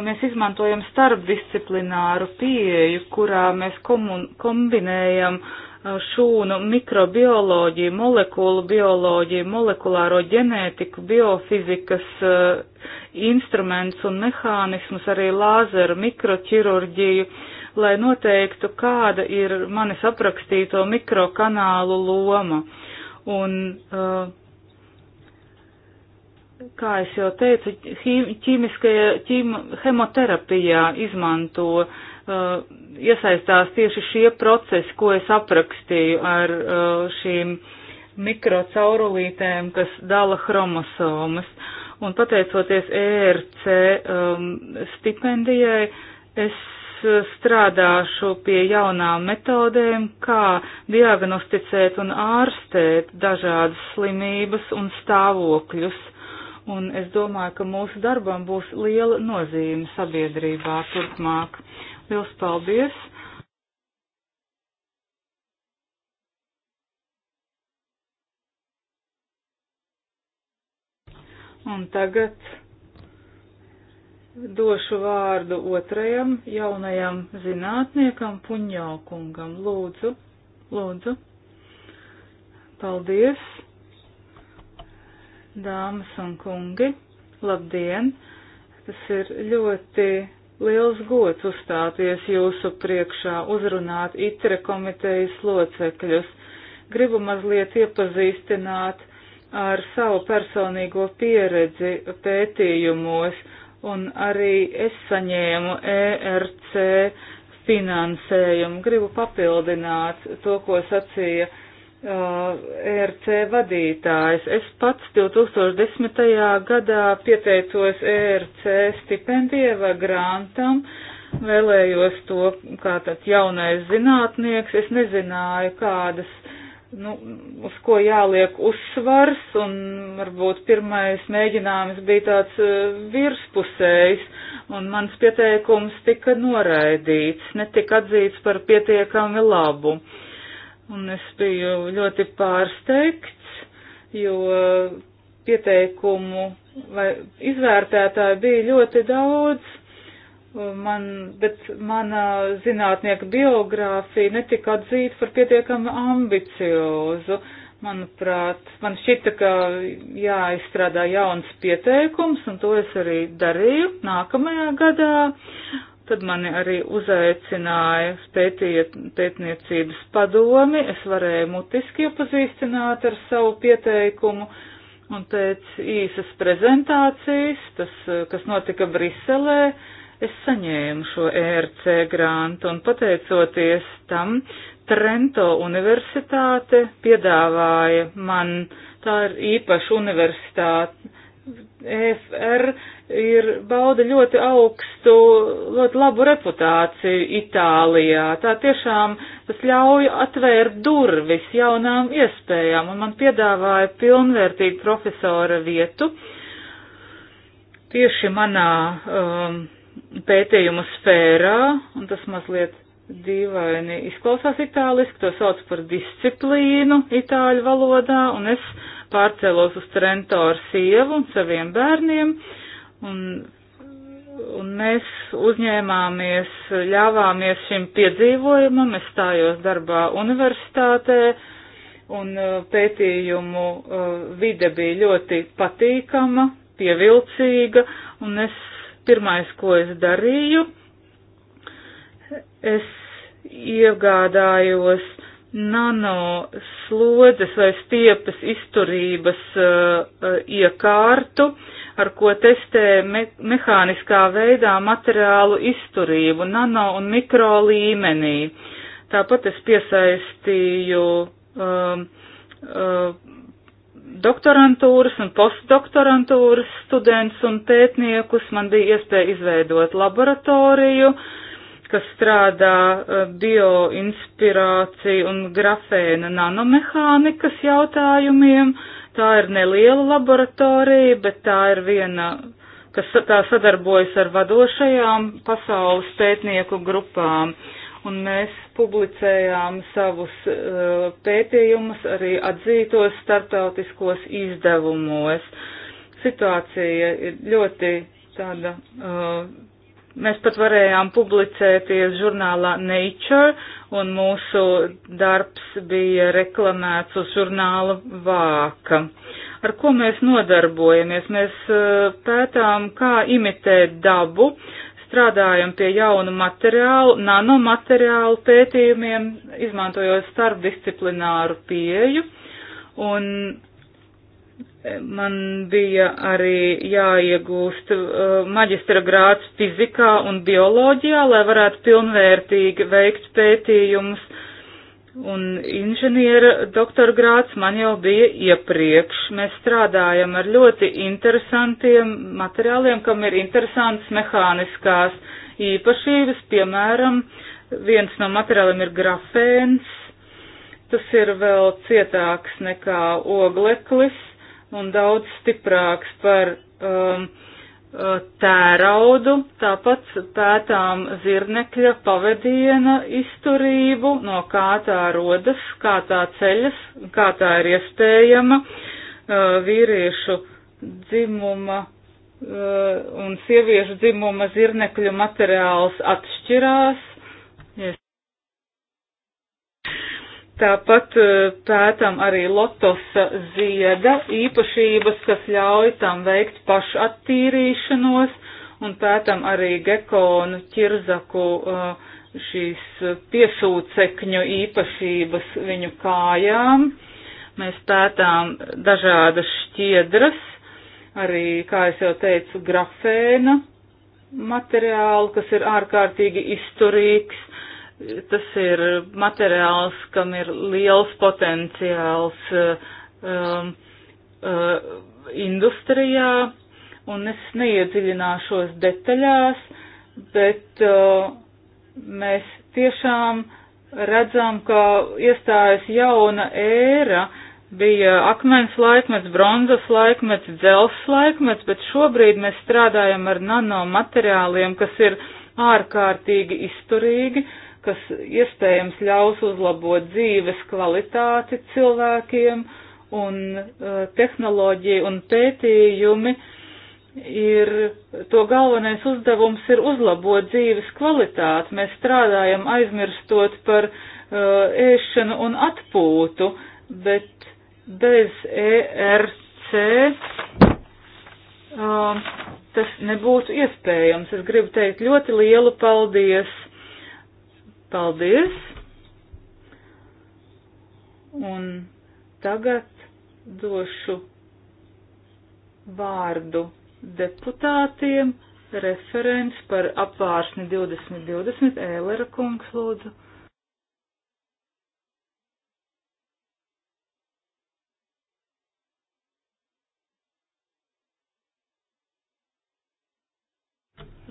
mēs izmantojam starpdisciplināru pieeju, kurā mēs komun, kombinējam uh, šūnu mikrobioloģiju, molekulu bioloģiju, molekulāro ģenētiku, biofizikas uh, instruments un mehānismus, arī lāzeru, mikroķirurģiju, lai noteiktu, kāda ir manis aprakstīto mikrokanālu loma. Un, uh, kā es jau teicu, ķīmiskajā, ķīm, hemoterapijā izmanto, uh, iesaistās tieši šie procesi, ko es aprakstīju ar uh, šīm mikrocaurulītēm, kas dala chromosomas. Un pateicoties ERC um, stipendijai, es strādāšu pie jaunām metodēm, kā diagnosticēt un ārstēt dažādas slimības un stāvokļus un es domāju, ka mūsu darbam būs liela nozīme sabiedrībā turpmāk. Liels paldies! Un tagad došu vārdu otrajam jaunajam zinātniekam Puņjaukungam. Lūdzu, lūdzu. Paldies! dāmas un kungi, labdien! Tas ir ļoti liels gods uzstāties jūsu priekšā, uzrunāt itre komitejas locekļus. Gribu mazliet iepazīstināt ar savu personīgo pieredzi pētījumos, un arī es saņēmu ERC finansējumu. Gribu papildināt to, ko sacīja uh, ERC vadītājs. Es pats 2010. gadā pieteicos ERC stipendijai vai grantam, vēlējos to kā tāds jaunais zinātnieks. Es nezināju, kādas, nu, uz ko jāliek uzsvars, un varbūt pirmais mēģinājums bija tāds uh, virspusējs, un mans pieteikums tika noraidīts, netika atzīts par pietiekami labu. Uh, Un es biju ļoti pārsteigts, jo pieteikumu vai izvērtētāju bija ļoti daudz. Man, bet mana zinātnieka biogrāfija netika atzīta par pietiekami ambiciozu. Manuprāt, man šķita, ka jāizstrādā jauns pieteikums, un to es arī darīju nākamajā gadā. Tad mani arī uzaicināja pētiet, pētniecības padomi, es varēju mutiski iepazīstināt ar savu pieteikumu, un pēc īsas prezentācijas, tas, kas notika Briselē, es saņēmu šo ERC grantu, un pateicoties tam, Trento universitāte piedāvāja man, tā ir īpaša universitāte, EFR ir bauda ļoti augstu, ļoti labu reputāciju Itālijā. Tā tiešām tas ļauj atvērt durvis jaunām iespējām, un man piedāvāja pilnvērtīgu profesora vietu tieši manā um, pētījumu sfērā, un tas mazliet dīvaini izklausās itāliski, to sauc par disciplīnu itāļu valodā, un es pārcēlos uz Trento ar sievu un saviem bērniem, un, un mēs uzņēmāmies, ļāvāmies šim piedzīvojumam, es stājos darbā universitātē, un uh, pētījumu uh, vide bija ļoti patīkama, pievilcīga, un es pirmais, ko es darīju, es iegādājos nano slodzes vai stiepas izturības uh, iekārtu, ar ko testē me mehāniskā veidā materiālu izturību nano un mikro līmenī. Tāpat es piesaistīju uh, uh, doktorantūras un postdoktorantūras students un pētniekus. Man bija iespēja izveidot laboratoriju, uh, kas strādā eh, bioinspirāciju un grafēna nanomehānikas jautājumiem. Tā ir neliela laboratorija, bet tā ir viena, kas tā sadarbojas ar vadošajām pasaules pētnieku grupām. Un mēs publicējām savus uh, pētījumus arī atzītos starptautiskos izdevumos. Situācija ir ļoti tāda. Uh, Mēs pat varējām publicēties žurnālā Nature, un mūsu darbs bija reklamēts uz žurnāla Vāka. Ar ko mēs nodarbojamies? Mēs e, pētām, kā imitēt dabu, strādājam pie jaunu materiālu, nanomateriālu pētījumiem, izmantojot starpdisciplināru pieju. Un Man bija arī jāiegūst uh, maģistra grāds fizikā un bioloģijā, lai varētu pilnvērtīgi veikt pētījumus, un inženiera doktora grāds man jau bija iepriekš. Mēs strādājam ar ļoti interesantiem materiāliem, kam ir interesantas mehāniskās īpašības, piemēram, viens no materiāliem ir grafēns, tas ir vēl cietāks nekā ogleklis un daudz stiprāks par um, uh, tēraudu. Tāpat pētām zirnekļa pavadiena izturību, no kā tā rodas, kā tā ceļas, kā tā ir iespējama uh, vīriešu dzimuma uh, un sieviešu dzimuma zirnekļu materiāls atšķirās. Yes. Tāpat eh, pētam arī lotosa zieda īpašības, kas ļauj tam veikt pašattīrīšanos, un pētam arī gekonu ķirzaku eh, šīs piesūcekņu īpašības viņu kājām. Mēs pētām dažādas šķiedras, arī, kā es jau teicu, grafēna materiālu, kas ir ārkārtīgi izturīgs tas ir materiāls, kam ir liels potenciāls um, uh, industrijā, un es neiedziļināšos detaļās, bet uh, mēs tiešām redzam, ka iestājas jauna ēra. Bija akmens laikmets, bronzas laikmets, dzels laikmets, bet šobrīd mēs strādājam ar nanomateriāliem, kas ir ārkārtīgi izturīgi, uh, kas iespējams ļaus uzlabot dzīves kvalitāti cilvēkiem, un uh, eh, tehnoloģija un pētījumi ir, to galvenais uzdevums ir uzlabot dzīves kvalitāti. Mēs strādājam aizmirstot par uh, ēšanu un atpūtu, bet bez ERC um, eh, tas nebūtu iespējams. Es gribu teikt ļoti lielu paldies Paldies! Un tagad došu vārdu deputātiem referents par apvārsni 2020 Ēlera kungs lūdzu.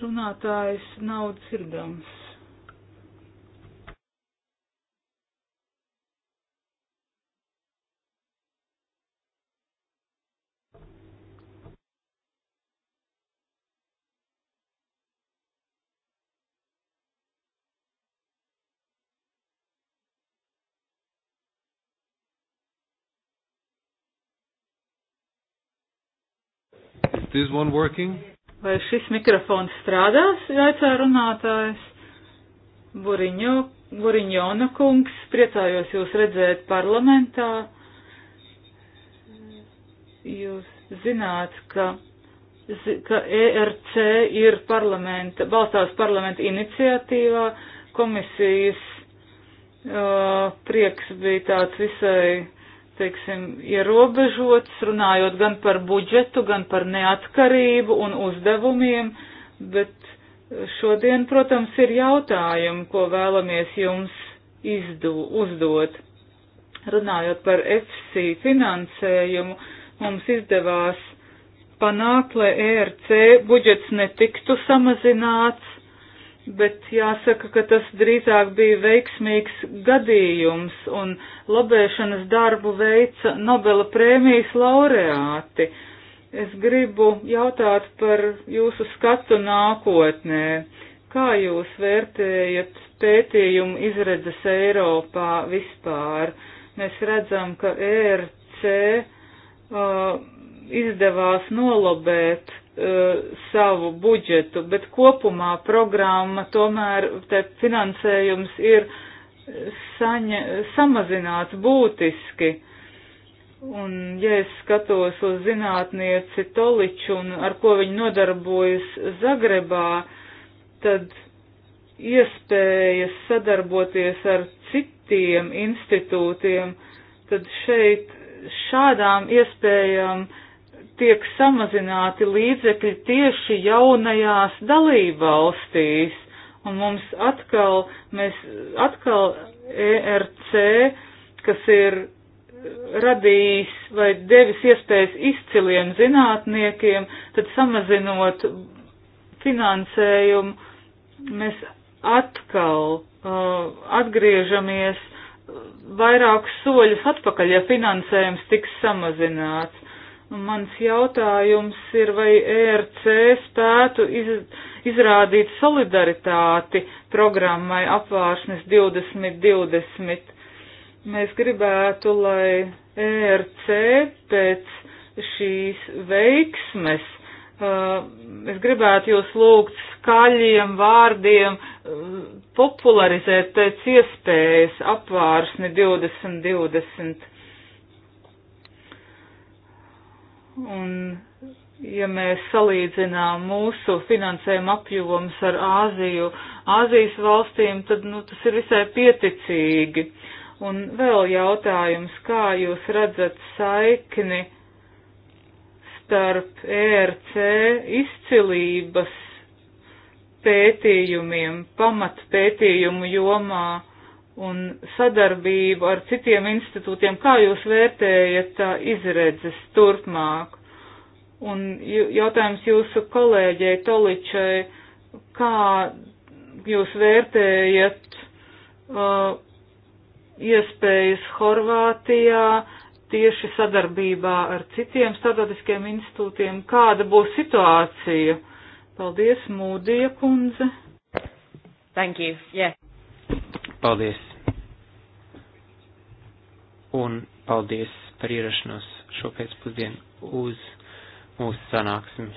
Runātājs nav dzirdams. Is one working? Vai šis mikrofons strādās, jaicā runātājs? Buriņo, Buriņona kungs, priecājos jūs redzēt parlamentā. Jūs zināt, ka, ka ERC ir parlamenta, balstās parlamenta iniciatīvā, komisijas uh, prieks bija tāds visai teiksim, ierobežots, runājot gan par budžetu, gan par neatkarību un uzdevumiem, bet šodien, protams, ir jautājumi, ko vēlamies jums izdu, uzdot. Runājot par FC finansējumu, mums izdevās panākt, lai ERC budžets netiktu samazināts, bet jāsaka, ka tas drīzāk bija veiksmīgs gadījums un lobēšanas darbu veica Nobela prēmijas laureāti. Es gribu jautāt par jūsu skatu nākotnē. Kā jūs vērtējat pētījumu izredzes Eiropā vispār? Mēs redzam, ka ERC uh, izdevās nolobēt Eh, savu budžetu, bet kopumā programma tomēr finansējums ir saņa, samazināts būtiski. Un, ja es skatos uz zinātnieci Toliču un ar ko viņi nodarbojas Zagrebā, tad iespējas sadarboties ar citiem institūtiem, tad šeit šādām iespējām uh, tiek samazināti līdzekļi tieši jaunajās dalībvalstīs, un mums atkal, mēs atkal ERC, kas ir radījis vai devis iespējas izciliem zinātniekiem, tad samazinot finansējumu, mēs atkal uh, atgriežamies vairākus soļus atpakaļ, ja finansējums tiks samazināts. Mans jautājums ir, vai ERC spētu iz, izrādīt solidaritāti programmai apvāršanas 2020. Mēs gribētu, lai ERC pēc šīs veiksmes, uh, es gribētu jūs lūgt skaļiem vārdiem uh, popularizēt pēc iespējas apvāršni 2020 Un, ja mēs salīdzinām mūsu finansējuma apjomus ar Āziju, Āzijas valstīm, tad nu, tas ir visai pieticīgi. Un vēl jautājums, kā jūs redzat saikni starp ERC izcilības pētījumiem, pamatpētījumu jomā un sadarbību ar citiem institūtiem, kā jūs vērtējat tā uh, izredzes turpmāk? Un jautājums jūsu kolēģei Toličai, kā jūs vērtējat uh, iespējas Horvātijā tieši sadarbībā ar citiem starptautiskiem institūtiem? Kāda būs situācija? Paldies, Mūdija kundze. Thank you. Yeah. Paldies un paldies par ierašanos šo pēcpusdienu uz mūsu sanāksmi.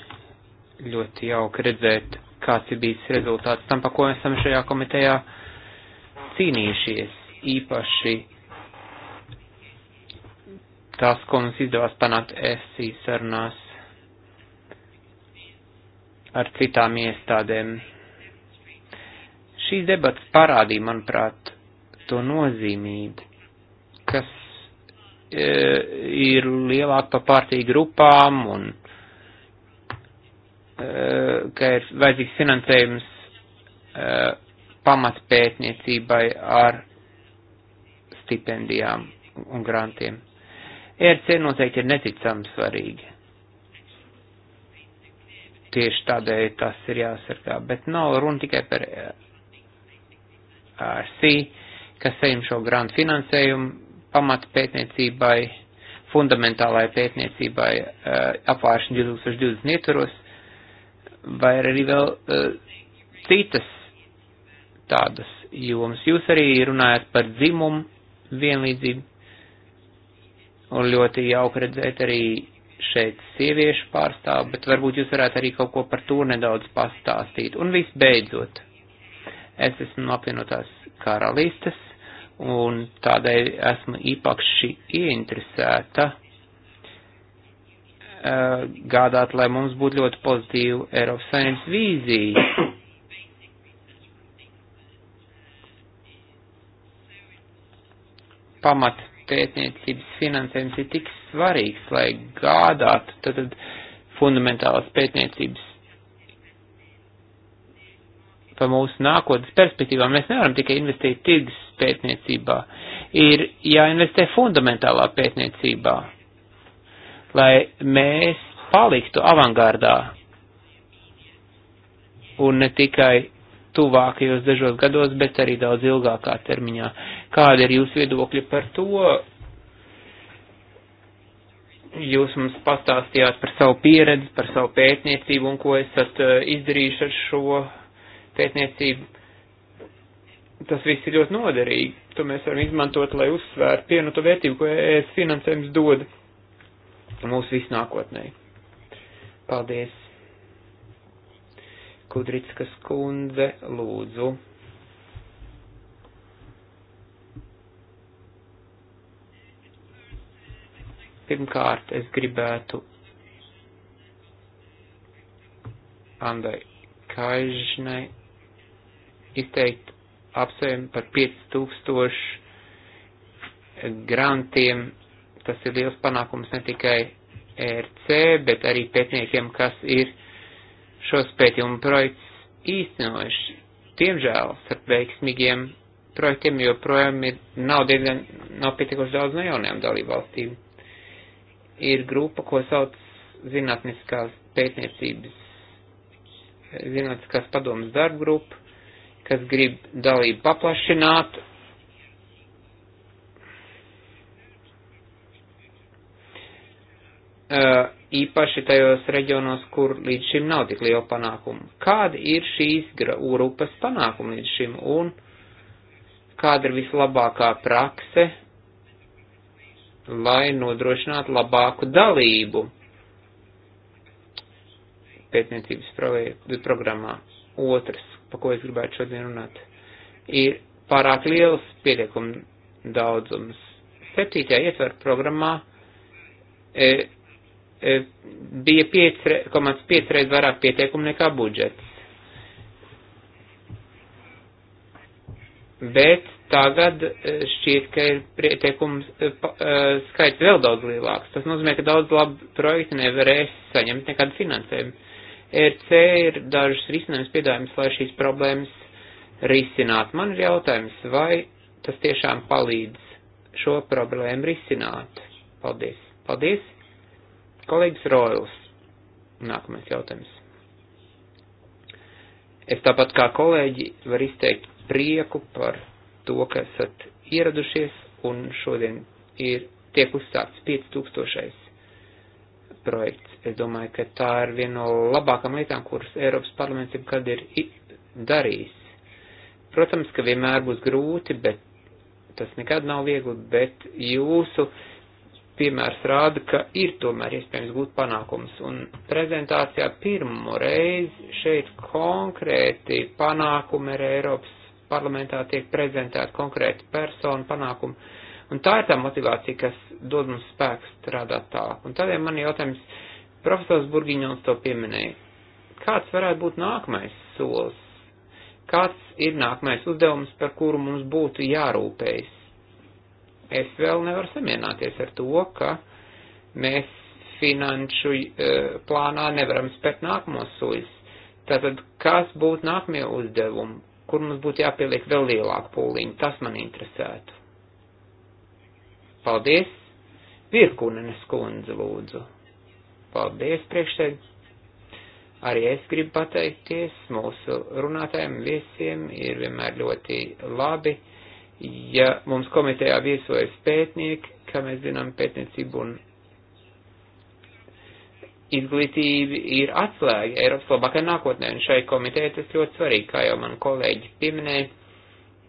Ļoti jauki redzēt, kāds ir bijis rezultāts tam, pa ko esam šajā komitejā cīnījušies. Īpaši tas, ko mums izdevās panākt SC sarunās ar citām iestādēm. Šīs debats parādīja, manuprāt, to nozīmību, kas Eh, ir lielāka pa partiju grupām un eh, ka ir vajadzīgs finansējums eh, pamatpētniecībai ar stipendijām un grantiem. ERC noteikti ir neticami svarīgi. Tieši tādēļ tas ir jāsargā, bet nav runa tikai par ARC, kas saņem šo grantu finansējumu, pamata pētniecībai, fundamentālai eh, pētniecībai apvāršana 2020 ietvaros, vai arī vēl eh, citas tādas jomas. Jūs arī runājat par dzimumu vienlīdzību, un ļoti jauki redzēt arī šeit sieviešu pārstāvu, bet varbūt jūs varētu arī kaut ko par to nedaudz pastāstīt. Un visbeidzot, es esmu apvienotās karalistes un tādēļ esmu īpaši ieinteresēta uh, gādāt, lai mums būtu ļoti pozitīva Eiropas saimnes vīzija. Pamat pētniecības finansējums ir tik svarīgs, lai gādātu tad, tad fundamentālas pētniecības par mūsu nākotnes perspektīvām. Mēs nevaram tikai investēt tirgus pētniecībā. Ir jāinvestē fundamentālā pētniecībā, lai mēs paliktu avangardā un ne tikai tuvākajos dažos gados, bet arī daudz ilgākā termiņā. Kāda ir jūsu viedokļa par to? Jūs mums pastāstījāt par savu pieredzi, par savu pētniecību un ko esat eh, izdarījuši ar šo pētniecību tas viss ir ļoti noderīgi. To mēs varam izmantot, lai uzsvērtu pienuto vērtību, ko ES finansējums dod mūsu visnākotnē. Paldies. Kudrickas kundze, lūdzu. Pirmkārt, es gribētu Andai Kaižnai izteikt apsvērumi par 5000 grantiem. Tas ir liels panākums ne tikai ERC, bet arī pētniekiem, kas ir šos pētījumu projekts īstenojuši. Tiemžēl starp veiksmīgiem projektiem joprojām ir, nav diezgan, nav pietiekoši daudz no jaunajām dalībvalstīm. Ir grupa, ko sauc zinātniskās pētniecības, zinātniskās padomas darba grupa, kas grib dalību paplašināt. Īpaši tajos reģionos, kur līdz šim nav tik liela panākuma. Kāda ir šīs grupas panākuma līdz šim un kāda ir vislabākā prakse, lai nodrošinātu labāku dalību pētniecības programmā? Otrs pa ko es gribētu šodien runāt, ir pārāk liels pietiekuma daudzums. Septītajā ietver programmā e, e, bija 5,5 reiz vairāk pieteikumu nekā budžets. Bet tagad e, šķiet, ka ir pieteikums e, e, skaits vēl daudz lielāks. Tas nozīmē, ka daudz labu projektu nevarēs saņemt nekādu finansējumu. ERC ir dažas risinājums piedāvājums, lai šīs problēmas risināt. Man ir jautājums, vai tas tiešām palīdz šo problēmu risināt? Paldies. Paldies. Kolēģis Roils. Nākamais jautājums. Es tāpat kā kolēģi varu izteikt prieku par to, ka esat ieradušies un šodien ir tiek uzsākts 5000 projekts. Es domāju, ka tā ir viena no labākām lietām, kuras Eiropas parlaments jebkad ir darījis. Protams, ka vienmēr būs grūti, bet tas nekad nav viegli, bet jūsu piemērs rāda, ka ir tomēr iespējams gūt panākums. Un prezentācijā pirmo reizi šeit konkrēti panākumi ar Eiropas parlamentā tiek prezentēti konkrēti personu panākumi. Un tā ir tā motivācija, kas dod mums spēku strādāt tālāk. Un tādēļ man jautājums Profesors Burgiņons to pieminēja. Kāds varētu būt nākamais solis? Kāds ir nākamais uzdevums, par kuru mums būtu jārūpējas? Es vēl nevaru samienāties ar to, ka mēs finanšu uh, plānā nevaram spēt nākamos soļus. Tātad, kas būtu nākamie uzdevumi, kur mums būtu jāpieliek vēl lielāku pūliņu, tas man interesētu. Paldies! Virkunenes kundze lūdzu. Paldies, priekšsēd. Arī es gribu pateikties mūsu runātājiem visiem, ir vienmēr ļoti labi, ja mums komitejā viesojas pētnieki, kā mēs zinām, pētniecību un izglītība ir atslēga Eiropas labākai nākotnē, un šai komitejai tas ļoti svarīgi, kā jau man kolēģi pieminēja.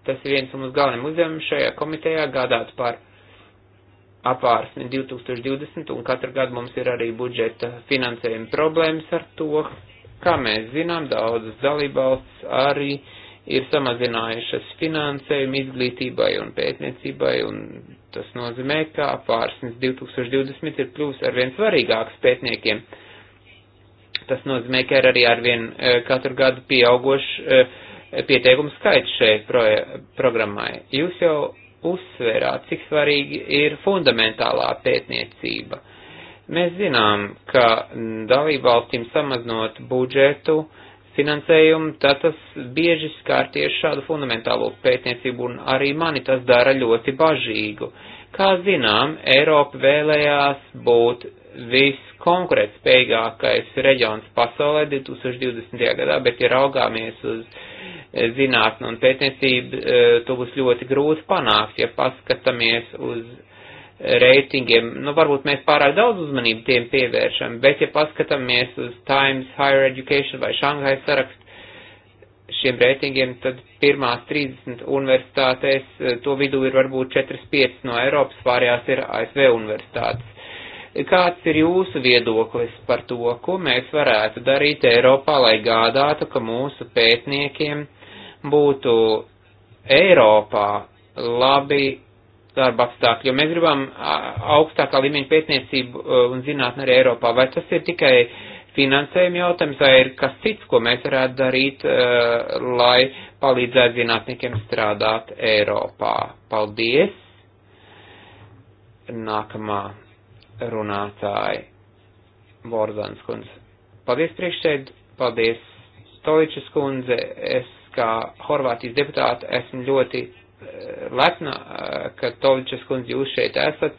Tas ir viens no mūsu galveniem uzdevumiem šajā komitejā gādāt par apvārsni 2020, un katru gadu mums ir arī budžeta finansējuma problēmas ar to. Kā mēs zinām, daudzas dalībvalsts arī ir samazinājušas finansējumu izglītībai un pētniecībai, un tas nozīmē, ka apvārsnes 2020 ir kļuvis arvien svarīgāks pētniekiem. Tas nozīmē, ka ir arī arvien e, katru gadu pieaugošs e, pieteikumu skaits šai pro programmai. Jūs jau uzsvērāt, cik svarīgi ir fundamentālā pētniecība. Mēs zinām, ka dalībvalstīm samaznot budžetu finansējumu, tad tas bieži skār tieši šādu fundamentālo pētniecību, un arī mani tas dara ļoti bažīgu. Kā zinām, Eiropa vēlējās būt viss konkurētspējīgākais reģions pasaulē 2020. gadā, bet ja raugāmies uz e, zinātnu un pētniecību, e, to būs ļoti grūti panākt, ja paskatāmies uz reitingiem. Nu, varbūt mēs pārāk daudz uzmanību tiem pievēršam, bet ja paskatāmies uz Times Higher Education vai Šanghai sarakstu šiem reitingiem, tad pirmās 30 universitātēs e, to vidū ir varbūt 4-5 no Eiropas, pārējās ir ASV universitātes. Kāds ir jūsu viedoklis par to, ko mēs varētu darīt Eiropā, lai gādātu, ka mūsu pētniekiem būtu Eiropā labi darba apstākļi, jo mēs gribam augstākā līmeņa pētniecību un zinātni arī Eiropā. Vai tas ir tikai finansējuma jautājums, vai ir kas cits, ko mēs varētu darīt, lai palīdzētu zinātniekiem strādāt Eiropā? Paldies! Nākamā runātāji. Bordans kundze. Paldies priekšsēd, paldies Stoličas kundze. Es kā Horvātijas deputāta esmu ļoti eh, lepna, eh, ka Stoličas kundze jūs šeit esat.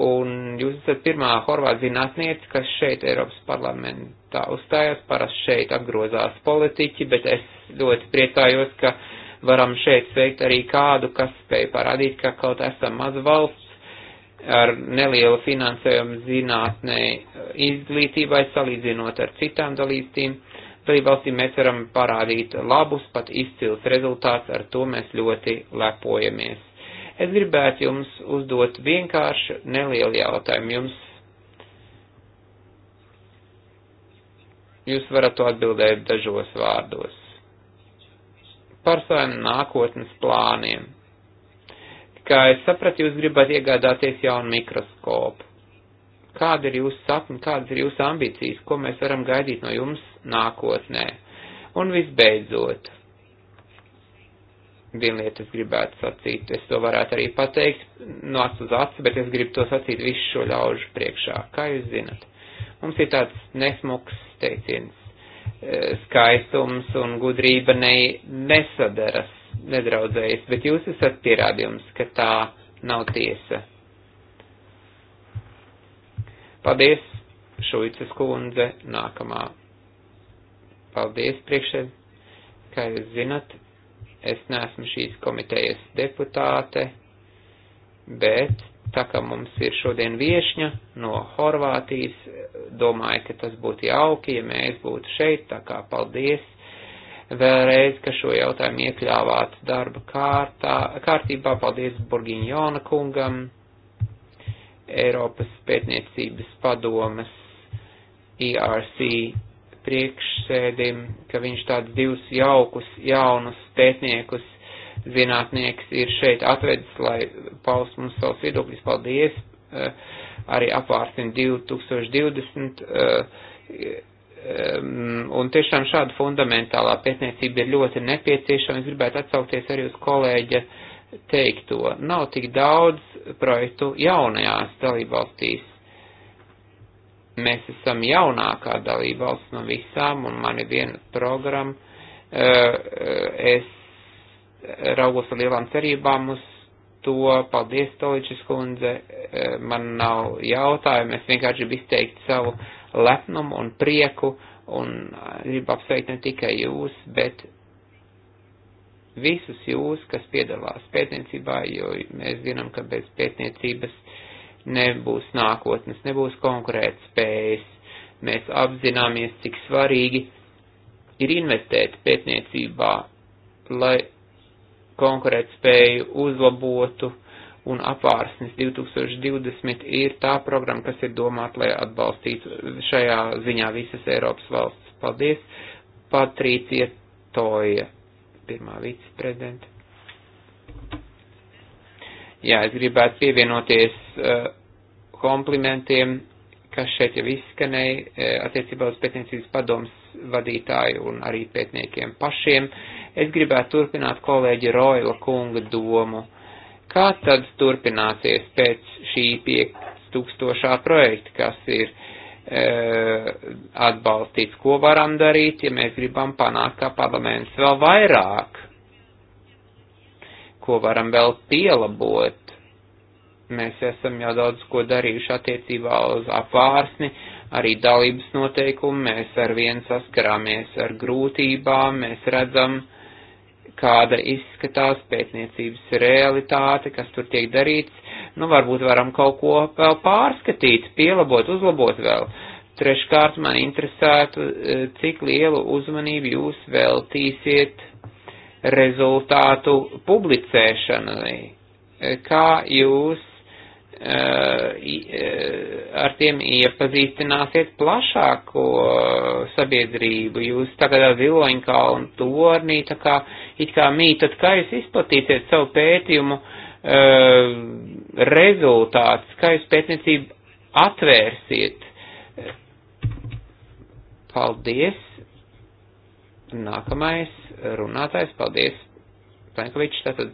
Un jūs esat pirmā horvāta zinātniece, kas šeit Eiropas parlamentā uzstājās. Parasti šeit apgrozās politiķi, bet es ļoti priecājos, ka varam šeit sveikt arī kādu, kas spēja parādīt, ka kaut esam maza valsts ar nelielu finansējumu zinātnē izglītībai salīdzinot ar citām dalībstīm. Dalībvalstīm mēs varam parādīt labus, pat izcils rezultāts, ar to mēs ļoti lepojamies. Es gribētu jums uzdot vienkārši nelielu jautājumu. Jums jūs varat to atbildēt dažos vārdos. Par saviem nākotnes plāniem kā es sapratu, jūs gribat iegādāties jaunu mikroskopu. Kāda ir jūsu sapņa, kādas ir jūsu ambīcijas, ko mēs varam gaidīt no jums nākotnē? Un visbeidzot, viena lieta es gribētu sacīt, es to varētu arī pateikt no acu uz acu, bet es gribu to sacīt visu šo ļaužu priekšā. Kā jūs zinat? Mums ir tāds nesmuks teiciens eh, skaistums un gudrība ne, nesadaras nedraudzējas, bet jūs esat pierādījums, ka tā nav tiesa. Paldies, Šuicas kundze, nākamā. Paldies, priekšēd, kā jūs zinat, es neesmu šīs komitejas deputāte, bet tā kā mums ir šodien viešņa no Horvātijas, domāju, ka tas būtu jauki, ja mēs būtu šeit, tā kā paldies vēlreiz, ka šo jautājumu iekļāvāt darba kārtā, kārtībā. Paldies Burgiņjona kungam, Eiropas pētniecības padomas ERC priekšsēdim, ka viņš tādus divus jaukus, jaunus pētniekus, zinātnieks ir šeit atvedis, lai paust mums savus viedokļus. Paldies! Eh, arī apvārsim 2020 Ehm, un tiešām šāda fundamentālā pētniecība ir ļoti nepieciešama. Es gribētu atsaukties arī uz kolēģa teikto. Nav tik daudz projektu jaunajās dalībvalstīs. Mēs esam jaunākā dalībvalsts no visām, un man ir viena programma. Ehm, es raugos ar lielām cerībām uz to. Paldies, Toličis kundze. Ehm, man nav jautājumu, es vienkārši gribu izteikt savu uh, lepnumu un prieku, un eh, gribu apsveikt ne tikai jūs, bet visus jūs, kas piedalās pētniecībā, jo mēs zinām, ka bez pētniecības nebūs nākotnes, nebūs konkurēt spējas. Mēs apzināmies, cik svarīgi ir investēt pētniecībā, lai konkurēt spēju uzlabotu, uh, un apvārsnes 2020 ir tā programma, kas ir domāta, lai atbalstītu šajā ziņā visas Eiropas valsts. Paldies! Patrīcija Toja, pirmā viceprezidenta. Jā, es gribētu pievienoties uh, komplimentiem, kas šeit jau izskanēja uh, attiecībā uz pētniecības padomus vadītāju un arī pētniekiem pašiem. Es gribētu turpināt kolēģi Roila kunga domu. Uh, Kā tad turpināsies pēc šī 5000 projekta, kas ir e, atbalstīts, ko varam darīt, ja mēs gribam panākt kā parlaments vēl vairāk, ko varam vēl pielabot. Mēs esam jau daudz ko darījuši attiecībā uz apvārsni, arī dalības noteikumu, mēs ar vienu saskarāmies ar grūtībām, mēs redzam, uh, kāda izskatās pētniecības realitāte, kas tur tiek darīts, nu varbūt varam kaut ko vēl pārskatīt, pielabot, uzlabot vēl. Treškārt man interesētu, e, cik lielu uzmanību jūs veltīsiet rezultātu publicēšanai, e, kā jūs e, ar tiem iepazīstināsiet plašāko sabiedrību. Jūs tagad ar Viloņkalnu tornī tā kā it kā mīt, tad kā jūs izplatīsiet savu pētījumu uh, rezultātus, kā jūs pētniecību atvērsiet. Paldies. Nākamais runātājs, paldies Plankovičs, tātad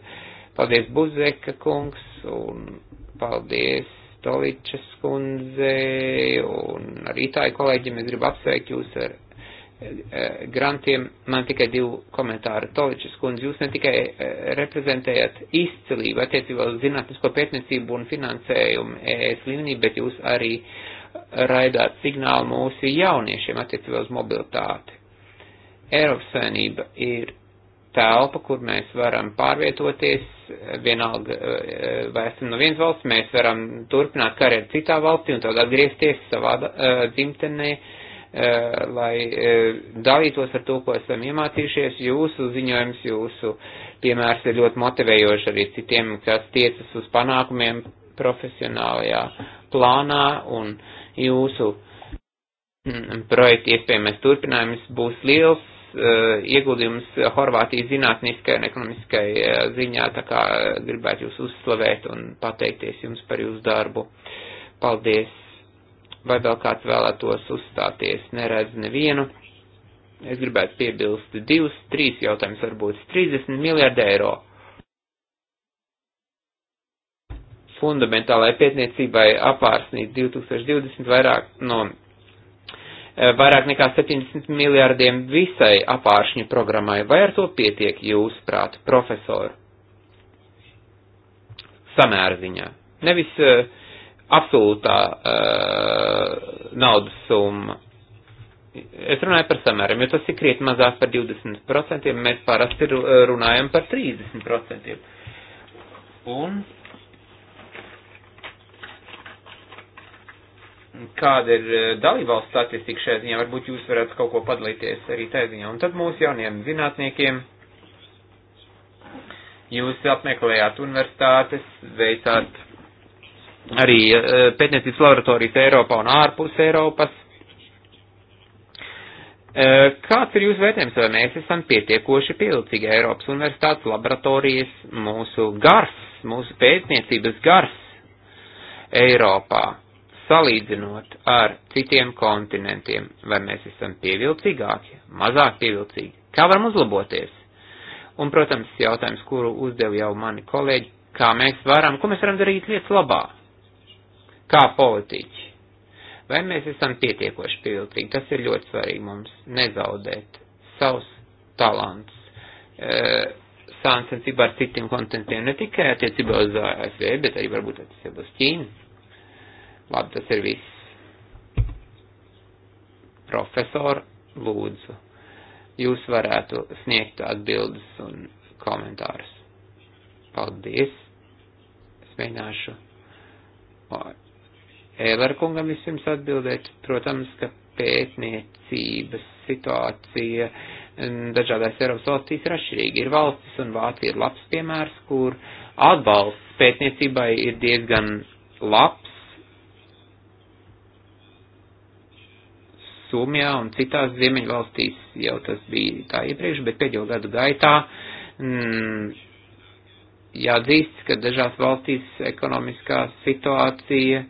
paldies Buzeka kungs un paldies Toličas kundzei un arī tāju kolēģiem. Es gribu apsveikt jūs ar Eh, grantiem man tikai divu komentāru. Toličis kundze, jūs ne tikai eh, reprezentējat izcilību attiecībā uz zinātnisko pētniecību un finansējumu ES līmenī, bet jūs arī eh, raidāt signālu mūsu jauniešiem attiecībā uz mobilitāti. Eiropas savienība ir telpa, kur mēs varam pārvietoties, vienalga, vai esam no vienas valsts, mēs varam turpināt karjeru citā valstī un tad atgriezties savā dzimtenē. Uh, Eh, lai eh, dalītos ar to, ko esam iemācījušies. Jūsu ziņojums, jūsu piemērs ir ļoti motivējoši arī citiem, kas tiecas uz panākumiem profesionālajā plānā un jūsu mm, projekta iespējamais turpinājums būs liels uh, ieguldījums Horvātijas zinātniskai un ekonomiskai uh, ziņā, tā kā uh, gribētu jūs uzslavēt un pateikties jums par jūsu darbu. Paldies! Vai vēl kāds vēlētos uzstāties? Neredz nevienu. Es gribētu piebilst divus, trīs jautājumus, varbūt 30 miljārdi eiro. Fundamentālai pētniecībai apārsnīt 2020 vairāk no e, vairāk nekā 70 miljārdiem visai apāršņu programmai. Vai ar to pietiek jūs, prāt, profesoru? Samērziņā. Nevis uh, absolūtā uh, naudas summa. Es runāju par samēriem, jo tas ir krietni mazāk par 20%, mēs parasti eh, runājam par 30%. Un kāda ir eh, dalībvalsts statistika šajā ziņā, varbūt jūs varētu kaut ko padalīties arī tajā ziņā. Un tad mūsu jauniem zinātniekiem jūs apmeklējāt universitātes, veicāt arī eh, pētniecības laboratorijas Eiropā un ārpus Eiropas. Eh, kāds ir jūsu vērtējums, vai mēs esam pietiekoši pievilcīgi Eiropas universitātes laboratorijas, mūsu gars, mūsu pētniecības gars Eiropā, salīdzinot ar citiem kontinentiem, vai mēs esam pievilcīgāki, mazāk pievilcīgi? Kā varam uzlaboties? Un, protams, jautājums, kuru uzdev jau mani kolēģi, kā mēs varam, ko mēs varam darīt lietas labā? kā politiķi. Vai mēs esam pietiekoši pievilcīgi? Tas ir ļoti svarīgi mums nezaudēt savus talants. E, Sāncensībā ar citiem kontinentiem, ne tikai attiecībā uz ASV, bet arī varbūt attiecībā uz Ķīnu. Labi, tas ir viss. Profesor, lūdzu, jūs varētu sniegt atbildes un komentārus. Paldies! Es mēģināšu Ēlerkungam vispirms atbildēt, protams, ka pētniecības situācija dažādās Eiropas valstīs ir atšķirīga. Ir valstis, un Vācija ir labs piemērs, kur atbalsts pētniecībai ir diezgan labs. Somijā un citās ziemeļvalstīs jau tas bija tā iepriekš, bet pēdējo gadu gaitā mm, jāatzīst, ka dažās valstīs ekonomiskā situācija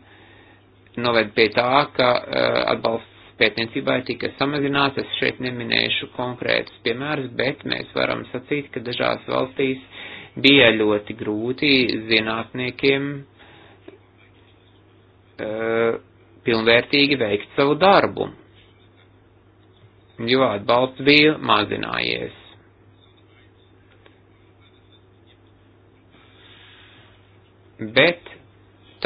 noved pie tā, ka uh, atbalsts pētniecībai tika samazināts. Es šeit neminēšu konkrētus piemērus, bet mēs varam sacīt, ka dažās valstīs bija ļoti grūti zinātniekiem uh, pilnvērtīgi veikt savu darbu, jo atbalsts bija mazinājies. Bet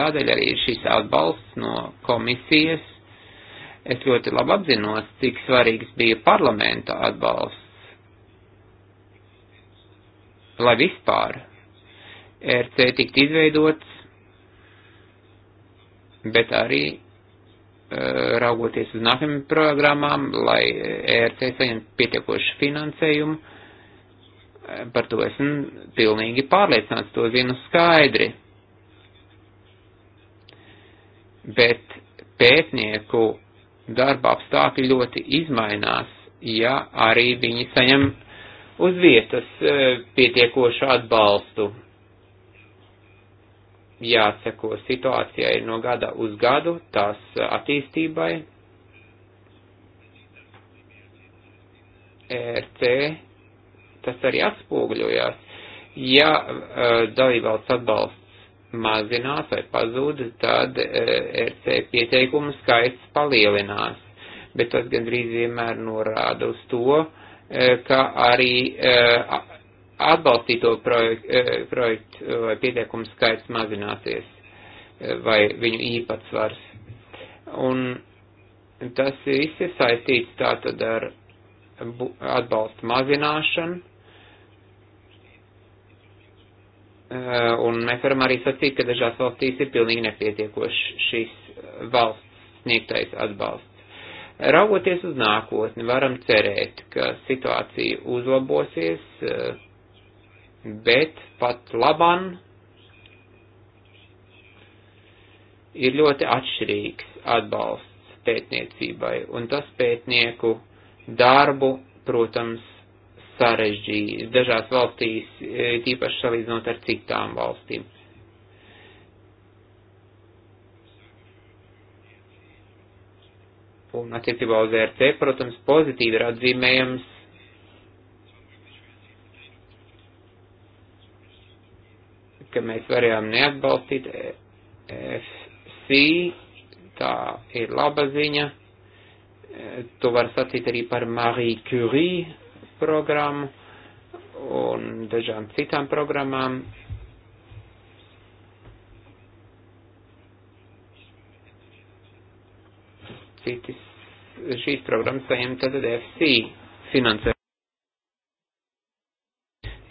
Tādēļ arī šis atbalsts no komisijas. Es ļoti labi apzinos, cik svarīgs bija parlamenta atbalsts, lai vispār RC tiktu izveidots, bet arī e, raugoties uz nākamajām programmām, lai ERC saņemtu pietiekošu finansējumu. E, par to esmu pilnīgi pārliecināts, to zinu skaidri bet pētnieku darba apstākļi ļoti izmainās, ja arī viņi saņem uz vietas e, pietiekošu atbalstu. Jāseko situācijai no gada uz gadu, tās attīstībai. ERC tas arī atspoguļojās. Ja uh, dalībvalsts atbalsta mazinās vai pazūd, tad RC eh, pieteikumu skaits palielinās. Bet tas gandrīz vienmēr norāda uz to, eh, ka arī eh, atbalstīto projektu, projektu vai pieteikumu skaits mazināsies vai viņu īpatsvars. Un tas viss ir saistīts tātad ar atbalstu mazināšanu Eh, un mēs varam arī sacīt, ka dažās valstīs ir pilnīgi nepietiekoši šīs eh, valsts sniegtais atbalsts. Raugoties uz nākotni, varam cerēt, ka situācija uzlabosies, eh, bet pat laban ir ļoti atšķirīgs atbalsts pētniecībai, un tas pētnieku darbu, protams, sarežģīti dažās valstīs, e, tīpaši salīdzinot ar citām valstīm. Un attiecībā uz ERC, protams, pozitīvi ir atzīmējams ka mēs varējām neatbalstīt e FC, tā ir laba ziņa. E, to var sacīt arī par Marie Curie, programmu un dažām citām programmām. Citis, šīs programmas saņem tātad FC finansējumu.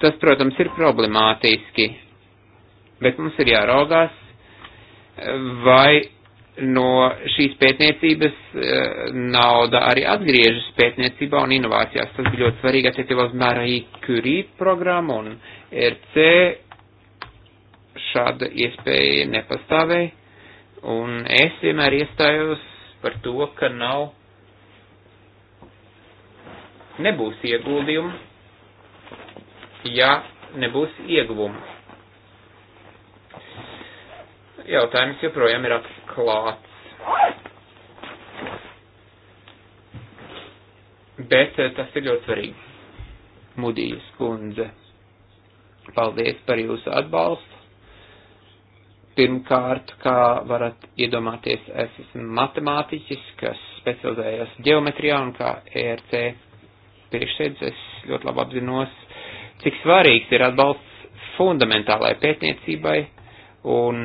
Tas, protams, ir problemātiski, bet mums ir jāraugās, vai no šīs pētniecības eh, nauda arī atgriežas pētniecībā un inovācijās. Tas bija ļoti svarīgi attiecībā uz Mārī Curie programmu un RC. Šāda iespēja nepastāvēja. Un es vienmēr iestājos par to, ka nav, nebūs ieguldījumu, ja nebūs ieguvumu jautājums joprojām ir atklāts. Bet eh, tas ir ļoti svarīgi. Mudijas kundze, paldies par jūsu atbalstu. Pirmkārt, kā varat iedomāties, es esmu matemātiķis, kas specializējas geometrijā un kā ERC priekšsēdz, es ļoti labi apzinos, cik svarīgs ir atbalsts fundamentālai pētniecībai un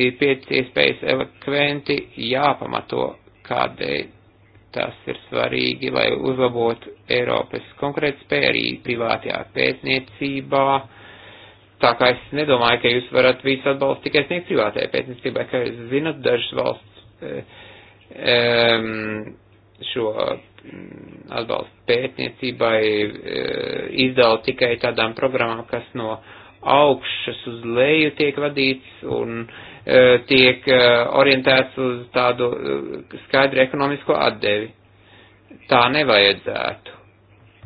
ir pēc iespējas elekventi jāpamato, kādēļ tas ir svarīgi, lai uzlabotu Eiropas konkurētspēju arī privātajā pētniecībā. Tā kā es nedomāju, ka jūs varat visu atbalstu tikai sniegt privātajai pētniecībai, kā jūs zinat, dažas valsts um, šo mm, atbalstu pētniecībai eh, izdala tikai tādām programmām, kas no augšas uz leju tiek vadīts un uh, E, tiek e, orientēts uz tādu e, skaidru ekonomisko atdevi. Tā nevajadzētu,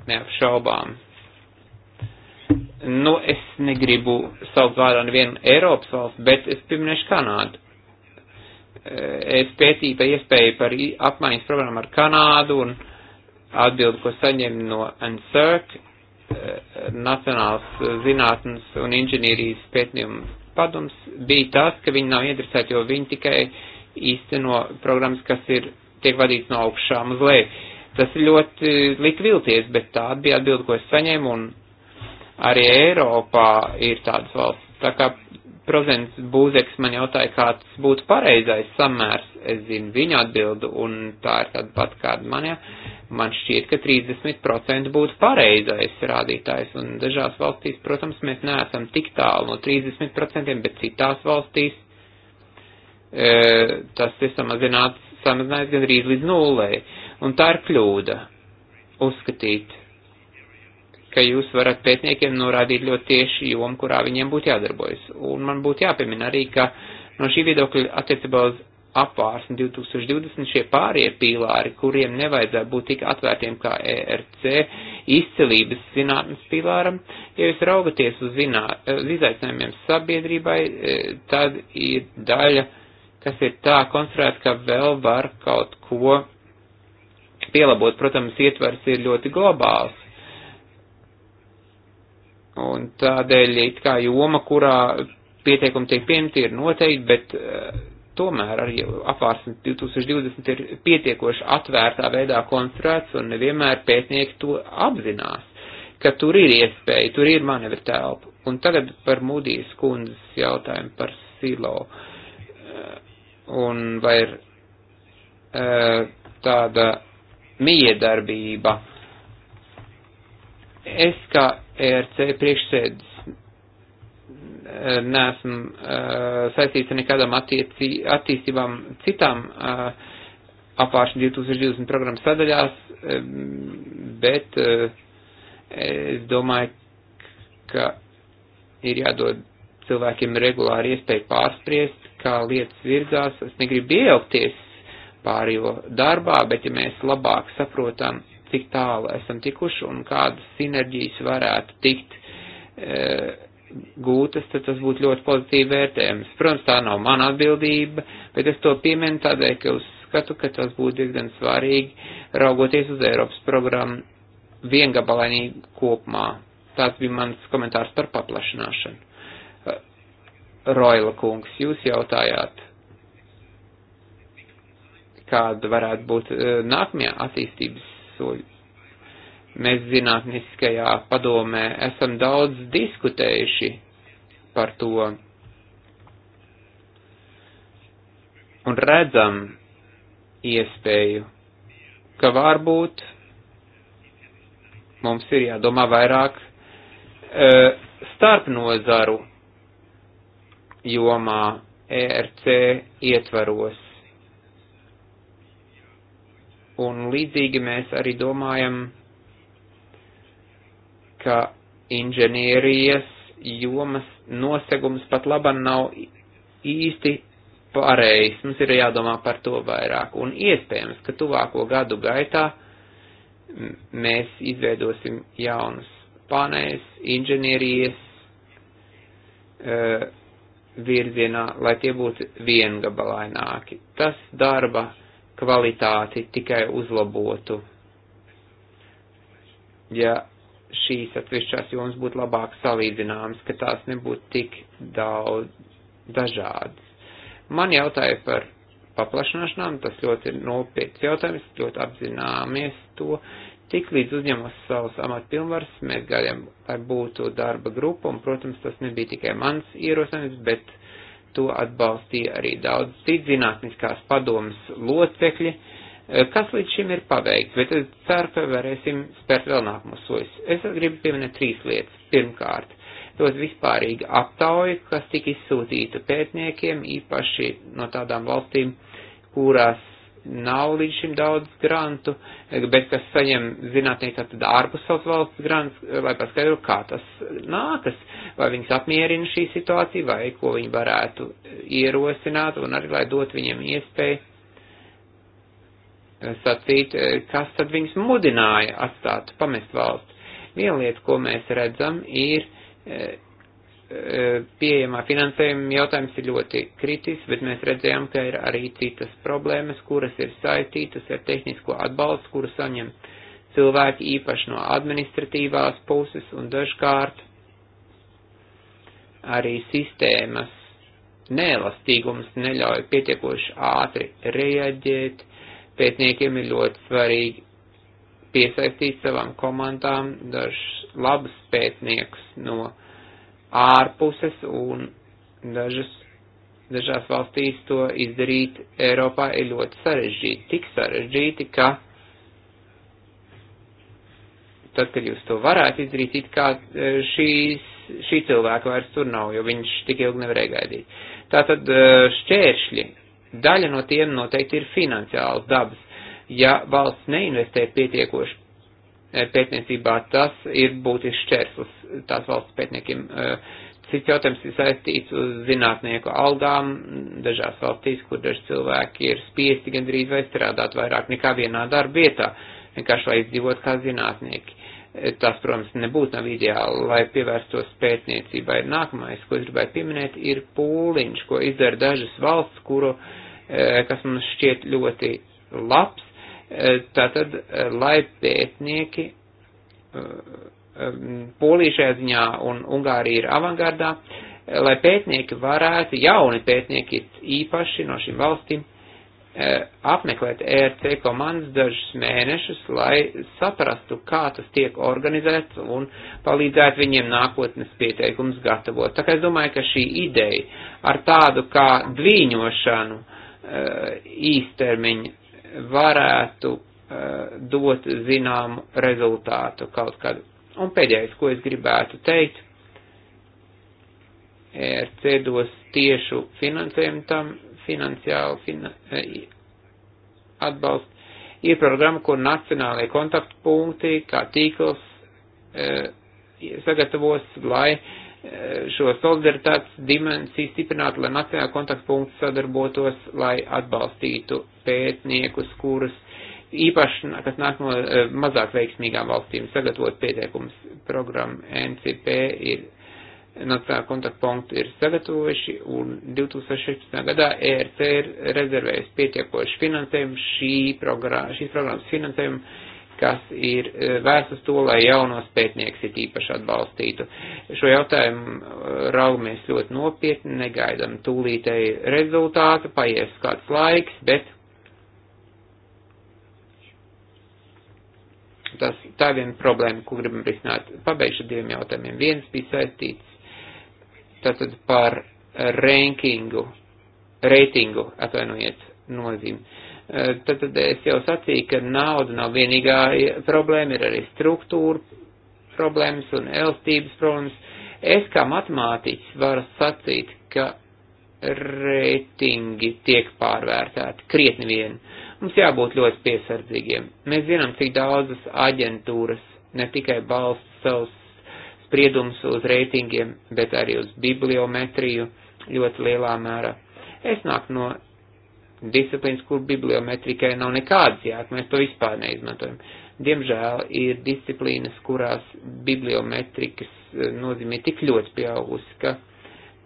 neapšaubām. Nu, es negribu saukt vārā nevienu Eiropas valsts, bet es pieminēšu Kanādu. Es pētīju par iespēju par apmaiņas programmu ar Kanādu un atbildi, ko saņēmu no NSERC, Nacionāls zinātnes un inženierijas pētījums padoms bija tas, ka viņi nav iedresēti, jo viņi tikai īsteno programmas, kas ir, tiek vadīts no augšām uz leju. Tas ļoti lika vilties, bet tā bija atbilde, ko es saņēmu, un arī Eiropā ir tādas valsts. Tā kā Prozents Būzeks man jautāja, kāds būtu pareizais samērs. Es zinu viņa atbildu, un tā ir tāda pat kāda man, ja. Man šķiet, ka 30% būtu pareizais rādītājs, un dažās valstīs, protams, mēs neesam tik tālu no 30%, bet citās valstīs e, tas ir samazināts, samazināts gandrīz līdz nulē. Un tā ir kļūda uzskatīt ka jūs varat pētniekiem norādīt ļoti tieši jomu, kurā viņiem būtu jādarbojas. Un man būtu jāpiemina arī, ka no šī viedokļa attiecībā uz apvārsni 2020 šie pārie pīlāri, kuriem nevajadzētu būt tik atvērtiem kā ERC, izcelības zinātnes pīlāram, ja jūs raugaties uz, zinā, uz izaicinājumiem sabiedrībai, e, tad ir daļa, kas ir tā konstruēta, ka vēl var kaut ko pielabot. Protams, ietvers ir ļoti globāls Un tādēļ it kā joma, kurā pieteikumi tiek pieņemti, ir noteikti, bet uh, tomēr arī apvārsnes 2020 ir pietiekoši atvērtā veidā konstruēts un nevienmēr pētnieki to apzinās, ka tur ir iespēja, tur ir manevra telpa. Un tagad par Mūdijas kundzes jautājumu par silo. Uh, un vai ir uh, tāda miedarbība Es kā ERC priekšsēdis eh, neesmu uh, saistīts ar nekādām attieci, attīstībām citām uh, apāršņu 2020 programmas sadaļās, eh, bet uh, es domāju, ka ir jādod cilvēkiem regulāri iespēju pārspriest, kā lietas virzās. Es negribu iejaukties pārējo darbā, bet ja mēs labāk saprotam cik tālu esam tikuši un kādas sinerģijas varētu tikt e, gūtas, tad tas būtu ļoti pozitīvi vērtējums. Protams, tā nav mana atbildība, bet es to pieminu tādēļ, ka uzskatu, ka tas būtu diezgan svarīgi raugoties uz Eiropas programmu viengabalainīgi kopumā. Tāds bija mans komentārs par paplašināšanu. E, Roila kungs, jūs jautājāt, kāda varētu būt e, nākamajā attīstības visu. Mēs zinātniskajā padomē esam daudz diskutējuši par to un redzam iespēju, ka varbūt mums ir jādomā vairāk e, starp nozaru jomā ERC ietvaros. Un līdzīgi mēs arī domājam, ka inženierijas jomas nosegums pat laban nav īsti pareizs. Mums ir jādomā par to vairāk. Un iespējams, ka tuvāko gadu gaitā mēs izveidosim jaunas panēs, inženierijas uh, virzienā, lai tie būtu viengabalaināki. Tas darba kvalitāti tikai uzlabotu. Ja šīs atsevišķās jomas būtu labāk salīdzināmas, ka tās nebūtu tik daudz dažādas. Man jautāja par paplašināšanām, tas ļoti ir nopietns jautājums, ļoti apzināmies to. Tik līdz uzņemos savus amatpilnvaras, mēs gaidām, lai būtu darba grupa, un, protams, tas nebija tikai mans ierosinājums, bet to atbalstīja arī daudz citu zinātniskās padomas locekļi, eh, kas līdz šim ir paveikts, bet es ceru, ka varēsim spērt vēl nākamos soļus. Es gribu pieminēt trīs lietas. Pirmkārt, tos vispārīgi aptauju, kas tika izsūtīta pētniekiem, īpaši no tādām valstīm, kurās nav līdz šim daudz grantu, bet kas saņem zinātnieki tātad ārpus savas valsts grants, lai paskaidro, kā tas nākas, vai viņas apmierina šī situācija, vai ko viņi varētu ierosināt, un arī lai dot viņiem iespēju eh, sacīt, eh, kas tad viņus mudināja atstāt, pamest valsts. Viena lieta, ko mēs redzam, ir eh, pieejamā finansējuma jautājums ir ļoti kritis, bet mēs redzējām, ka ir arī citas problēmas, kuras ir saistītas ar tehnisko atbalstu, kuru saņem cilvēki īpaši no administratīvās puses un dažkārt arī sistēmas neelastīgums neļauj pietiekoši ātri reaģēt. Pētniekiem ir ļoti svarīgi piesaistīt savām komandām dažus labus pētniekus no ārpuses un dažas, dažās valstīs to izdarīt Eiropā ir ļoti sarežģīti. Tik sarežģīti, ka tad, kad jūs to varētu izdarīt, it kā e, šīs, šī cilvēka vairs tur nav, jo viņš tik ilgi nevarēja gaidīt. Tātad e, šķēršļi, daļa no tiem noteikti ir finansiāls dabas. Ja valsts neinvestē pietiekoši Eh, pētniecībā. Tas ir būtisks šķērslis tās valsts pētniekiem. Eh, cits jautājums ir saistīts uz zinātnieku algām. Dažās valstīs, kur daži cilvēki ir spiesti gandrīz vai strādāt vairāk nekā vienā darba vietā, vienkārši lai izdzīvot kā zinātnieki. Eh, tas, protams, nebūtu nav ideāli, lai pievērstos pētniecībai. Nākamais, ko es gribētu pieminēt, ir pūliņš, ko izdara dažas valsts, kuru, kas mums šķiet ļoti labs, Tātad, lai pētnieki um, Polija šajā ziņā un Ungārija ir avangardā, lai pētnieki varētu, jauni pētnieki īpaši no šīm valstīm, eh, apmeklēt ERC komandas dažus mēnešus, lai saprastu, kā tas tiek organizēts un palīdzētu viņiem nākotnes pieteikums gatavot. Tā kā es domāju, ka šī ideja ar tādu kā dvīņošanu eh, īstermiņu varētu uh, dot zināmu rezultātu kaut kad. Un pēdējais, ko es gribētu teikt, ERC dos tiešu finansējumu tam, finansiālu fina, eh, atbalstu. Ir programma, kur nacionālajie kontaktpunkti, kā tīkls, uh, sagatavos, lai uh, šo solidaritātes dimensiju stiprināt, lai nacionālā kontaktpunkta sadarbotos, lai atbalstītu pētniekus, kurus īpaši, kas nāk no eh, mazāk veiksmīgām valstīm, sagatavot pieteikumus. Programma NCP ir, nacionālā kontaktpunktu ir sagatavojuši, un 2016. gadā ERC ir rezervējusi pietiekoši finansējumu šī programma, šīs programmas finansējumu kas ir e, vērsts uz to, lai jaunos pētnieks ir īpaši atbalstītu. Šo jautājumu e, raugamies ļoti nopietni, negaidam tūlītēji rezultātu, paies kāds laiks, bet tas tā viena problēma, ko gribam risināt. Pabeigšu diviem jautājumiem. Viens bija saistīts tātad par rankingu, reitingu, atvainojiet, nozīmi. Uh, Eh, tad, tad es jau sacīju, ka nauda nav vienīgā problēma, ir arī struktūra problēmas un elstības problēmas. Es kā matemātiķis varu sacīt, ka reitingi tiek pārvērtēti krietni vien. Mums jābūt ļoti piesardzīgiem. Mēs zinām, cik daudzas aģentūras ne tikai balsta savus spriedumus uz reitingiem, bet arī uz bibliometriju ļoti lielā mērā. Es nāku no disciplīnas, kur bibliometrikai nav nekādas jāk, mēs to vispār neizmantojam. Diemžēl ir disciplīnas, kurās bibliometrikas eh, nozīmē tik ļoti pieaugusi, ka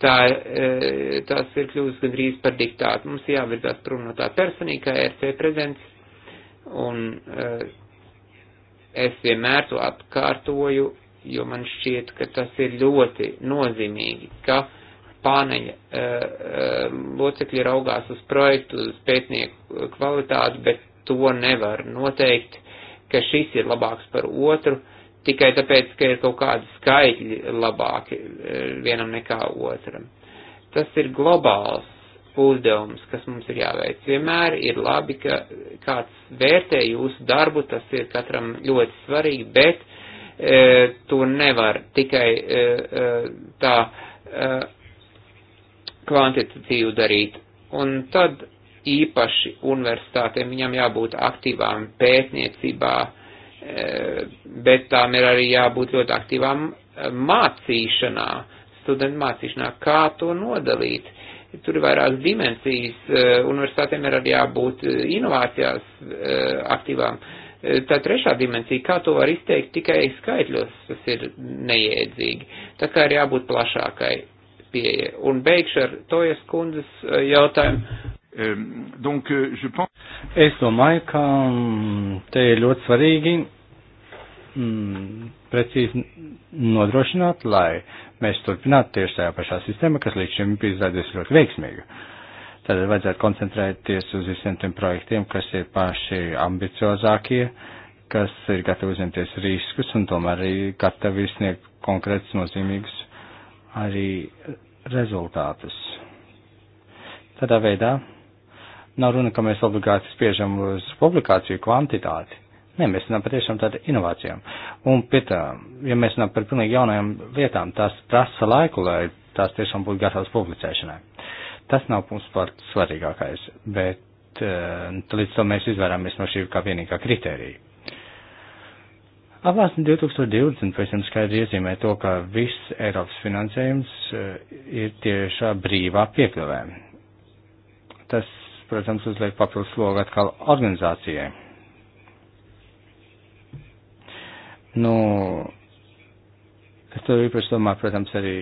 tā, eh, tās ir kļūst gandrīz par diktātu. Mums jāvirzās prom no tā personīgā RC prezents, un eh, es vienmēr to atkārtoju, jo man šķiet, ka tas ir ļoti nozīmīgi, ka pāneņa e, e, locekļi raugās uz projektu, uz pētnieku kvalitāti, bet to nevar noteikt, ka šis ir labāks par otru, tikai tāpēc, ka ir kaut kādi skaitļi labāki e, vienam nekā otram. Tas ir globāls uzdevums, kas mums ir jāveic. Vienmēr ir labi, ka kāds vērtē jūsu darbu, tas ir katram ļoti svarīgi, bet e, to nevar tikai e, tā e, kvantitatīvu darīt. Un tad īpaši universitātēm viņam jābūt aktīvām pētniecībā, eh, bet tām ir arī jābūt ļoti aktīvām eh, mācīšanā, studentu mācīšanā, kā to nodalīt. Tur ir vairākas dimensijas, eh, universitātēm ir arī jābūt inovācijās aktīvām. Tā trešā dimensija, kā to var izteikt tikai skaitļos, tas ir neiedzīgi. Tā kā ir jābūt plašākai pieeja. Un beigšu ar Tojas kundzes eh, jautājumu. Donc, euh, je pense... Es domāju, ka mm, te ir ļoti svarīgi mm, precīzi nodrošināt, lai mēs turpinātu tieši tajā pašā sistēma, kas līdz šim bija izrādījusi ļoti veiksmīga. Tad vajadzētu koncentrēties uz visiem tiem projektiem, kas ir paši ambiciozākie, kas ir gatavi uzņemties riskus un tomēr arī gatavi sniegt konkrētus nozīmīgus arī rezultātus. Tādā veidā nav runa, ka mēs obligāti spiežam uz publikāciju kvantitāti. Nē, mēs runājam patiešām tādu inovācijām. Un pie tā, ja mēs runājam par pilnīgi jaunajām lietām, tās prasa laiku, lai tās tiešām būtu gatavas publicēšanai. Tas nav mums pats svarīgākais, bet eh, līdz to mēs izvairāmies no šī kā vienīgā kritērija. Apvārsni 2020 pavisam skaidri iezīmē to, ka viss Eiropas finansējums eh, ir tiešā brīvā piekļuvē. Tas, protams, uzliek papildus slogu atkal organizācijai. Nu, es to īpaši domāju, protams, arī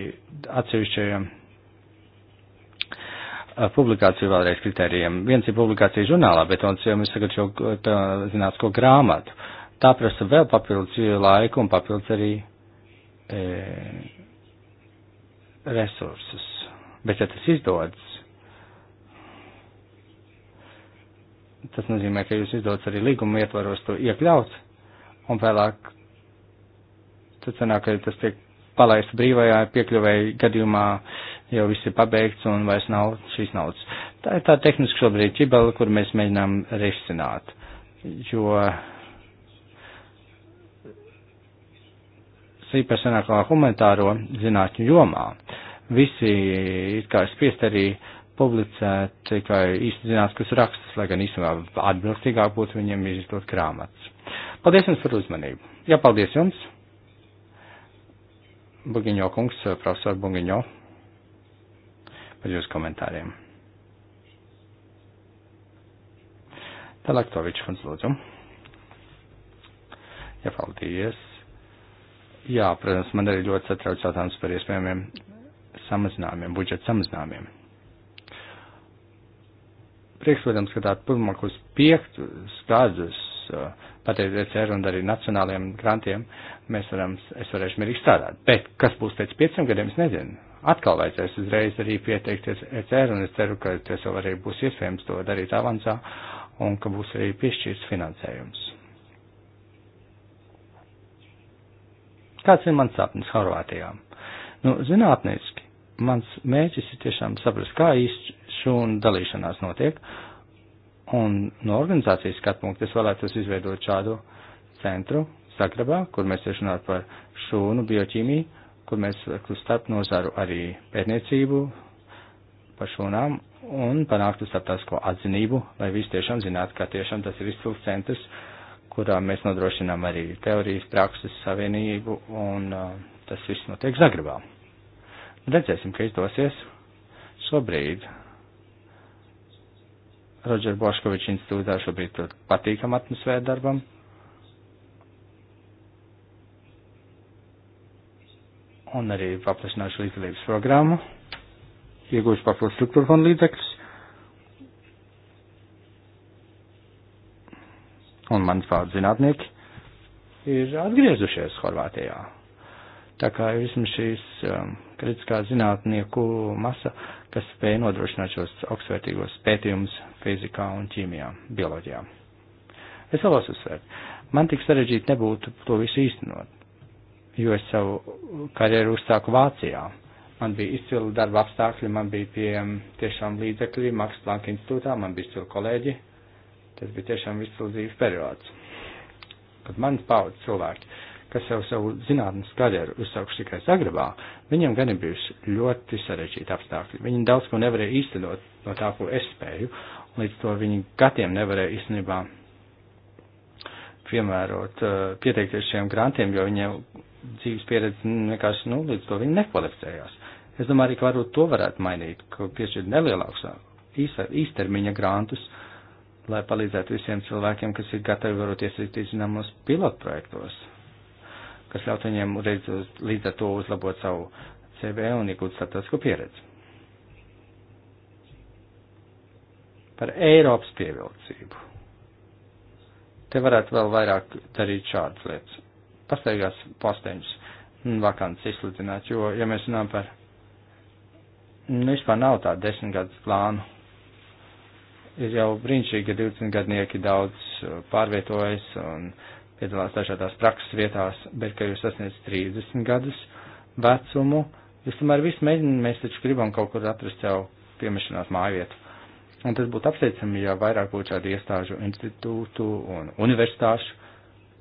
atsevišķajiem eh, publikāciju vēlreiz kritērijiem. Viens ir publikācija žurnālā, bet otrs jau mēs tagad jau eh, zinātnisko grāmatu. Uh, Tā prasa vēl papildus eh, laiku un papildus arī e, resursus. Bet, ja tas izdodas, tas nozīmē, ka jūs izdodas arī līguma ietvaros to iekļaut, un vēlāk tad sanāk, ka tas tiek palaists brīvajā piekļuvēja gadījumā, jau viss ir pabeigts un vairs nav šīs naudas. Tā ir tā tehniski šobrīd ķibela, kur mēs mēģinām risināt, jo īpaši senākā humanitāro zinātņu jomā. Visi ir kā spiest arī publicēt tikai īsti zinātniskus rakstus, lai gan īstenībā atbilstīgāk būtu viņiem izmantot grāmatas. Paldies jums par uzmanību. Jā, paldies jums. Bugiņo kungs, profesor Bugiņo, par jūsu komentāriem. Telektovičs, kungs, lūdzu. Jā, paldies. Jā, protams, man arī ļoti satrauc jautājums par iespējamiem samazinājumiem, budžeta samazinājumiem. Prieks, protams, ka tādu turpmākos piektus gadus, uh, pateicoties ECR un arī nacionālajiem grantiem, mēs varam, es varēšu mierīgi strādāt. Bet kas būs pēc pieciem gadiem, es nezinu. Atkal vajadzēs uzreiz arī pieteikties ECR un es ceru, ka tas jau arī būs iespējams to darīt avansā un ka būs arī piešķirts finansējums. Kāds ir mans sapnis Horvātijā? Nu, zinātniski, mans mēģis ir tiešām saprast, kā īsti šūnu dalīšanās notiek, un no organizācijas skatu punktu es vēlētos izveidot šādu centru Zagrebā, kur mēs tieši runājam par šūnu bioķīmiju, kur mēs starp nozaru arī pētniecību par šūnām un panāktu starptautisko atzinību, lai visi tiešām zinātu, ka tiešām tas ir izcils centrs, uh, kurā mēs nodrošinām arī teorijas prakses savienību, un uh, tas viss notiek Zagrebā. Redzēsim, ka izdosies. Šobrīd Rodžer Boškovičs institūtā šobrīd tur patīkam atmosfēra darbam. Un arī paplašināšu līdzdalības programmu, iegūšu papildus struktūra fonda līdzekļus. un, manuprāt, zinātnieki ir atgriezušies Horvātijā. Tā kā ir vismaz šīs um, kritiskā zinātnieku masa, kas spēja nodrošināt šos augstvērtīgos pētījumus fizikā un ķīmijā, bioloģijā. Es vēlos uzsvērt, man tik sarežģīti nebūtu to visu īstenot, jo es savu karjeru uzsāku Vācijā. Man bija izcila darba apstākļi, man bija pie um, tiešām līdzekļi Maksplānka institūtā, man bija izcila kolēģi, Tas bija tiešām visu dzīves periods. Kad man paudz cilvēki, kas jau savu zinātnes karjeru uzsākuši tikai Zagrebā, viņiem gan ir bijuši ļoti sarežģīti apstākļi. Viņi daudz ko nevarēja īstenot no tā, ko es spēju, un līdz to viņi gadiem nevarēja īstenībā piemērot, eh, pieteikties šiem grantiem, jo viņiem dzīves pieredze vienkārši, nu, līdz to viņi nekvalificējās. Es domāju, arī, ka varbūt to varētu mainīt, ka piešķirt nelielākus īstermiņa grantus, uh, lai palīdzētu visiem cilvēkiem, kas ir gatavi varot iesaistīt zināmos pilotprojektos, kas ļaut viņiem reiz uz, līdz ar to uzlabot savu CV un iegūt starptautisku pieredzi. Par Eiropas pievilcību. Te varētu vēl vairāk darīt šādas lietas. Pastaigās posteņus, vakants izsludināt, jo, ja mēs runājam par, nu, vispār nav tādu desmit gadus plānu ir jau brīnišķīgi, ka 20 gadnieki daudz uh, pārvietojas un piedalās dažādās prakses vietās, bet, ka jūs sasniedz 30 gadus vecumu, jūs tomēr visu mēģināt, mēs taču gribam kaut kur atrast sev piemešanās mājvietu. Un tas būtu apsveicami, ja vairāk būtu šādu iestāžu institūtu un universitāšu,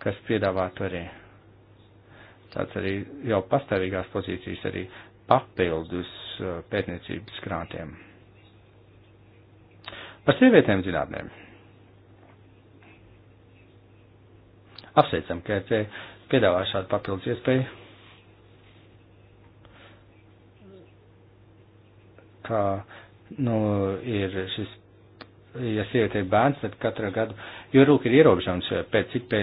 kas piedāvātu arī tāds arī jau pastāvīgās pozīcijas arī papildus uh, pētniecības grāntiem. Par sievietēm zinātnēm. Apsveicam, ka EC piedāvā šādu papildus iespēju. Kā, nu, ir šis, ja sieviete ir bērns, tad katru gadu, jo rūk ir ierobežojums, pēc cik pie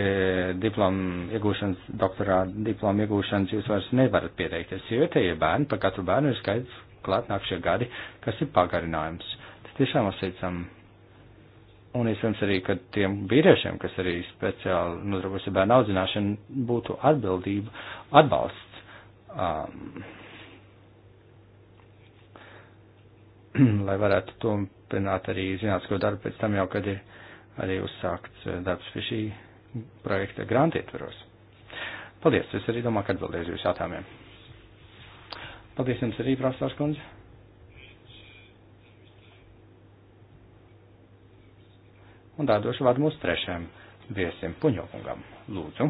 diplomu iegūšanas, doktorā diplomu iegūšanas jūs vairs nevarat pieteikties. Sieviete ir bērni, par katru bērnu ir skaidrs klāt nākšie gadi, kas ir pagarinājums. Uh, tiešām apsveicam. Un iespējams arī, ka tiem vīriešiem, kas arī speciāli nodarbojas ar bērnu audzināšanu, būtu atbildība, atbalsts. Um, lai varētu turpināt arī zinātnisko darbu pēc tam jau, kad ir arī uzsākts eh, darbs pie šī projekta grāmatā ietveros. Paldies! Es arī domāju, ka atbildēšu jūsu jautājumiem. Paldies jums arī, Prāstārs kundze! un tā došu vārdu mūsu trešajam viesim Puņokungam. Lūdzu.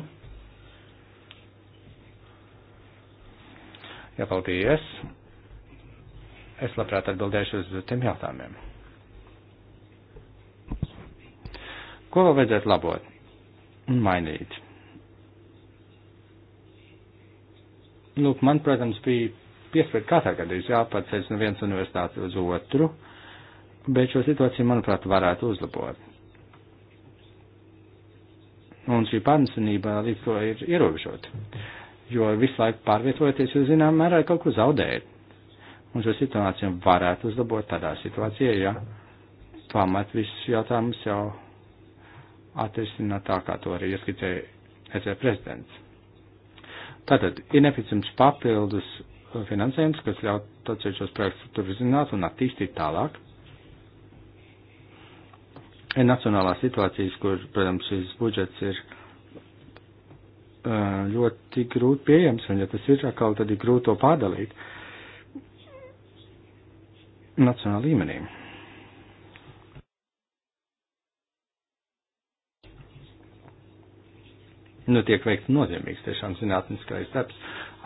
Jā, paldies. Es labprāt atbildēšu uz tiem jautājumiem. Ko vēl vajadzētu labot un mainīt? Lūk, man, protams, bija piespiedu kārtā, kad ir jāpārceļ no vienas universitātes uz otru, bet šo situāciju, manuprāt, varētu uzlabot. Un šī pārnesenība līdz to ir ierobežota, jo visu laiku pārvietojoties, jūs zinām, mērā kaut ko zaudējat. Un šo situāciju varētu uzlabot tādā situācijā, ja pamat visus jautājumus jau atrisināt tā, kā to arī ieskicēja ECB prezidents. Tātad ir nepieciešams papildus finansējums, kas ļauj atsevišķos projektus turpināt un attīstīt tālāk ir nacionālās situācijas, kur, protams, šis budžets ir ļoti grūti pieejams, un ja tas ir atkal, tad ir grūti to pārdalīt nacionāla līmenī. Nu, tiek veikts nozīmīgs tiešām zinātniskais darbs,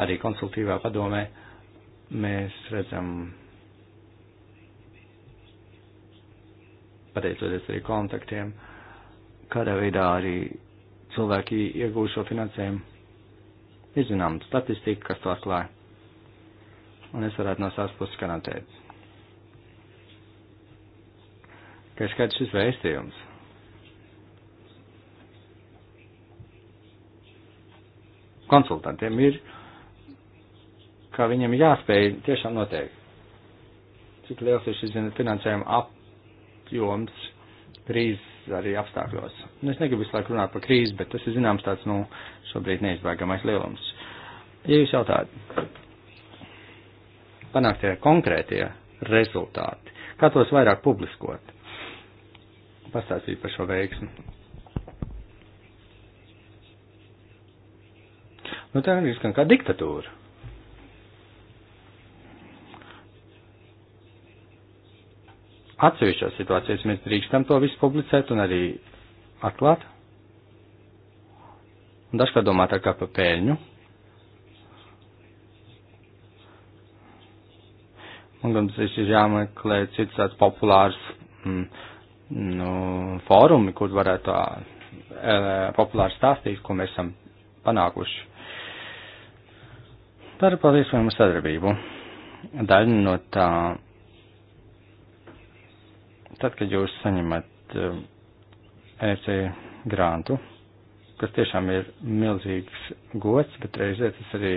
arī konsultīvā padomē mēs redzam pateicoties arī kontaktiem, kādā veidā arī cilvēki iegūšo finansējumu. Ir zinām statistika, kas to atklāja. Un es varētu no savas puses garantēt, ka ir skaidrs šis vēstījums. Konsultantiem ir, ka viņiem jāspēj tiešām noteikt, cik liels ir šis finansējuma ap, jums krīzes arī apstākļos. Nu, es negribu visu laiku runāt par krīzi, bet tas ir zināms tāds, nu, šobrīd neizbēgamais lielums. Ja jūs jautājat, panāktie konkrētie rezultāti, kā tos vairāk publiskot, pastāstīt par šo veiksmu. Nu, tā ir gan kā diktatūra. Atsevišķos situācijās mēs drīkstam to visu publicēt un arī atklāt. Un dažkārt domā tā kā par pēļņu. Un, protams, ir jāmeklē cits tāds populārs mm, nu, fórumi, kur varētu tā e, populāri stāstīt, ko mēs esam panākuši. Par paldies par mūsu sadarbību. Daļa no tā tad, kad jūs saņemat um, EC grantu, kas tiešām ir milzīgs gods, bet reizē tas arī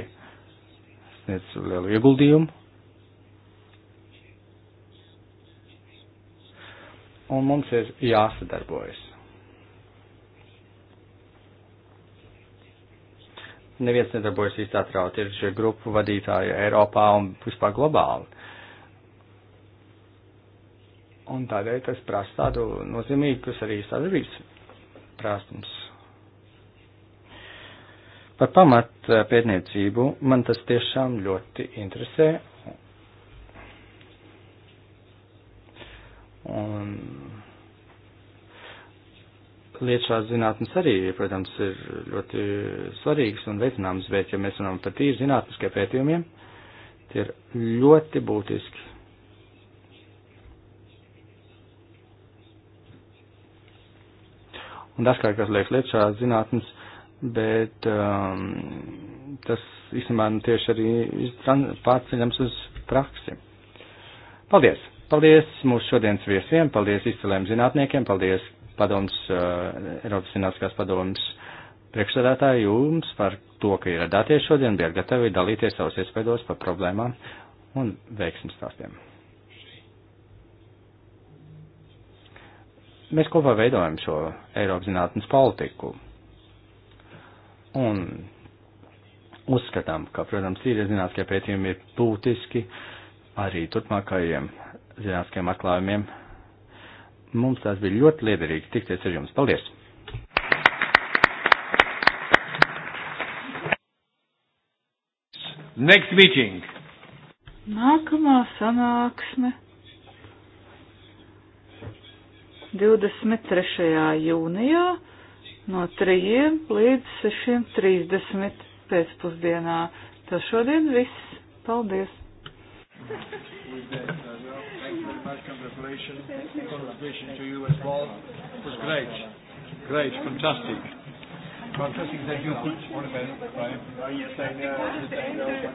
sniedz lielu ieguldījumu. Un mums ir jāsadarbojas. Neviens nedarbojas īstā trauti, ir šie grupu vadītāji Eiropā un vispār globāli Un tādēļ tas prasa tādu nozīmīgu, kas arī sadarbības prāstums. Par pamat eh, pētniecību man tas tiešām ļoti interesē. Un lietšās zinātnes arī, protams, ir ļoti svarīgas un veicināmas, bet ja mēs runājam par tīri zinātniskiem pētījumiem, tie ir ļoti būtiski un dažkārt, kas liek liet šādas zinātnes, bet um, tas īstenībā nu, tieši arī pārceļams uz praksi. Paldies! Paldies mūsu šodienas viesiem, paldies izcilējiem zinātniekiem, paldies padoms, uh, Eiropas Zinātniskās padomas priekšsēdētāji jums par to, ka ieradāties šodien, bijat gatavi dalīties savus iespēdos par problēmām un veiksmes stāstiem. Mēs kopā veidojam šo Eiropas zinātnes politiku. Un uzskatām, ka, protams, ir zinātniskie pētījumi ir būtiski arī turpmākajiem zinātniskiem atklājumiem. Mums tās bija ļoti liederīgi tikties ar jums. Paldies! Next meeting. Nākamā sanāksme. 23. jūnijā no 3 līdz 6.30 pēcpusdienā. Tas šodien viss. Paldies! Congratulations. Congratulations to you as well. It was great. Great. Fantastic. Fantastic that you could. One minute. Right. Yes, I know.